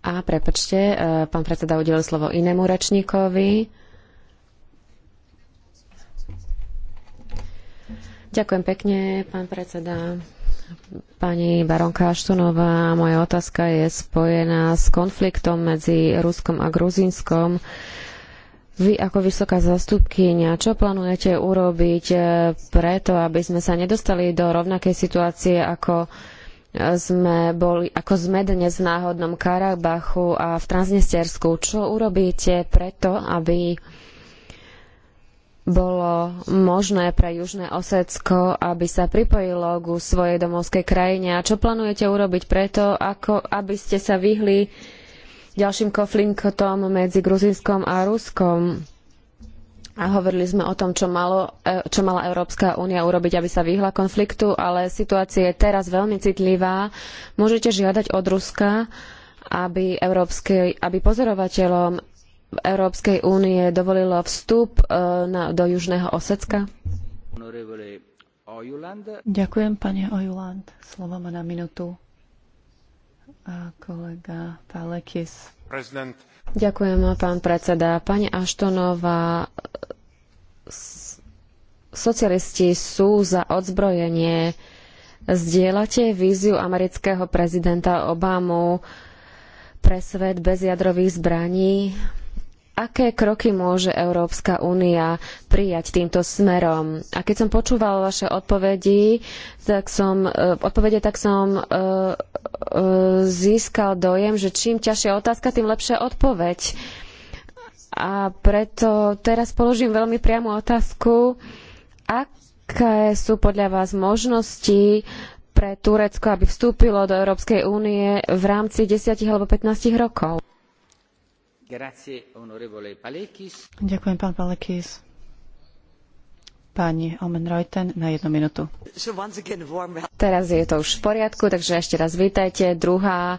A prepačte, e, pán predseda udelil slovo inému rečníkovi. Ďakujem pekne, pán predseda. Pani baronka Aštunová, moja otázka je spojená s konfliktom medzi Ruskom a Gruzínskom. Vy ako vysoká zastupkynia, čo plánujete urobiť eh, preto, aby sme sa nedostali do rovnakej situácie, ako eh, sme, boli, ako sme dnes v náhodnom Karabachu a v Transnestersku? Čo urobíte preto, aby bolo možné pre Južné Osecko, aby sa pripojilo ku svojej domovskej krajine a čo plánujete urobiť preto, ako, aby ste sa vyhli ďalším koflinkotom medzi Gruzinskom a Ruskom? A hovorili sme o tom, čo, malo, e, čo mala Európska únia urobiť, aby sa vyhla konfliktu, ale situácia je teraz veľmi citlivá. Môžete žiadať od Ruska, aby, aby pozorovateľom Európskej únie dovolilo vstup e, na, do Južného Osecka? Ďakujem, pani Ojuland. Slovo má na minútu a kolega Palekis. Ďakujem, pán predseda. Pani Aštonová, socialisti sú za odzbrojenie. Zdieľate víziu amerického prezidenta Obamu pre svet bez jadrových zbraní? aké kroky môže Európska únia prijať týmto smerom. A keď som počúval vaše odpovedi, tak som, e, odpovede, tak som e, e, získal dojem, že čím ťažšia otázka, tým lepšia odpoveď. A preto teraz položím veľmi priamu otázku, aké sú podľa vás možnosti pre Turecko, aby vstúpilo do Európskej únie v rámci 10 alebo 15 rokov? Ďakujem, pán Palekis. Pani Omen Reuten na jednu minútu. Teraz je to už v poriadku, takže ešte raz vítajte. Druhá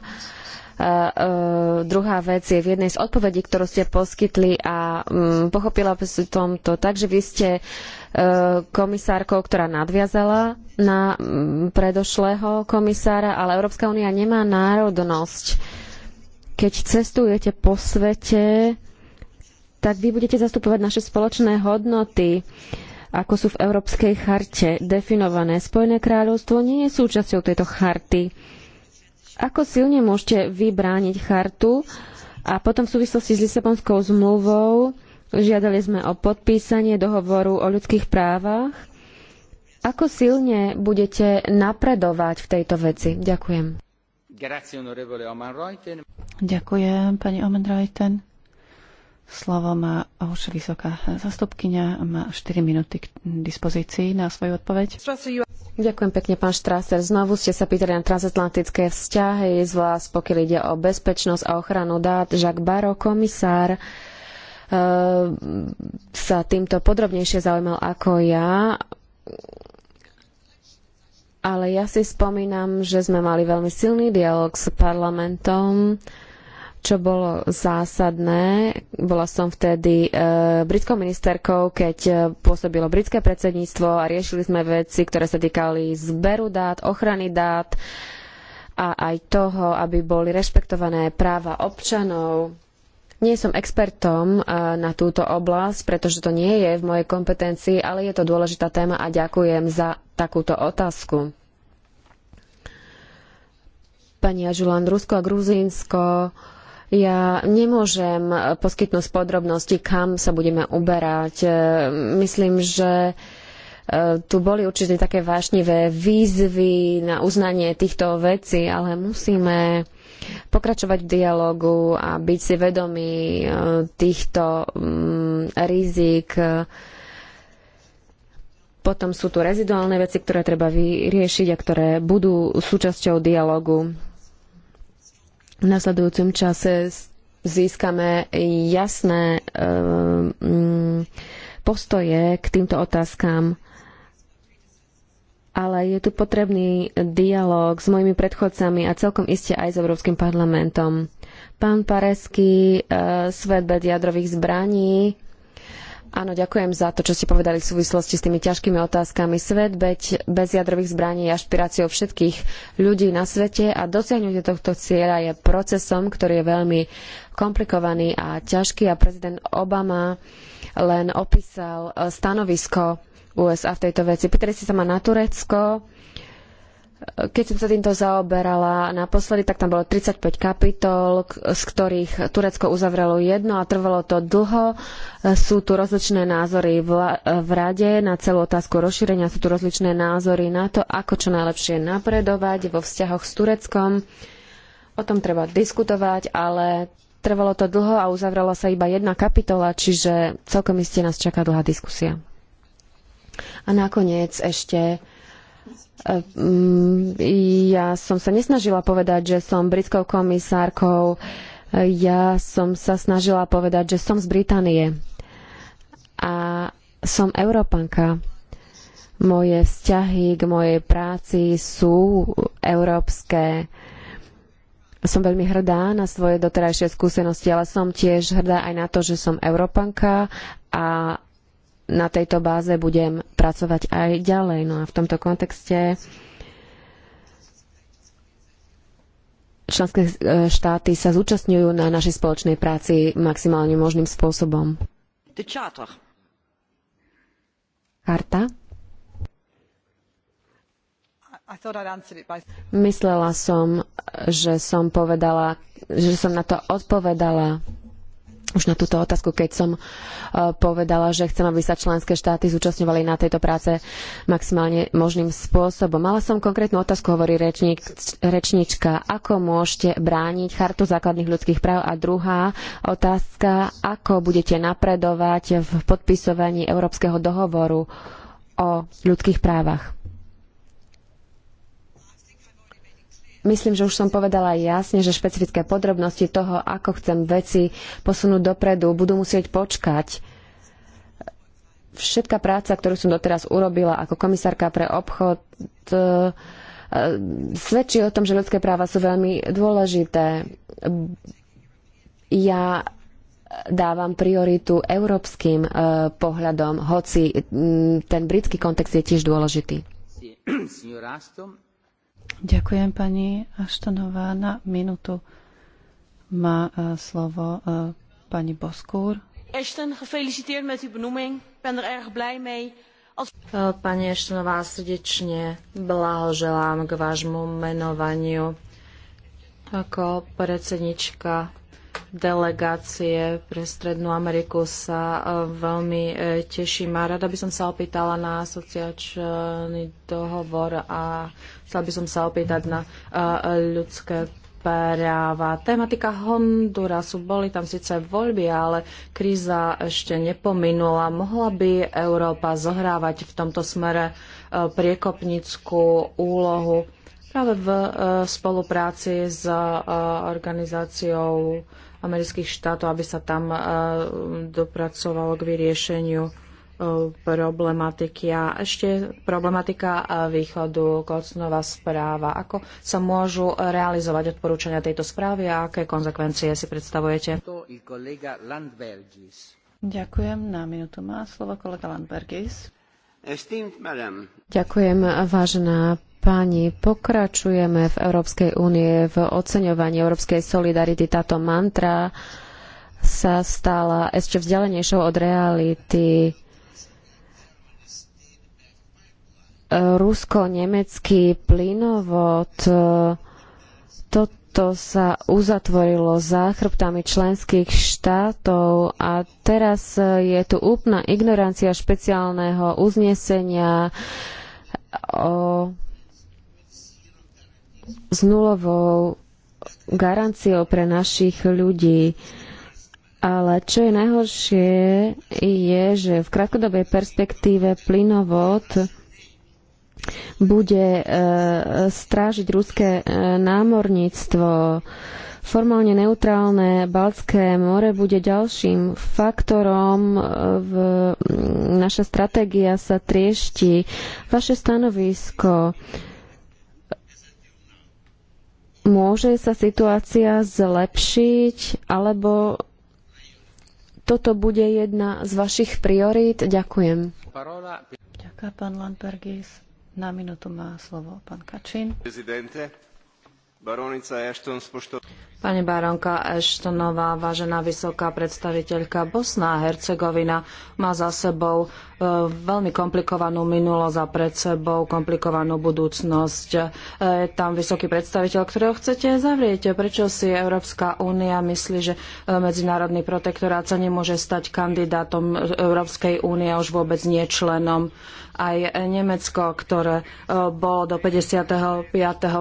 Uh, uh, druhá vec je v jednej z odpovedí, ktorú ste poskytli a um, pochopila som tomto tak, že vy ste uh, komisárkou, ktorá nadviazala na um, predošlého komisára, ale Európska únia nemá národnosť keď cestujete po svete, tak vy budete zastupovať naše spoločné hodnoty, ako sú v Európskej charte definované. Spojené kráľovstvo nie je súčasťou tejto charty. Ako silne môžete vybrániť chartu a potom v súvislosti s Lisabonskou zmluvou Žiadali sme o podpísanie dohovoru o ľudských právach. Ako silne budete napredovať v tejto veci? Ďakujem. Ďakujem, pani Omenreuten. Slovo má už vysoká zastupkynia, má 4 minúty k dispozícii na svoju odpoveď. Ďakujem pekne, pán Štraser. Znovu ste sa pýtali na transatlantické vzťahy, z vás, pokiaľ ide o bezpečnosť a ochranu dát. Jacques Baro, komisár, eh, sa týmto podrobnejšie zaujímal ako ja ale ja si spomínam, že sme mali veľmi silný dialog s parlamentom, čo bolo zásadné. Bola som vtedy e, britskou ministerkou, keď e, pôsobilo britské predsedníctvo a riešili sme veci, ktoré sa týkali zberu dát, ochrany dát a aj toho, aby boli rešpektované práva občanov nie som expertom eh, na túto oblasť, pretože to nie je v mojej kompetencii, ale je to dôležitá téma a ďakujem za takúto otázku. Pani Ažulan, Rusko a Gruzínsko, ja nemôžem poskytnúť podrobnosti, kam sa budeme uberať. Eh, myslím, že eh, tu boli určite také vášnivé výzvy na uznanie týchto vecí, ale musíme pokračovať v dialogu a byť si vedomí eh, týchto mm, rizik. Potom sú tu reziduálne veci, ktoré treba vyriešiť a ktoré budú súčasťou dialogu. V nasledujúcom čase získame jasné eh, mm, postoje k týmto otázkam ale je tu potrebný dialog s mojimi predchodcami a celkom iste aj s Európskym parlamentom. Pán Paresky, e, svet bez jadrových zbraní. Áno, ďakujem za to, čo ste povedali v súvislosti s tými ťažkými otázkami. Svet bez jadrových zbraní je ašpiráciou všetkých ľudí na svete a dosiahnutie tohto cieľa je procesom, ktorý je veľmi komplikovaný a ťažký a prezident Obama len opísal e, stanovisko USA v tejto veci. Pýtali ste sa ma na Turecko. Keď som sa týmto zaoberala naposledy, tak tam bolo 35 kapitol, z ktorých Turecko uzavrelo jedno a trvalo to dlho. Sú tu rozličné názory v rade na celú otázku rozšírenia, sú tu rozličné názory na to, ako čo najlepšie napredovať vo vzťahoch s Tureckom. O tom treba diskutovať, ale trvalo to dlho a uzavrela sa iba jedna kapitola, čiže celkom iste nás čaká dlhá diskusia. A nakoniec ešte eh, mm, ja som sa nesnažila povedať, že som britskou komisárkou. Ja som sa snažila povedať, že som z Británie. A som Európanka. Moje vzťahy k mojej práci sú európske. Som veľmi hrdá na svoje doterajšie skúsenosti, ale som tiež hrdá aj na to, že som Európanka a na tejto báze budem pracovať aj ďalej. No a v tomto kontexte členské e, štáty sa zúčastňujú na našej spoločnej práci maximálne možným spôsobom. Karta. Myslela som, že som povedala, že som na to odpovedala už na túto otázku, keď som e, povedala, že chcem, aby sa členské štáty zúčastňovali na tejto práce maximálne možným spôsobom. Mala som konkrétnu otázku, hovorí rečník, rečníčka, ako môžete brániť chartu základných ľudských práv a druhá otázka, ako budete napredovať v podpisovaní Európskeho dohovoru o ľudských právach. Myslím, že už som povedala jasne, že špecifické podrobnosti toho, ako chcem veci posunúť dopredu, budú musieť počkať. Všetká práca, ktorú som doteraz urobila ako komisárka pre obchod, e, e, svedčí o tom, že ľudské práva sú veľmi dôležité. Ja dávam prioritu európskym e, pohľadom, hoci ten britský kontext je tiež dôležitý. Ďakujem pani Aštonová. Na minútu má e, slovo e, pani Boskúr. Ešten, gefeliciteerd met uw benoeming. Ben er erg blij mee. E, pani Eštenová, srdečne blahoželám k vášmu menovaniu. Ako predsednička delegácie pre Strednú Ameriku sa eh, veľmi eh, teším a rada by som sa opýtala na asociačný dohovor a chcela by som sa opýtať na eh, ľudské práva. Tematika Hondurasu, boli tam síce voľby, ale kríza ešte nepominula. Mohla by Európa zohrávať v tomto smere priekopnickú úlohu práve v spolupráci s organizáciou amerických štátov, aby sa tam e, dopracovalo k vyriešeniu e, problematiky a ešte problematika e, východu, Kocnová správa. Ako sa môžu realizovať odporúčania tejto správy a aké konzekvencie si predstavujete? Ďakujem. Na minútu má slovo kolega Landbergis. Ďakujem, vážená páni, pokračujeme v Európskej únie v oceňovaní európskej solidarity. Táto mantra sa stala ešte vzdialenejšou od reality. Rusko-nemecký plynovod, toto sa uzatvorilo za chrbtami členských štátov a teraz je tu úplná ignorancia špeciálneho uznesenia o s nulovou garanciou pre našich ľudí. Ale čo je najhoršie, je, že v krátkodobej perspektíve plynovod bude e, strážiť ruské e, námorníctvo. Formálne neutrálne Baltské more bude ďalším faktorom. E, v, naša stratégia sa triešti. Vaše stanovisko. E, môže sa situácia zlepšiť, alebo toto bude jedna z vašich priorít? Ďakujem. Ďakujem, pán Lampergis. Na minútu má slovo pán Kačín. Pani baronka Ashtonová, vážená vysoká predstaviteľka Bosná a Hercegovina, má za sebou E, veľmi komplikovanú minulosť a pred sebou komplikovanú budúcnosť. E, je tam vysoký predstaviteľ, ktorého chcete zavrieť. Prečo si Európska únia myslí, že e, medzinárodný protektorát sa nemôže stať kandidátom Európskej únie a už vôbec nie členom? aj Nemecko, ktoré bolo do 55.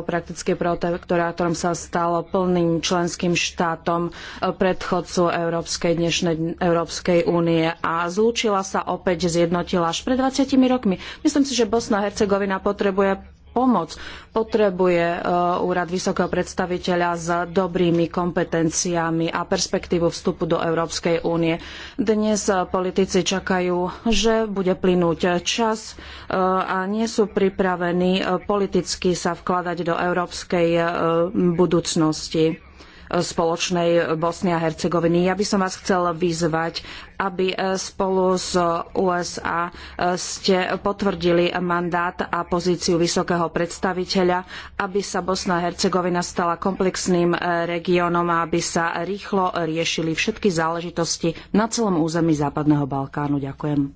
prakticky protektorátom sa stalo plným členským štátom predchodcu Európskej dnešnej Európskej únie a zlúčila sa opäť s zjednotila až pred 20 rokmi. Myslím si, že Bosna a Hercegovina potrebuje pomoc. Potrebuje e, úrad vysokého predstaviteľa s dobrými kompetenciami a perspektívu vstupu do Európskej únie. Dnes e, politici čakajú, že bude plynúť čas e, a nie sú pripravení politicky sa vkladať do európskej budúcnosti spoločnej Bosny a Hercegoviny. Ja by som vás chcel vyzvať, aby e, spolu s USA e, ste potvrdili mandát a pozíciu vysokého predstaviteľa, aby sa Bosna a Hercegovina stala komplexným e, regiónom a aby sa rýchlo riešili všetky záležitosti na celom území Západného Balkánu. Ďakujem.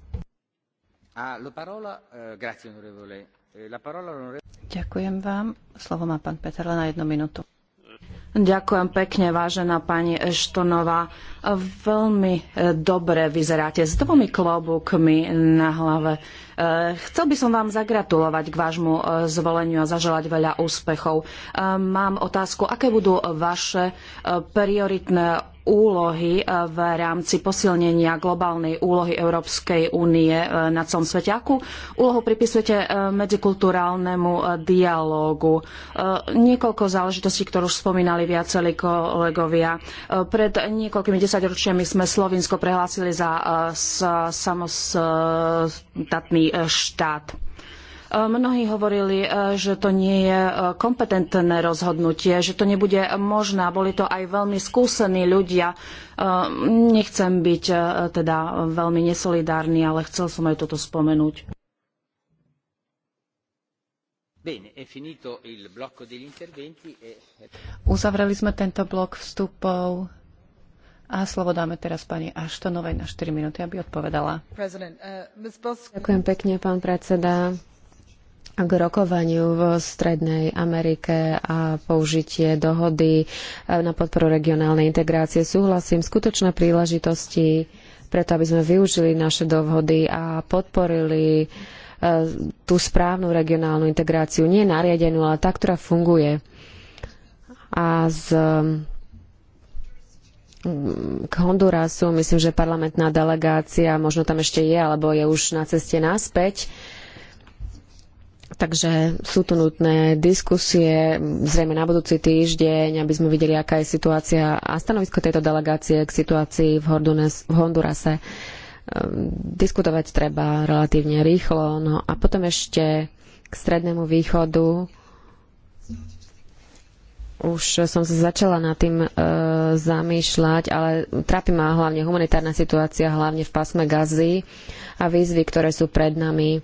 Ďakujem vám. Slovo má pán Peterle na jednu minútu. Ďakujem pekne, vážená pani Eštonová. Veľmi e, dobre vyzeráte s dvomi klobúkmi na hlave. E, chcel by som vám zagratulovať k vášmu e, zvoleniu a zaželať veľa úspechov. Mám otázku, aké budú vaše prioritné úlohy eh, v rámci posilnenia globálnej úlohy Európskej únie eh, na celom svete? Akú úlohu pripisujete eh, medzikulturálnemu dialógu? Niekoľko záležitostí, ktorú už spomínali viacerí kolegovia. Pred niekoľkými desaťročiami sme Slovinsko prehlásili za samostatný štát. E, mnohí hovorili, e, že to nie je e, kompetentné rozhodnutie, že to nebude možné. Boli to aj veľmi skúsení ľudia. Nechcem byť teda veľmi nesolidárny, ale chcel som aj toto spomenúť. Uzavreli sme tento blok vstupov. A slovo dáme teraz pani Aštonovej na 4 minúty, aby odpovedala. Ďakujem pekne, pán predseda k rokovaniu v Strednej Amerike a použitie dohody e, na podporu regionálnej integrácie. Súhlasím, skutočné príležitosti preto, aby sme využili naše dohody a podporili e, tú správnu regionálnu integráciu, nie nariadenú, ale tá, ktorá funguje. A z mm, k Hondurasu, myslím, že parlamentná delegácia, možno tam ešte je, alebo je už na ceste naspäť, uh, Takže sú tu nutné diskusie, zrejme na budúci týždeň, aby sme videli, aká je situácia a stanovisko tejto delegácie k situácii v, Hordunes, v Hondurase. Ehm, diskutovať treba relatívne rýchlo. No a potom ešte k Strednému východu. Už som sa začala nad tým e, zamýšľať, ale trápi ma hlavne humanitárna situácia, hlavne v pásme Gazy a výzvy, ktoré sú pred nami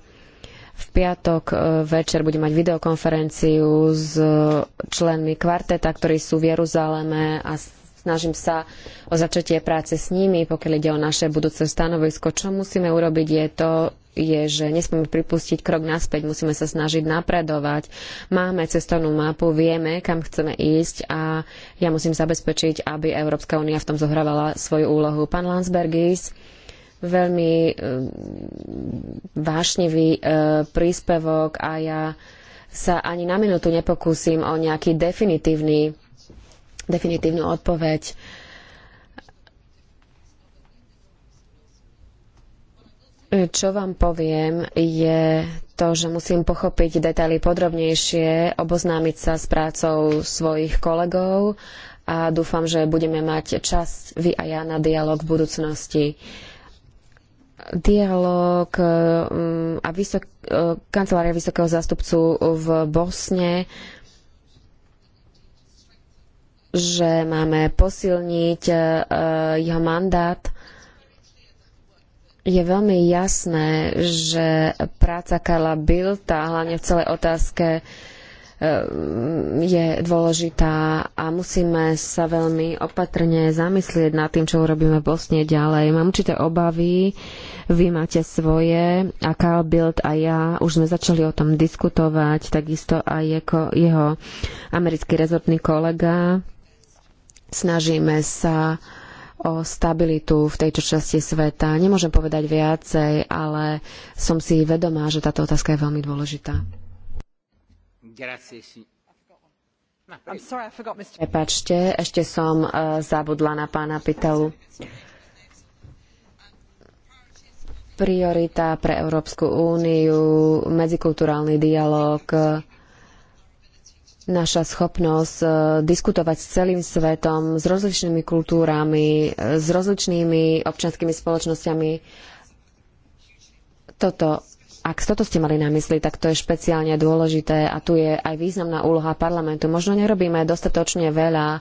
v piatok e, večer budem mať videokonferenciu s e, členmi kvarteta, ktorí sú v Jeruzaleme a snažím sa o začatie práce s nimi, pokiaľ ide o naše budúce stanovisko. Čo musíme urobiť je to, je, že nesmieme pripustiť krok naspäť, musíme sa snažiť napredovať. Máme cestovnú mapu, vieme, kam chceme ísť a ja musím zabezpečiť, aby Európska únia v tom zohrávala svoju úlohu. Pán Landsbergis, veľmi eh, vášnivý eh, príspevok a ja sa ani na minútu nepokúsim o nejaký definitívny, definitívnu odpoveď. Čo vám poviem, je to, že musím pochopiť detaily podrobnejšie, oboznámiť sa s prácou svojich kolegov a dúfam, že budeme mať čas vy a ja na dialog v budúcnosti. Uh, dialog mm, a vysok, e, kancelária vysokého zástupcu v Bosne, že máme posilniť e, jeho mandát. Je veľmi jasné, že práca Karla Bilta, hlavne v celej otázke, e, je dôležitá a musíme sa veľmi opatrne zamyslieť nad tým, čo urobíme v Bosne ďalej. Mám určité obavy, uh, vy máte svoje a Carl Bild a ja už sme začali o tom diskutovať, takisto aj jeho americký rezortný kolega. Snažíme sa o stabilitu v tejto časti sveta. Nemôžem povedať viacej, ale som si vedomá, že táto otázka je veľmi dôležitá. Prepačte, ešte som uh, zabudla na pána Pitelu priorita pre Európsku úniu, medzikulturálny dialog, naša schopnosť e, diskutovať s celým svetom, s rozličnými kultúrami, e, s rozličnými občanskými spoločnosťami. Toto, ak toto ste mali na mysli, tak to je špeciálne dôležité a tu je aj významná úloha parlamentu. Možno nerobíme dostatočne veľa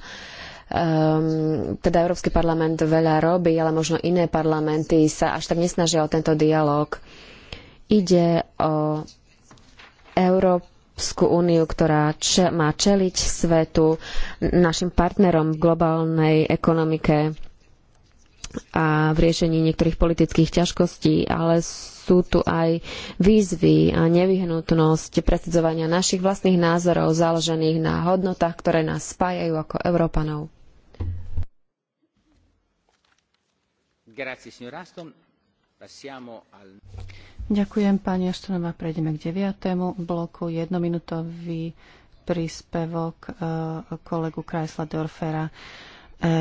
Um, teda Európsky parlament veľa robí, ale možno iné parlamenty sa až tak nesnažia o tento dialog. Ide o Európsku úniu, ktorá če- má čeliť svetu, našim partnerom v globálnej ekonomike a v riešení niektorých politických ťažkostí, ale sú tu aj výzvy a nevyhnutnosť presedzovania našich vlastných názorov založených na hodnotách, ktoré nás spájajú ako Európanov. Ďakujem, pani Ashtonová. Prejdeme k deviatému bloku. Jednominútový príspevok e, kolegu Kreisla Dorfera. E,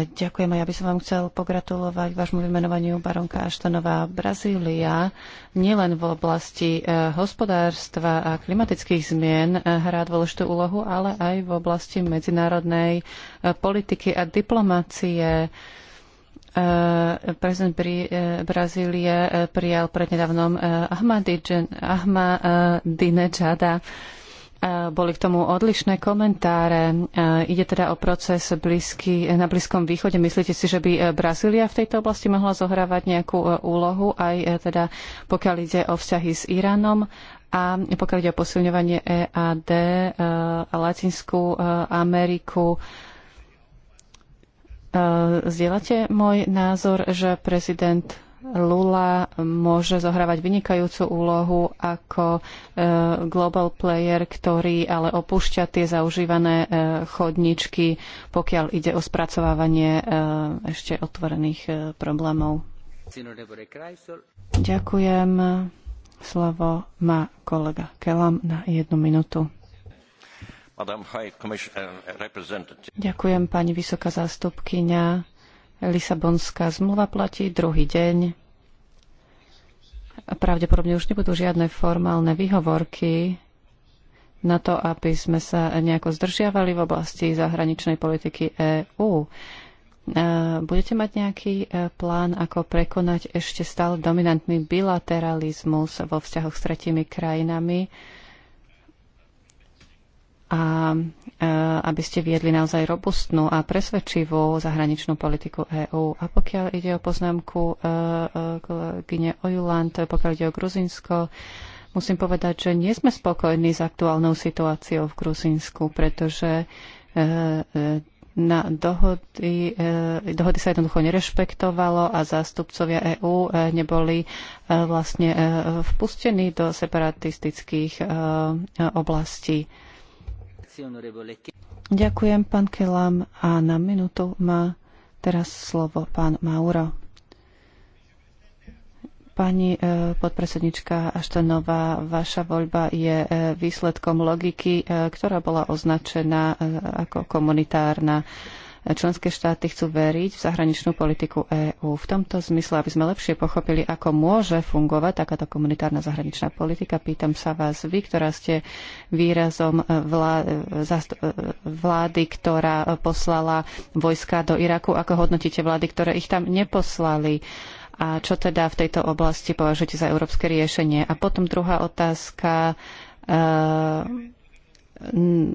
ďakujem a ja by som vám chcel pogratulovať vášmu vymenovaniu baronka Aštanová Brazília. Nielen v oblasti e, hospodárstva a klimatických zmien hrá dôležitú úlohu, ale aj v oblasti medzinárodnej politiky a diplomácie Eh, prezident eh, Brazílie eh, prijal prednedávnom Ahmadinejada. Boli k tomu odlišné komentáre. Ide teda o proces blízky, na Blízkom východe. Myslíte si, že by Brazília v tejto oblasti mohla zohrávať nejakú úlohu, aj teda pokiaľ ide o vzťahy s Iránom a pokiaľ ide o posilňovanie EAD, a Latinskú Ameriku, Eh, zdieľate môj názor, že prezident Lula môže zohrávať vynikajúcu úlohu ako eh, global player, ktorý ale opúšťa tie zaužívané eh, chodničky, pokiaľ ide o spracovávanie ešte otvorených problémov. Ďakujem. Slovo má kolega Kelam na jednu minútu. Uh, Ďakujem, pani vysoká zástupkyňa. Lisabonská zmluva platí druhý deň. Pravdepodobne už nebudú žiadne formálne výhovorky na to, aby sme sa nejako zdržiavali v oblasti zahraničnej politiky EÚ. E, budete mať nejaký e, plán, ako prekonať ešte stále dominantný bilateralizmus vo vzťahoch s tretími krajinami? a e, aby ste viedli naozaj robustnú a presvedčivú zahraničnú politiku EÚ. A pokiaľ ide o poznámku e, e, kolegyne Ojuland, pokiaľ ide o Gruzinsko, musím povedať, že nie sme spokojní s aktuálnou situáciou v Gruzinsku, pretože na dohody, dohody sa jednoducho nerešpektovalo a zástupcovia EÚ neboli vlastne vpustení do separatistických oblastí. Ďakujem, pán Kelam. A na minútu má teraz slovo pán Mauro. Pani eh, podpredsednička Aštenová, vaša voľba je eh, výsledkom logiky, eh, ktorá bola označená ako komunitárna členské štáty chcú veriť v zahraničnú politiku EÚ. V tomto zmysle, aby sme lepšie pochopili, ako môže fungovať takáto komunitárna zahraničná politika, pýtam sa vás vy, ktorá ste výrazom vlády, ktorá poslala vojska do Iraku, ako hodnotíte vlády, ktoré ich tam neposlali a čo teda v tejto oblasti považujete za európske riešenie. A potom druhá otázka. Eh,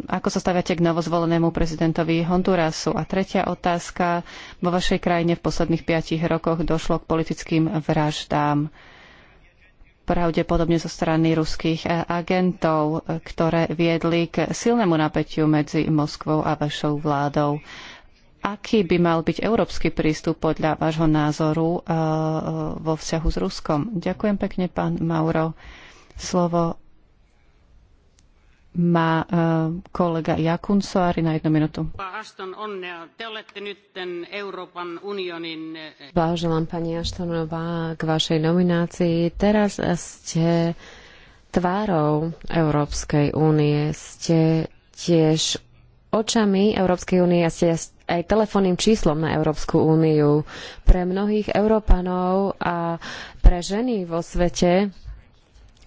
ako sa staviate k novozvolenému prezidentovi Hondurasu? A tretia otázka. Vo vašej krajine v posledných piatich rokoch došlo k politickým vraždám pravdepodobne zo strany ruských e, agentov, e, ktoré viedli k silnému napätiu medzi Moskvou a vašou vládou. Aký by mal byť európsky prístup podľa vášho názoru e, vo vzťahu s Ruskom? Ďakujem pekne, pán Mauro. Slovo má eh, Jakun Soari na jednu minútu. Blahoželám eh, pani Aštonová k vašej nominácii. Teraz ste tvárou Európskej únie, ste tiež očami Európskej únie a ste aj telefónnym číslom na Európsku úniu. Pre mnohých Európanov a pre ženy vo svete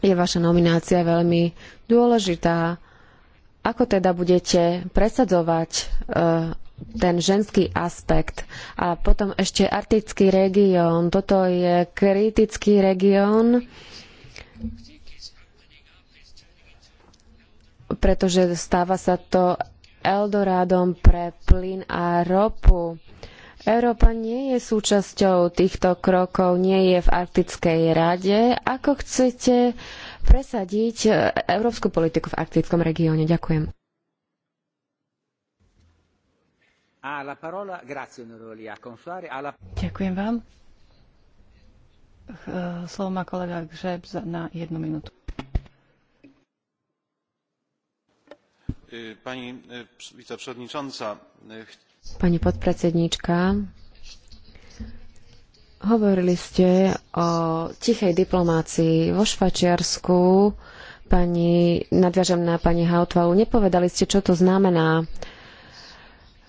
je vaša nominácia veľmi dôležitá. Ako teda budete presadzovať e, ten ženský aspekt. A potom ešte artický región. Toto je kritický región, pretože stáva sa to Eldorádom pre plyn a ropu. Európa nie je súčasťou týchto krokov, nie je v Arktickej rade. Ako chcete presadiť e, európsku politiku v arktickom regióne? Ďakujem. Ďakujem vám. E, slovo má kolega Gžeb na jednu minútu. E, pani viceprzewodnicząca, Pani podpredsedníčka, hovorili ste o tichej diplomácii vo Švačiarsku. Pani, nadviažem na pani Hautvalu, nepovedali ste, čo to znamená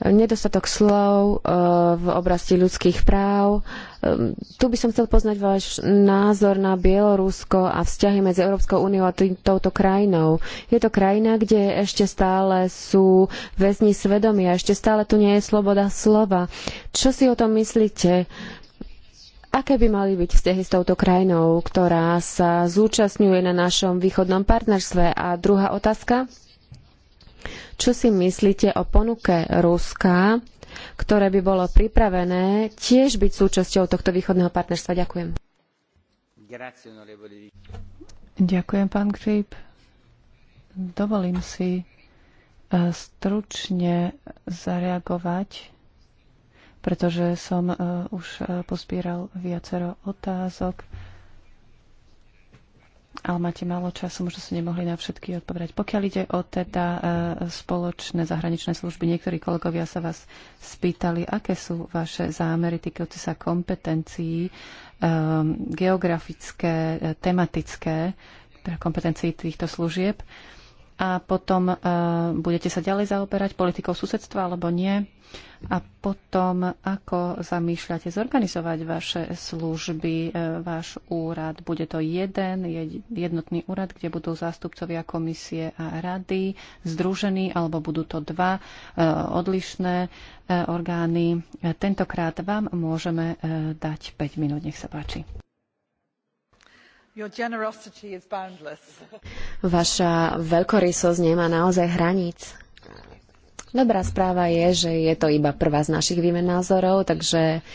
nedostatok slov eh, v oblasti ľudských práv. Ehm, tu by som chcel poznať váš názor na Bielorusko a vzťahy medzi Európskou úniou a touto krajinou. Je to krajina, kde ešte stále sú väzni svedomia, ešte stále tu nie je sloboda slova. Čo si o tom myslíte? Aké by mali byť vzťahy s touto krajinou, ktorá sa zúčastňuje na našom východnom partnerstve? A druhá otázka? Čo si myslíte o ponuke Ruska, ktoré by bolo pripravené tiež byť súčasťou tohto východného partnerstva? Ďakujem. Ďakujem, pán Grip. Dovolím si e, stručne zareagovať, pretože som e, už e, pospíral viacero otázok ale máte málo času, možno ste nemohli na všetky odpovedať. Pokiaľ ide o teda e, spoločné zahraničné služby, niektorí kolegovia sa vás spýtali, aké sú vaše zámery týkajúce sa kompetencií e, geografické, e, tematické, teda kompetencií týchto služieb a potom uh, budete sa ďalej zaoberať politikou susedstva alebo nie a potom ako zamýšľate zorganizovať vaše služby, e, váš úrad. Bude to jeden jednotný úrad, kde budú zástupcovia komisie a rady združení alebo budú to dva e, odlišné orgány. Tentokrát vám môžeme dať 5 minút, nech sa páči. Vaša veľkorysosť nemá naozaj hraníc. Dobrá správa je, že je to iba prvá z našich výmen názorov, takže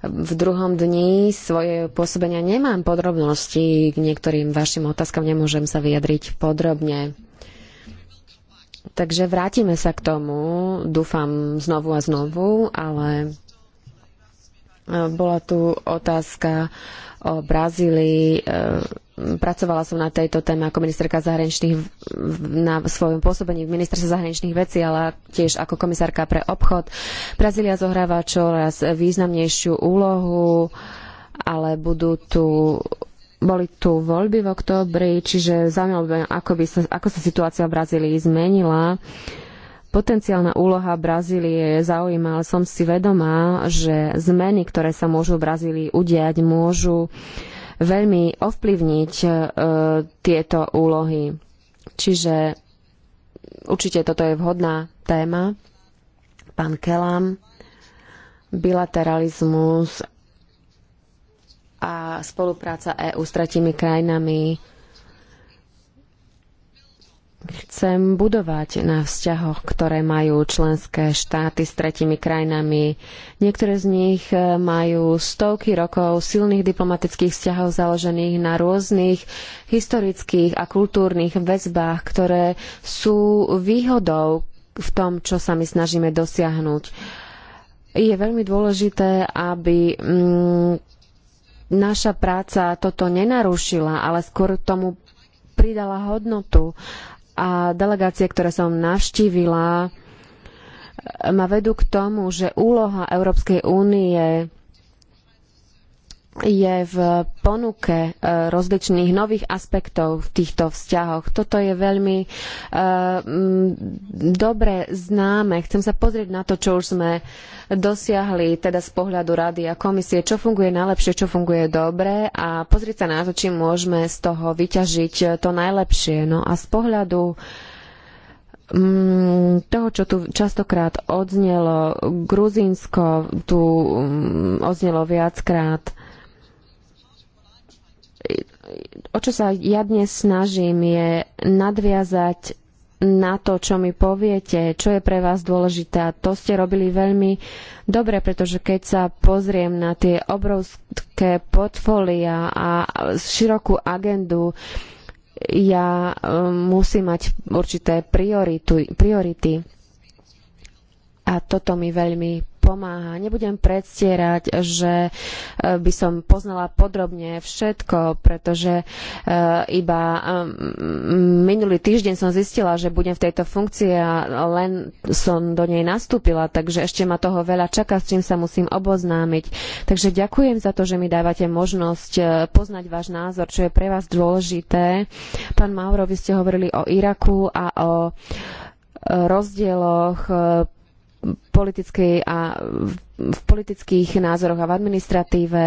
v druhom dni svoje pôsobenia nemám podrobnosti. K niektorým vašim otázkam nemôžem sa vyjadriť podrobne. Takže vrátime sa k tomu, dúfam znovu a znovu, ale e, bola tu otázka o Brazílii. E, pracovala som na tejto téme ako ministerka zahraničných na svojom pôsobení v ministerstve zahraničných vecí, ale tiež ako komisárka pre obchod. Brazília zohráva čoraz významnejšiu úlohu, ale budú tu boli tu voľby v októbri, čiže zaujímavé, ako, by sa, ako sa situácia v Brazílii zmenila. Uh, Potenciálna úloha Brazílie je zaujímavá, ale som si vedomá, že zmeny, ktoré sa môžu v Brazílii udiať, môžu veľmi ovplyvniť e, tieto úlohy. Čiže určite toto je vhodná téma. Pán Kelam, bilateralizmus a spolupráca EÚ s tretími krajinami Chcem budovať na vzťahoch, ktoré majú členské štáty s tretimi krajinami. Niektoré z nich e, majú stovky rokov silných diplomatických vzťahov založených na rôznych historických a kultúrnych väzbách, ktoré sú výhodou v tom, čo sa my snažíme dosiahnuť. Je veľmi dôležité, aby mm, naša práca toto nenarušila, ale skôr tomu pridala hodnotu a delegácie, ktoré som navštívila, ma vedú k tomu, že úloha Európskej únie je v ponuke e, rozličných nových aspektov v týchto vzťahoch. Toto je veľmi uh, dobre známe. Chcem sa pozrieť na to, čo už sme dosiahli, teda z pohľadu rady a komisie, čo funguje najlepšie, čo funguje dobre a pozrieť sa na to, či môžeme z toho vyťažiť to najlepšie. No a z pohľadu toho, čo tu častokrát odznelo, Gruzínsko tu odznelo viackrát o čo sa ja dnes snažím, je nadviazať na to, čo mi poviete, čo je pre vás dôležité. A to ste robili veľmi dobre, pretože keď sa pozriem na tie obrovské portfólia a širokú agendu, ja e, musím mať určité priority. A toto mi veľmi pomáha. Nebudem predstierať, že e, by som poznala podrobne všetko, pretože e, iba mm, minulý týždeň som zistila, že budem v tejto funkcii a len som do nej nastúpila, takže ešte ma toho veľa čaká, s čím sa musím oboznámiť. Takže ďakujem za to, že mi dávate možnosť e, poznať váš názor, čo je pre vás dôležité. Pán Mauro, vy ste hovorili o Iraku a o rozdieloch politickej a v politických názoroch a v administratíve.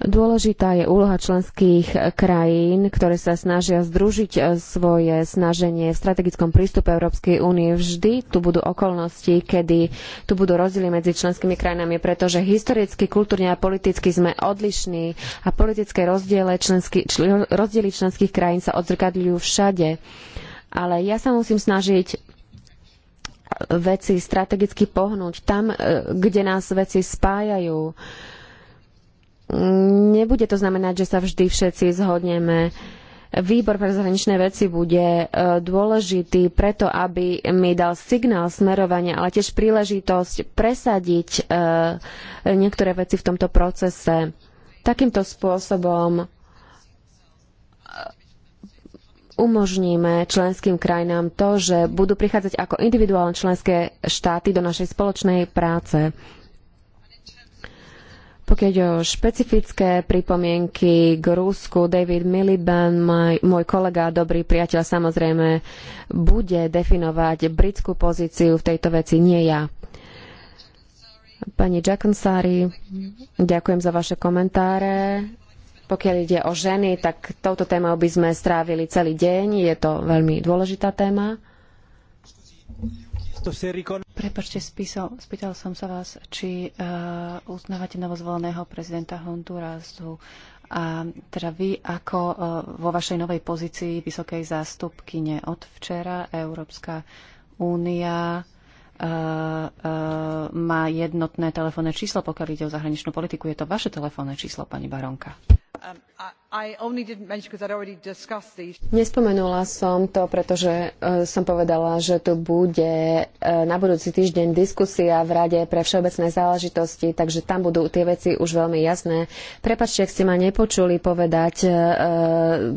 Dôležitá je úloha členských krajín, ktoré sa snažia združiť e, svoje snaženie v strategickom prístupe Európskej únie. Vždy tu budú okolnosti, kedy tu budú rozdiely medzi členskými krajinami, pretože historicky, kultúrne a politicky sme odlišní a politické rozdiely, členský, čl, rozdiely členských krajín sa odzrkadľujú všade. Ale ja sa musím snažiť veci strategicky pohnúť, tam, e, kde nás veci spájajú. Nebude to znamenať, že sa vždy všetci zhodneme. Výbor pre zahraničné veci bude e, dôležitý preto, aby mi dal signál smerovania, ale tiež príležitosť presadiť e, niektoré veci v tomto procese. Takýmto spôsobom umožníme členským krajinám to, že budú prichádzať ako individuálne členské štáty do našej spoločnej práce. Pokiaľ ide o špecifické pripomienky k Rusku, David Miliband, môj kolega, a dobrý priateľ, samozrejme, bude definovať britskú pozíciu v tejto veci, nie ja. Pani Jackensari, ďakujem za vaše komentáre pokiaľ ide o ženy, tak touto témou by sme strávili celý deň. Je to veľmi dôležitá téma. Prepačte, spýsal, spýtal som sa vás, či uh, uznávate novozvoleného prezidenta Hondurasu. A teda vy ako uh, vo vašej novej pozícii vysokej zástupkyne od včera Európska únia uh, uh, má jednotné telefónne číslo, pokiaľ ide o zahraničnú politiku. Je to vaše telefónne číslo, pani Baronka? Um, Nespomenula som to, pretože eh, som povedala, že tu bude eh, na budúci týždeň diskusia v Rade pre všeobecné záležitosti, takže tam budú tie veci už veľmi jasné. prepáčte ak ste ma nepočuli povedať eh,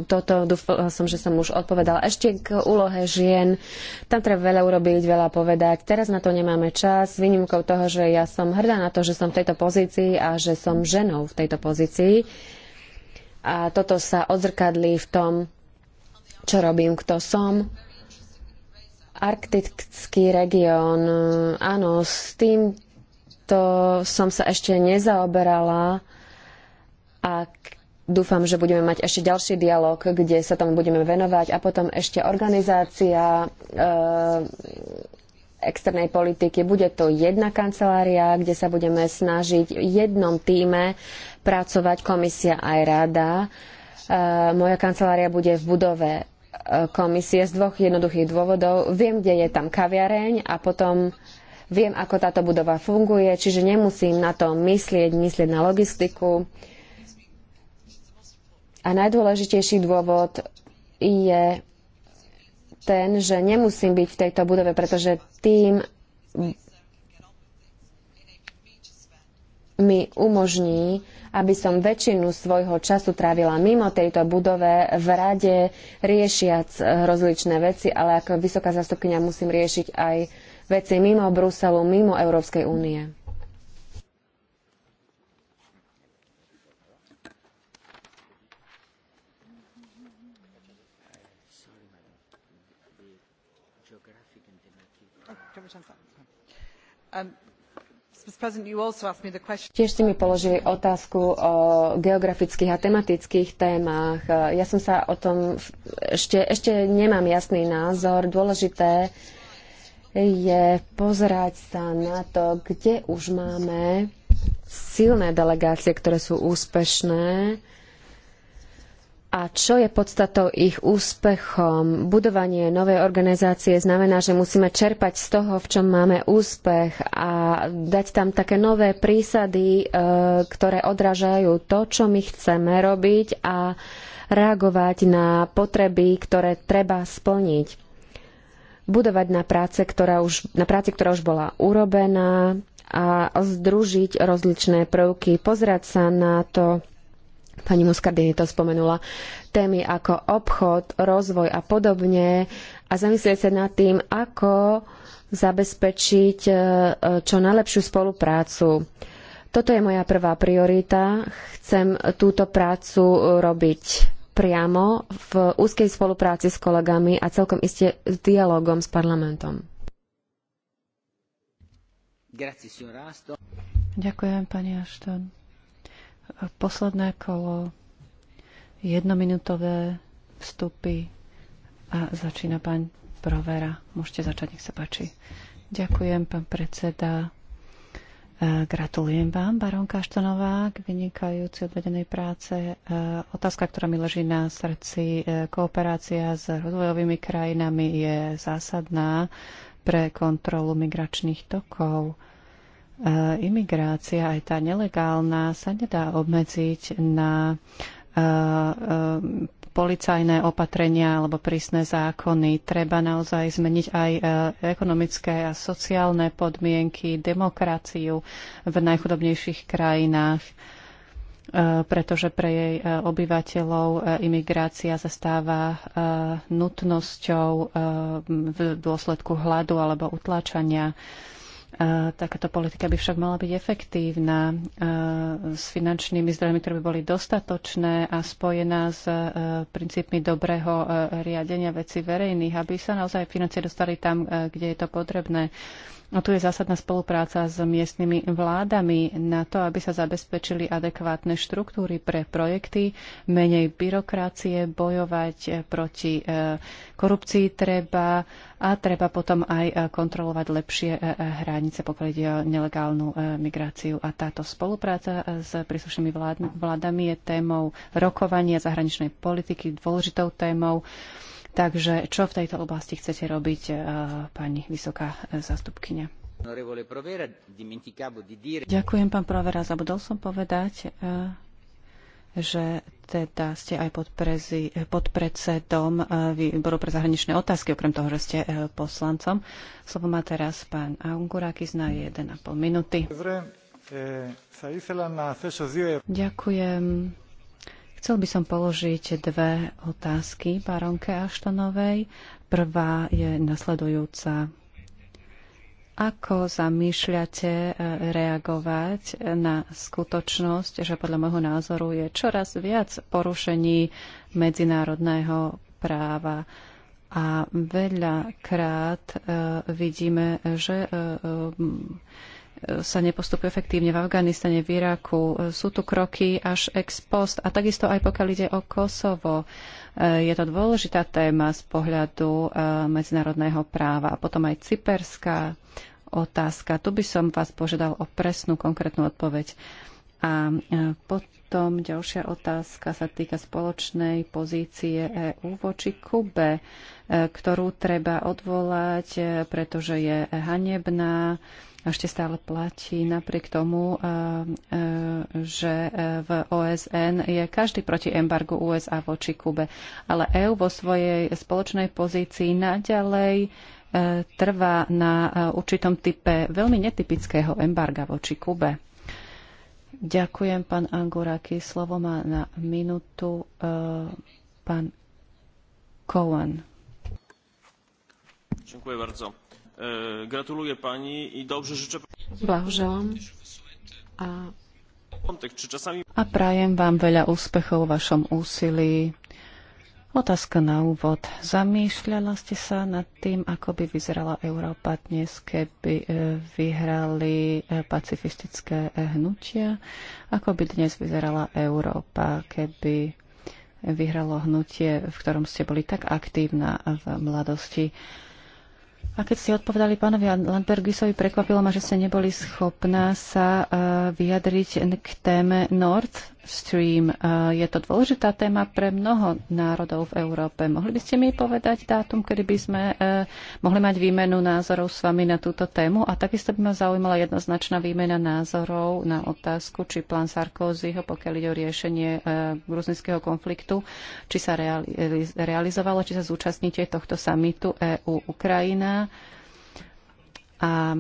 toto, dúfala som, že som už odpovedala. Ešte k úlohe žien, tam treba veľa urobiť, veľa povedať. Teraz na to nemáme čas, výnimkou toho, že ja som hrdá na to, že som v tejto pozícii a že som ženou v tejto pozícii a toto sa odzrkadlí v tom, čo robím, kto som. Arktický región, áno, s týmto som sa ešte nezaoberala a dúfam, že budeme mať ešte ďalší dialog, kde sa tomu budeme venovať a potom ešte organizácia e, externej politiky. Bude to jedna kancelária, kde sa budeme snažiť v jednom týme pracovať komisia aj rada. E, moja kancelária bude v budove e, komisie z dvoch jednoduchých dôvodov. Viem, kde je tam kaviareň a potom viem, ako táto budova funguje, čiže nemusím na to myslieť, myslieť na logistiku. A najdôležitejší dôvod je ten, že nemusím byť v tejto budove, pretože tým mi umožní, aby som väčšinu svojho času trávila mimo tejto budove v rade, riešiac eh, rozličné veci, ale ako vysoká zastupkynia musím riešiť aj veci mimo Bruselu, mimo Európskej únie. Tiež ste mi položili otázku o geografických a tematických témach. Ja som sa o tom ešte, ešte nemám jasný názor. Dôležité je pozerať sa na to, kde už máme silné delegácie, ktoré sú úspešné a čo je podstatou ich úspechom? Budovanie novej organizácie znamená, že musíme čerpať z toho, v čom máme úspech a dať tam také nové prísady, e, ktoré odrážajú to, čo my chceme robiť a reagovať na potreby, ktoré treba splniť. Budovať na, práce, ktorá už, na práci, ktorá už bola urobená a združiť rozličné prvky, pozerať sa na to, Pani Muscardini to spomenula. Témy ako obchod, rozvoj a podobne a zamyslieť sa nad tým, ako zabezpečiť e, čo najlepšiu spoluprácu. Toto je moja prvá priorita. Chcem túto prácu robiť priamo v úzkej spolupráci s kolegami a celkom iste s dialogom s parlamentom. Ďakujem, pani Ashton posledné kolo, jednominútové vstupy a začína pán Provera. Môžete začať, nech sa páči. Ďakujem, pán predseda. E, gratulujem vám, Baron Štonová, k vynikajúci odvedenej práce. E, otázka, ktorá mi leží na srdci, e, kooperácia s rozvojovými krajinami je zásadná pre kontrolu migračných tokov E, imigrácia, aj tá nelegálna, sa nedá obmedziť na e, e, policajné opatrenia alebo prísne zákony. Treba naozaj zmeniť aj ekonomické a sociálne podmienky, demokraciu v najchudobnejších krajinách pretože pre jej obyvateľov imigrácia sa stáva nutnosťou v dôsledku hladu alebo utláčania. Eh, takáto politika by však mala byť efektívna eh, s finančnými zdrojmi, ktoré by boli dostatočné a spojená s eh, princípmi dobrého riadenia veci verejných, aby sa naozaj financie dostali tam, kde je to potrebné. No tu je zásadná spolupráca s miestnymi vládami na to, aby sa zabezpečili adekvátne štruktúry pre projekty, menej byrokracie, bojovať eh, proti eh, korupcii treba a treba potom aj eh, kontrolovať lepšie hranice, pokiaľ ide o nelegálnu migráciu. A táto spolupráca s príslušnými vládami je témou rokovania zahraničnej politiky, dôležitou témou. Takže čo v tejto oblasti chcete robiť, eh, pani vysoká eh, zastupkynia? Ďakujem, pán Provera. Zabudol som povedať, eh, že teda ste aj pod predsedom výboru pre zahraničné otázky, okrem toho, že ste poslancom. Slovo má teraz pán Angurakis na 1,5 minúty. Ďakujem. Chcel by som položiť dve otázky baronke Aštonovej. Prvá je nasledujúca. Ako zamýšľate e, reagovať na skutočnosť, že podľa môjho názoru je čoraz viac porušení medzinárodného práva? A veľakrát e, vidíme, že e, sa nepostupuje efektívne v Afganistane, v Iraku. Sú tu kroky až ex post a takisto aj pokiaľ ide o Kosovo. Eh, je to dôležitá téma z pohľadu eh, medzinárodného práva. A potom aj cyperská otázka. Tu by som vás požiadal o presnú, konkrétnu odpoveď. A eh, potom ďalšia otázka sa týka spoločnej pozície EÚ voči Kube, ktorú treba odvolať, pretože je hanebná ešte stále platí napriek tomu, e, e, že e, v OSN je každý proti embargu USA voči Kube. Ale EÚ vo svojej spoločnej pozícii naďalej trvá na určitom type veľmi netypického embarga voči Kube. Ďakujem, pán Anguraki. Slovo má na minútu pán Cohen. Ďakujem bardzo. E, gratuluję pani i dobrze życzę. Blahoželám a, a prajem vám veľa úspechov v vašom úsilí. Otázka na úvod. Zamýšľala ste sa nad tým, ako by vyzerala Európa dnes, keby e, vyhrali e, pacifistické hnutia? Ako by dnes vyzerala Európa, keby vyhralo hnutie, v ktorom ste boli tak aktívna v mladosti? A keď ste odpovedali pánovi Lambergisovi, prekvapilo ma, že ste neboli schopná sa eh, vyjadriť k téme Nord Stream. E, je to dôležitá téma pre mnoho národov v Európe. Mohli by ste mi povedať dátum, kedy by sme e, mohli mať výmenu názorov s vami na túto tému? A takisto by ma zaujímala jednoznačná výmena názorov na otázku, či plán Sarkozyho, pokiaľ ide o riešenie e, gruzinského konfliktu, či sa realizovalo, či sa zúčastníte tohto samitu EU-Ukrajina. A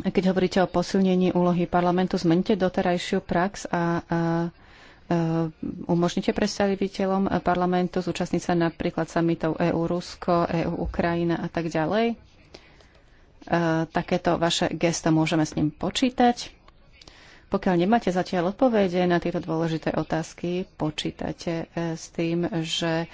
keď hovoríte o posilnení úlohy parlamentu, zmente doterajšiu prax a, a umožnite predstaviteľom parlamentu zúčastniť sa napríklad samitov EU-Rusko, EU-Ukrajina a tak ďalej? E, takéto vaše gesta môžeme s ním počítať? Pokiaľ nemáte zatiaľ odpovede na tieto dôležité otázky, počítate e, s tým, že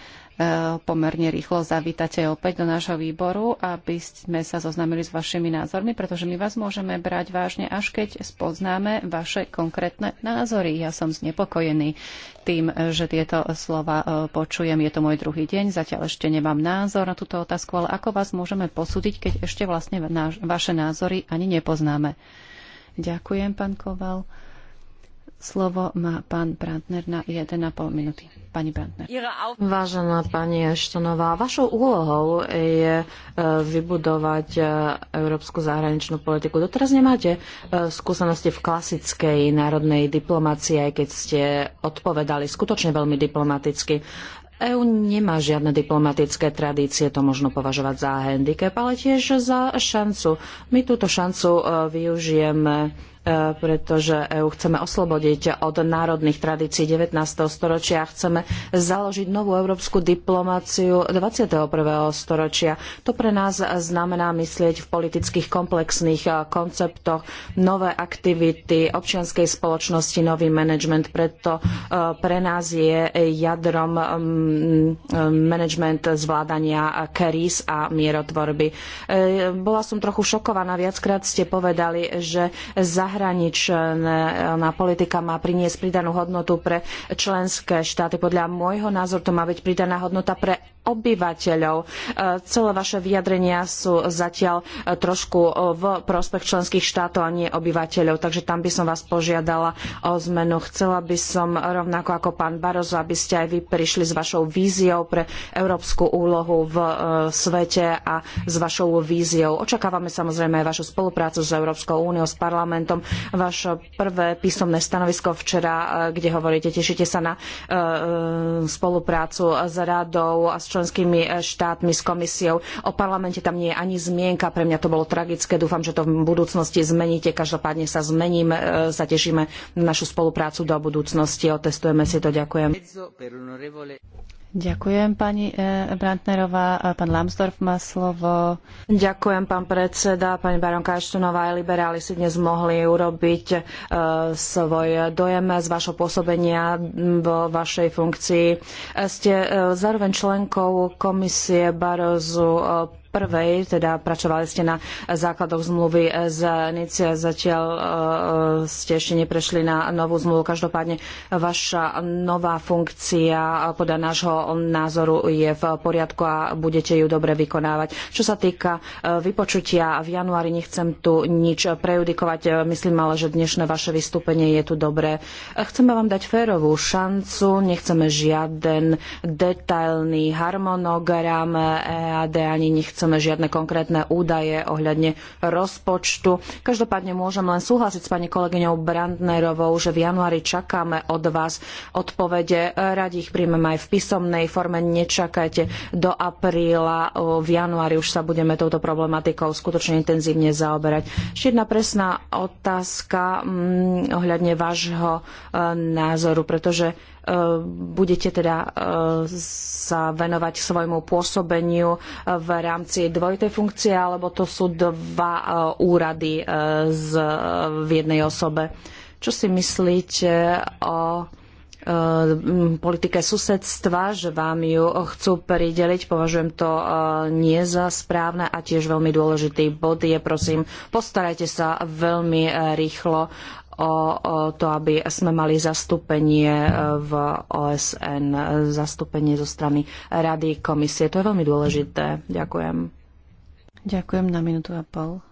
pomerne rýchlo zavítate opäť do nášho výboru, aby sme sa zoznámili s vašimi názormi, pretože my vás môžeme brať vážne, až keď spoznáme vaše konkrétne názory. Ja som znepokojený tým, že tieto slova e, počujem. Je to môj druhý deň, zatiaľ ešte nemám názor na túto otázku, ale ako vás môžeme posúdiť, keď ešte vlastne vaše názory ani nepoznáme? Ďakujem, pán Koval. Slovo má pán Brantner na 1,5 minúty pani Brandner. Vážená pani Eštonová, vašou úlohou je e, vybudovať e, európsku zahraničnú politiku. Doteraz nemáte e, skúsenosti v klasickej národnej diplomácii, aj keď ste odpovedali skutočne veľmi diplomaticky. EÚ nemá žiadne diplomatické tradície, to možno považovať za handicap, ale tiež za šancu. My túto šancu využijeme E, pretože EÚ chceme oslobodiť od národných tradícií 19. storočia a chceme založiť novú európsku diplomáciu 21. storočia. To pre nás znamená myslieť v politických komplexných e, konceptoch nové aktivity občianskej spoločnosti, nový manažment. Preto e, pre nás je jadrom mm, mm, manažment zvládania kríz a mierotvorby. Bola som trochu šokovaná, viackrát ste povedali, že zahraničná zahraničná e, politika má priniesť pridanú hodnotu pre členské štáty. Podľa môjho názoru to má byť pridaná hodnota pre obyvateľov. E, celé vaše vyjadrenia sú zatiaľ e, trošku e, v prospech členských štátov a nie obyvateľov, takže tam by som vás požiadala o zmenu. Chcela by som rovnako ako pán Barozo, aby ste aj vy prišli s vašou víziou pre európsku úlohu v svete a s vašou víziou. Očakávame samozrejme aj vašu spoluprácu s Európskou úniou, s parlamentom. Vaše prvé písomné stanovisko včera, kde hovoríte, tešíte sa na spoluprácu s radou a s členskými členskými eh, štátmi, s komisiou. O parlamente tam nie je ani zmienka, pre mňa to bolo tragické, dúfam, že to v budúcnosti zmeníte, každopádne sa zmením, eh, sa tešíme na našu spoluprácu do budúcnosti, otestujeme si to, ďakujem. Ďakujem pani eh, Brantnerová. Pán Lambsdorff má slovo. Ďakujem pán predseda. Pani Baronka Eštunová, liberáli si dnes mohli urobiť e, svoj dojem z vašho pôsobenia vo vašej funkcii. Ste e, zároveň členkou komisie Barozu e, prvej, teda pracovali ste na základoch zmluvy z Nice, zatiaľ e, e, ste ešte neprešli na novú zmluvu. Každopádne vaša nová funkcia e, podľa nášho názoru je v poriadku a budete ju dobre vykonávať. Čo sa týka vypočutia v januári, nechcem tu nič prejudikovať. Myslím ale, že dnešné vaše vystúpenie je tu dobré. Chceme vám dať férovú šancu, nechceme žiaden detailný harmonogram EAD, ani nechceme nechceme žiadne konkrétne údaje ohľadne rozpočtu. Každopádne môžem len súhlasiť s pani kolegyňou Brandnerovou, že v januári čakáme od vás odpovede. Radi ich príjmeme aj v písomnej forme. Nečakajte do apríla. V januári už sa budeme touto problematikou skutočne intenzívne zaoberať. Ešte jedna presná otázka mm, ohľadne vášho e, názoru, pretože Eh, budete teda eh, sa venovať svojmu pôsobeniu eh, v rámci dvojitej funkcie, alebo to sú dva úrady z, v jednej osobe. Čo si myslíte o politike susedstva, že vám ju chcú prideliť. Považujem to nie za správne a tiež veľmi dôležitý bod je, prosím, postarajte sa veľmi rýchlo o to, aby sme mali zastúpenie e, v OSN, zastúpenie zo strany Rady komisie. To je veľmi dôležité. Ďakujem. Ďakujem na minútu a pol.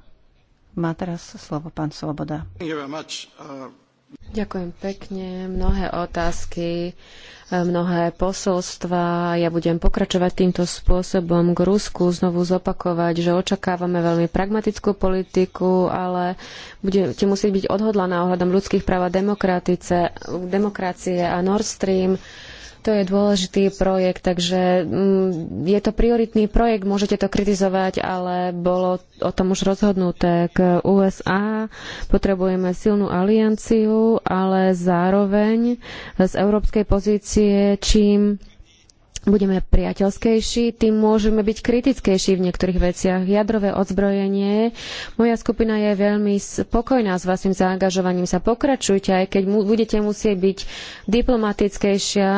Má teraz slovo pán Sloboda. Thank you very much. Uh... Ďakujem pekne. Mnohé otázky, e, mnohé posolstva. Ja budem pokračovať týmto spôsobom k Rusku, znovu zopakovať, že očakávame veľmi pragmatickú politiku, ale budete musieť byť odhodlaná ohľadom ľudských práv a demokracie a Nord Stream to je dôležitý projekt, takže mm, je to prioritný projekt, môžete to kritizovať, ale bolo o tom už rozhodnuté k USA. Potrebujeme silnú alianciu, ale zároveň z európskej pozície, čím budeme priateľskejší, tým môžeme byť kritickejší v niektorých veciach. Jadrové odzbrojenie. Moja skupina je veľmi spokojná s vašim zaangažovaním. Sa pokračujte, aj keď mu, budete musieť byť diplomatickejšia,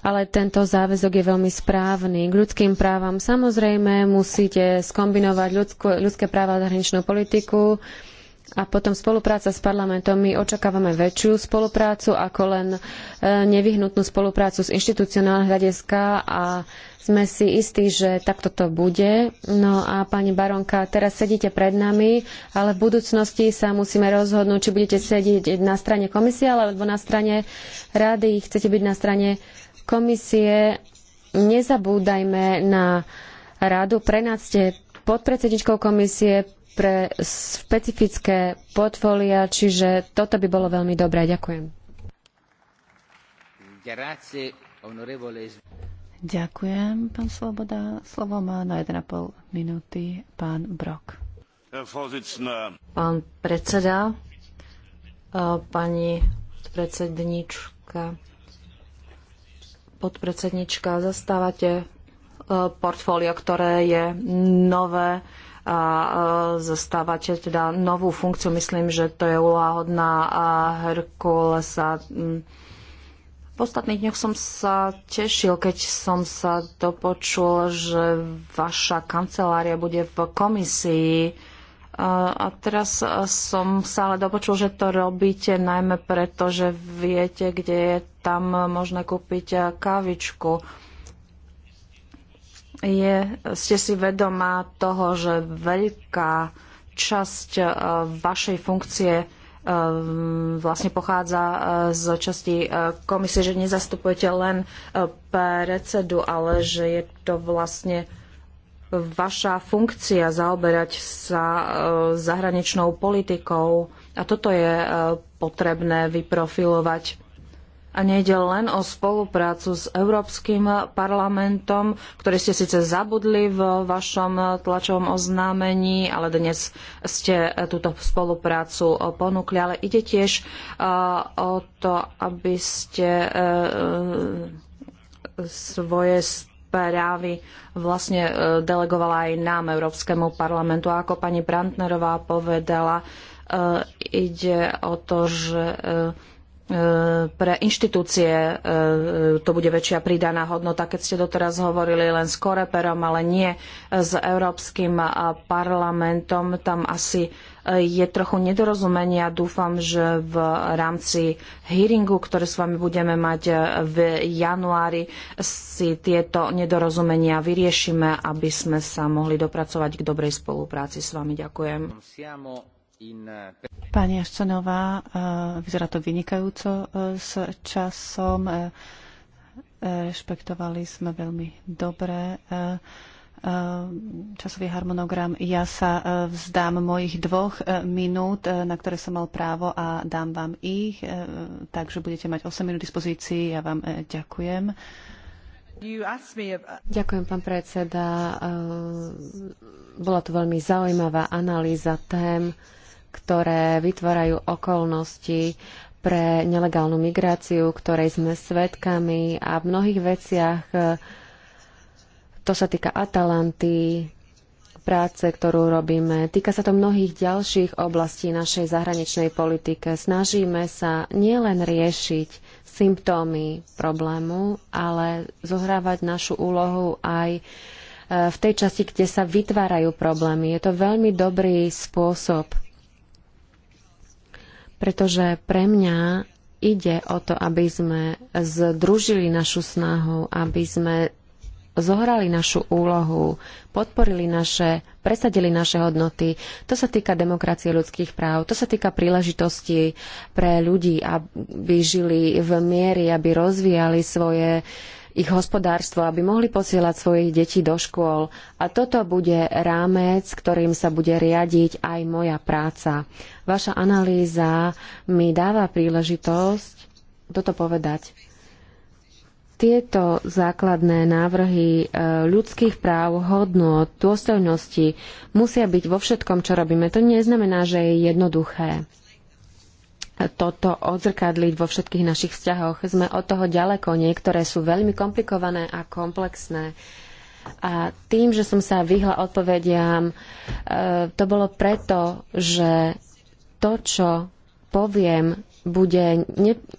ale tento záväzok je veľmi správny. K ľudským právam samozrejme musíte skombinovať ľudskú, ľudské práva a zahraničnú politiku. Uh, a potom spolupráca s parlamentom. My očakávame väčšiu spoluprácu ako len e, nevyhnutnú spoluprácu z inštitucionálneho hľadiska a sme si istí, že takto to bude. No a pani Baronka, teraz sedíte pred nami, ale v budúcnosti sa musíme rozhodnúť, či budete sedieť na strane komisie alebo na strane rady. Chcete byť na strane komisie. Nezabúdajme na radu. Pre nás ste podpredsedničkou komisie, pre špecifické portfólia, čiže toto by bolo veľmi dobré. Ďakujem. Ďakujem, pán Sloboda. Slovo má na 1,5 minúty pán Brok. Pán predseda, pani predsednička, podpredsednička, zastávate e, portfólio, ktoré je nové a zastávať teda novú funkciu. Myslím, že to je uláhodná Herkulesa. Mm. V ostatných dňoch som sa tešil, keď som sa dopočul, že vaša kancelária bude v komisii. A teraz som sa ale dopočul, že to robíte najmä preto, že viete, kde je tam možné kúpiť kavičku je, ste si vedomá toho, že veľká časť e, vašej funkcie e, vlastne pochádza e, z časti komisie, že nezastupujete len predsedu, ale že je to vlastne vaša funkcia zaoberať sa zahraničnou politikou a toto je potrebné vyprofilovať a nejde len o spoluprácu s Európskym parlamentom, ktorý ste síce zabudli v vašom tlačovom oznámení, ale dnes ste túto spoluprácu ponúkli, ale ide tiež e, o to, aby ste e, e, svoje správy vlastne delegovala aj nám, Európskemu parlamentu. A ako pani Brantnerová povedala, ide o to, že pre inštitúcie e, to bude väčšia pridaná hodnota, keď ste doteraz hovorili len s Koreperom, ale nie s Európskym e, parlamentom. Tam asi e, je trochu nedorozumenia. Dúfam, že v rámci hearingu, ktoré s vami budeme mať v januári, si tieto nedorozumenia vyriešime, aby sme sa mohli dopracovať k dobrej spolupráci s vami. Ďakujem. Eh, Pani Aščanová, eh, vyzerá to vynikajúco eh, s časom. Rešpektovali sme veľmi dobre časový harmonogram. Ja sa vzdám mojich dvoch minút, na ktoré som mal právo a dám vám ich. Takže budete mať 8 minút dispozícii. Ja vám ďakujem. Ďakujem, pán predseda. Bola to veľmi zaujímavá analýza tém ktoré vytvárajú okolnosti pre nelegálnu migráciu, ktorej sme svedkami a v mnohých veciach e, to sa týka Atalanty, práce, ktorú robíme. Týka sa to mnohých ďalších oblastí našej zahraničnej politike. Snažíme sa nielen riešiť symptómy problému, ale zohrávať našu úlohu aj e, v tej časti, kde sa vytvárajú problémy. Je to veľmi dobrý spôsob pretože pre mňa ide o to, aby sme združili našu snahu, aby sme zohrali našu úlohu, podporili naše, presadili naše hodnoty. To sa týka demokracie ľudských práv, to sa týka príležitosti pre ľudí, aby žili v miery, aby rozvíjali svoje uh, ich hospodárstvo, aby mohli posielať svojich detí do škôl. A toto bude rámec, ktorým sa bude riadiť aj moja práca. Vaša analýza mi dáva príležitosť toto povedať. Tieto základné návrhy e, ľudských práv, hodnot, dôstojnosti musia byť vo všetkom, čo robíme. To neznamená, že je jednoduché toto odzrkadliť vo všetkých našich vzťahoch. Sme od toho ďaleko, niektoré sú veľmi komplikované a komplexné. A tým, že som sa vyhla odpovediam, e, to bolo preto, že to, čo poviem, bude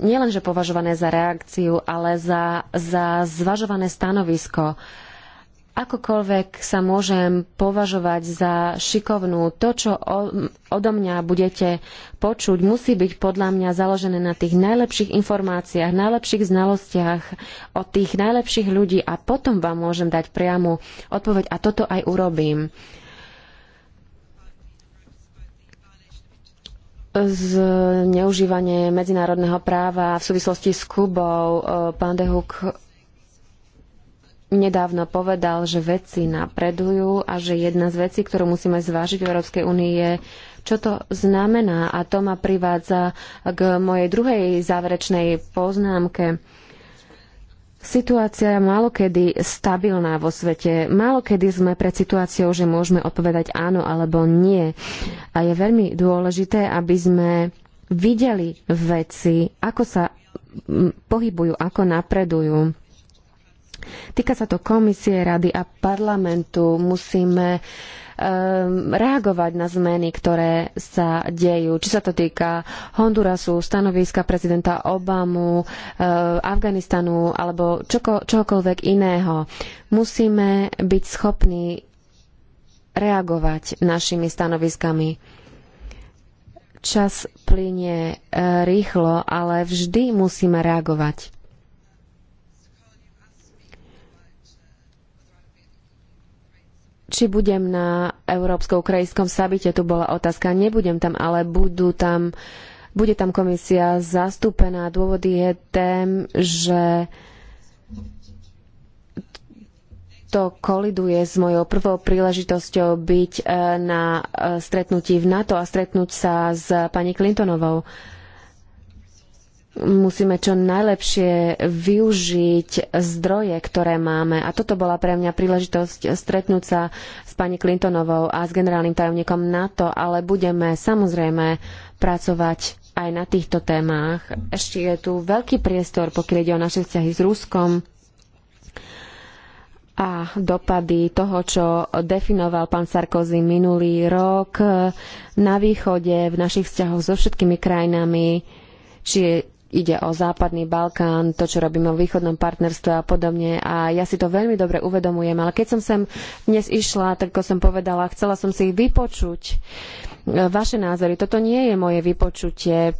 nielenže považované za reakciu, ale za, za zvažované stanovisko. Uh, akokoľvek sa môžem považovať za šikovnú, to, čo o, odo mňa budete počuť, musí byť podľa mňa založené na tých najlepších informáciách, najlepších znalostiach od tých najlepších ľudí a potom vám môžem dať priamu odpoveď a toto aj urobím. Zneužívanie medzinárodného práva v súvislosti s Kubou, e, pán Dehuk nedávno povedal, že veci napredujú a že jedna z vecí, ktorú musíme zvážiť v Európskej únii je, čo to znamená a to ma privádza k mojej druhej záverečnej poznámke. Situácia je malokedy stabilná vo svete. Malokedy sme pred situáciou, že môžeme odpovedať áno alebo nie. A je veľmi dôležité, aby sme videli veci, ako sa pohybujú, ako napredujú Týka sa to komisie, rady a parlamentu. Musíme ehm, reagovať na zmeny, ktoré sa dejú. Či sa to týka Hondurasu, stanoviska prezidenta Obamu, ehm, Afganistanu alebo čoko, čokoľvek iného. Musíme byť schopní reagovať našimi stanoviskami. Čas plynie ehm, rýchlo, ale vždy musíme reagovať. či budem na Európskom krajskom sabite, tu bola otázka, nebudem tam, ale budú tam, bude tam komisia zastúpená. Dôvod je ten, že to koliduje s mojou prvou príležitosťou byť eh, na eh, stretnutí v NATO a stretnúť sa s pani Clintonovou. Uh, musíme čo najlepšie využiť zdroje, ktoré máme. A toto bola pre mňa príležitosť stretnúť sa s pani Clintonovou a s generálnym tajomníkom NATO, ale budeme samozrejme pracovať aj na týchto témach. Ešte je tu veľký priestor, pokiaľ ide o naše vzťahy s Ruskom a dopady toho, čo definoval pán Sarkozy minulý rok na východe, v našich vzťahoch so všetkými krajinami, či ide o západný Balkán, to, čo robíme o východnom partnerstve a podobne. A ja si to veľmi dobre uvedomujem, ale keď som sem dnes išla, tak ako som povedala, chcela som si vypočuť e, vaše názory. Toto nie je moje vypočutie.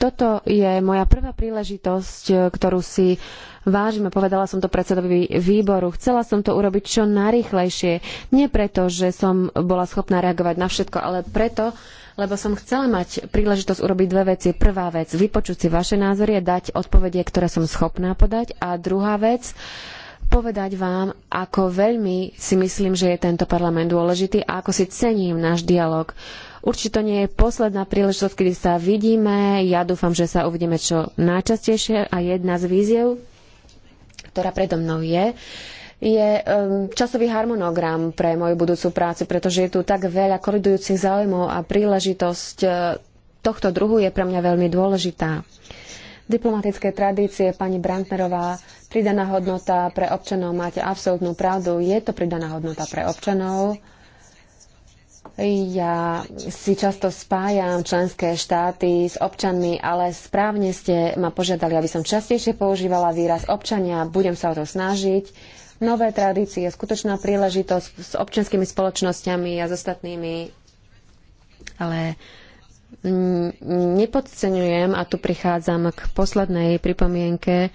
Toto je moja prvá príležitosť, e, ktorú si vážim a povedala som to predsedovi výboru. Chcela som to urobiť čo najrychlejšie. Nie preto, že som bola schopná reagovať na všetko, ale preto, lebo som chcela mať príležitosť urobiť dve veci. Prvá vec, vypočuť si vaše názory a dať odpovedie, ktoré som schopná podať. A druhá vec, povedať vám, ako veľmi si myslím, že je tento parlament dôležitý a ako si cením náš dialog. Určite nie je posledná príležitosť, kedy sa vidíme. Ja dúfam, že sa uvidíme čo najčastejšie a jedna z víziev, ktorá predo mnou je, je ehm, časový harmonogram pre moju budúcu prácu, pretože je tu tak veľa kolidujúcich záujmov a príležitosť eh, tohto druhu je pre mňa veľmi dôležitá. Diplomatické tradície, pani Brantnerová, pridaná hodnota pre občanov, máte absolútnu pravdu, je to pridaná hodnota pre občanov. Ja si často spájam členské štáty s občanmi, ale správne ste ma požiadali, aby som častejšie používala výraz občania. Budem sa o to snažiť nové tradície, skutočná príležitosť s občianskými spoločnosťami a s ostatnými. Ale nepodceňujem, a tu prichádzam k poslednej pripomienke,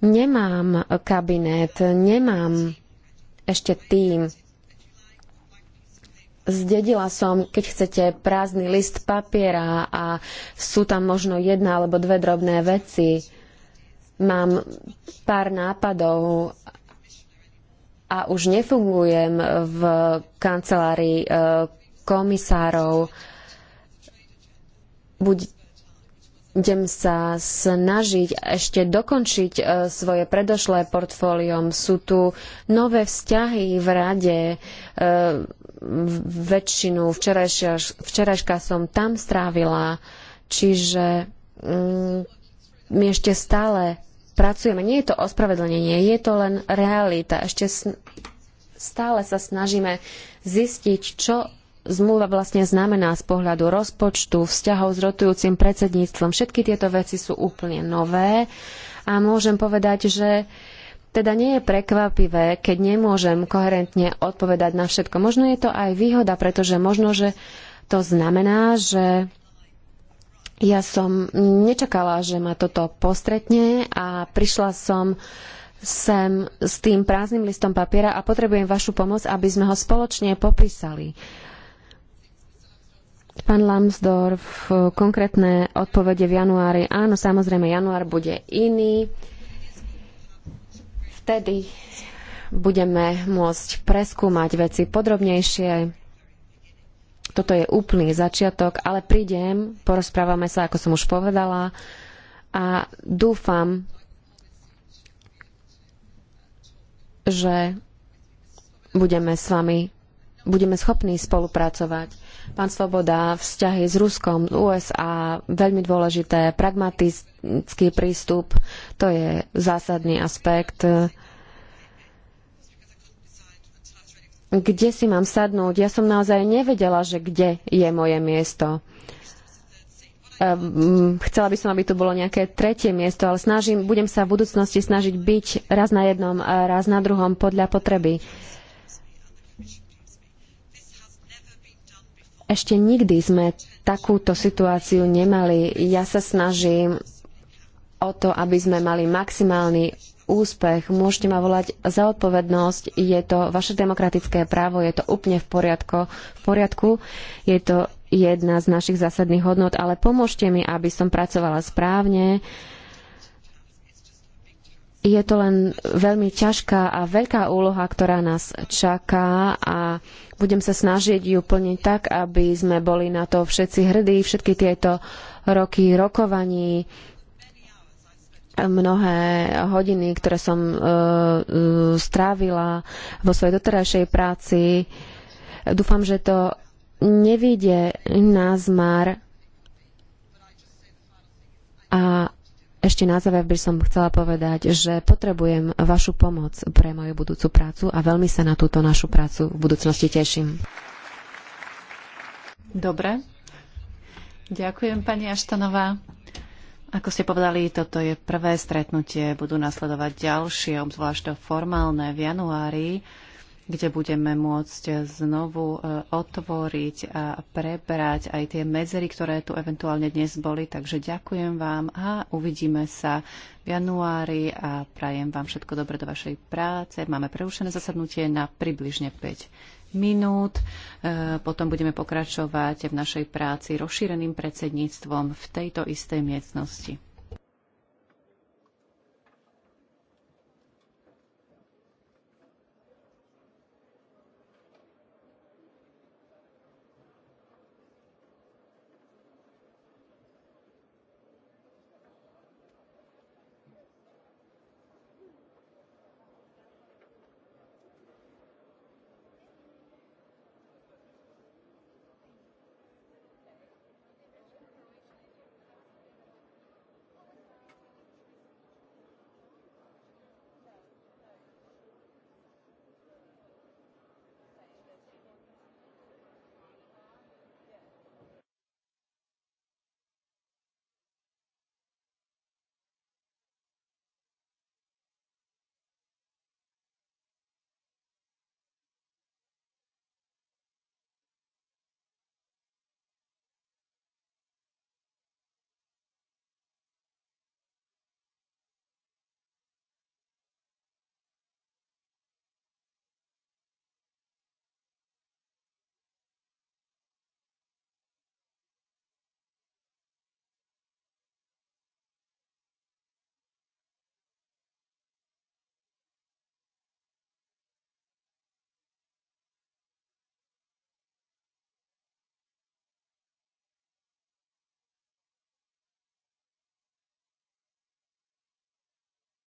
nemám kabinet, nemám ešte tým. Zdedila som, keď chcete, prázdny list papiera a sú tam možno jedna alebo dve drobné veci. Mám pár nápadov a už nefungujem v kancelárii e, komisárov. Budem sa snažiť ešte dokončiť e, svoje predošlé portfólium. Sú tu nové vzťahy v rade. E, väčšinu včerajška som tam strávila, čiže mm, mi ešte stále pracujeme. Nie je to ospravedlnenie, je to len realita. Ešte stále sa snažíme zistiť, čo zmluva vlastne znamená z pohľadu rozpočtu, vzťahov s rotujúcim predsedníctvom. Všetky tieto veci sú úplne nové a môžem povedať, že teda nie je prekvapivé, keď nemôžem koherentne odpovedať na všetko. Možno je to aj výhoda, pretože možno, že to znamená, že ja som nečakala, že ma toto postretne a prišla som sem s tým prázdnym listom papiera a potrebujem vašu pomoc, aby sme ho spoločne popísali. Pán Lambsdorff, konkrétne odpovede v januári. Áno, samozrejme, január bude iný. Vtedy budeme môcť preskúmať veci podrobnejšie. Toto je úplný začiatok, ale prídem, porozprávame sa, ako som už povedala, a dúfam, že budeme s vami budeme schopní spolupracovať. Pán Svoboda, vzťahy s Ruskom, USA, veľmi dôležité, pragmatický prístup, to je zásadný aspekt. kde si mám sadnúť. Ja som naozaj nevedela, že kde je moje miesto. Ehm, chcela by som, aby tu bolo nejaké tretie miesto, ale snažím, budem sa v budúcnosti snažiť byť raz na jednom a raz na druhom podľa potreby. Ešte nikdy sme takúto situáciu nemali. Ja sa snažím o to, aby sme mali maximálny úspech. Môžete ma volať za odpovednosť. Je to vaše demokratické právo, je to úplne v poriadku. V poriadku. Je to jedna z našich zásadných hodnot, ale pomôžte mi, aby som pracovala správne. Je to len veľmi ťažká a veľká úloha, ktorá nás čaká a budem sa snažiť ju plniť tak, aby sme boli na to všetci hrdí, všetky tieto roky rokovaní mnohé hodiny, ktoré som e, e, strávila vo svojej doterajšej práci. Dúfam, že to nevíde na zmar. A ešte na záver by som chcela povedať, že potrebujem vašu pomoc pre moju budúcu prácu a veľmi sa na túto našu prácu v budúcnosti teším. Dobre. Ďakujem, pani Aštanová. Ako ste povedali, toto je prvé stretnutie, budú nasledovať ďalšie, obzvlášť to formálne v januári, kde budeme môcť znovu e, otvoriť a prebrať aj tie medzery, ktoré tu eventuálne dnes boli. Takže ďakujem vám a uvidíme sa v januári a prajem vám všetko dobre do vašej práce. Máme prerušené zasadnutie na približne 5 minút. E, potom budeme pokračovať v našej práci rozšíreným predsedníctvom v tejto istej miestnosti.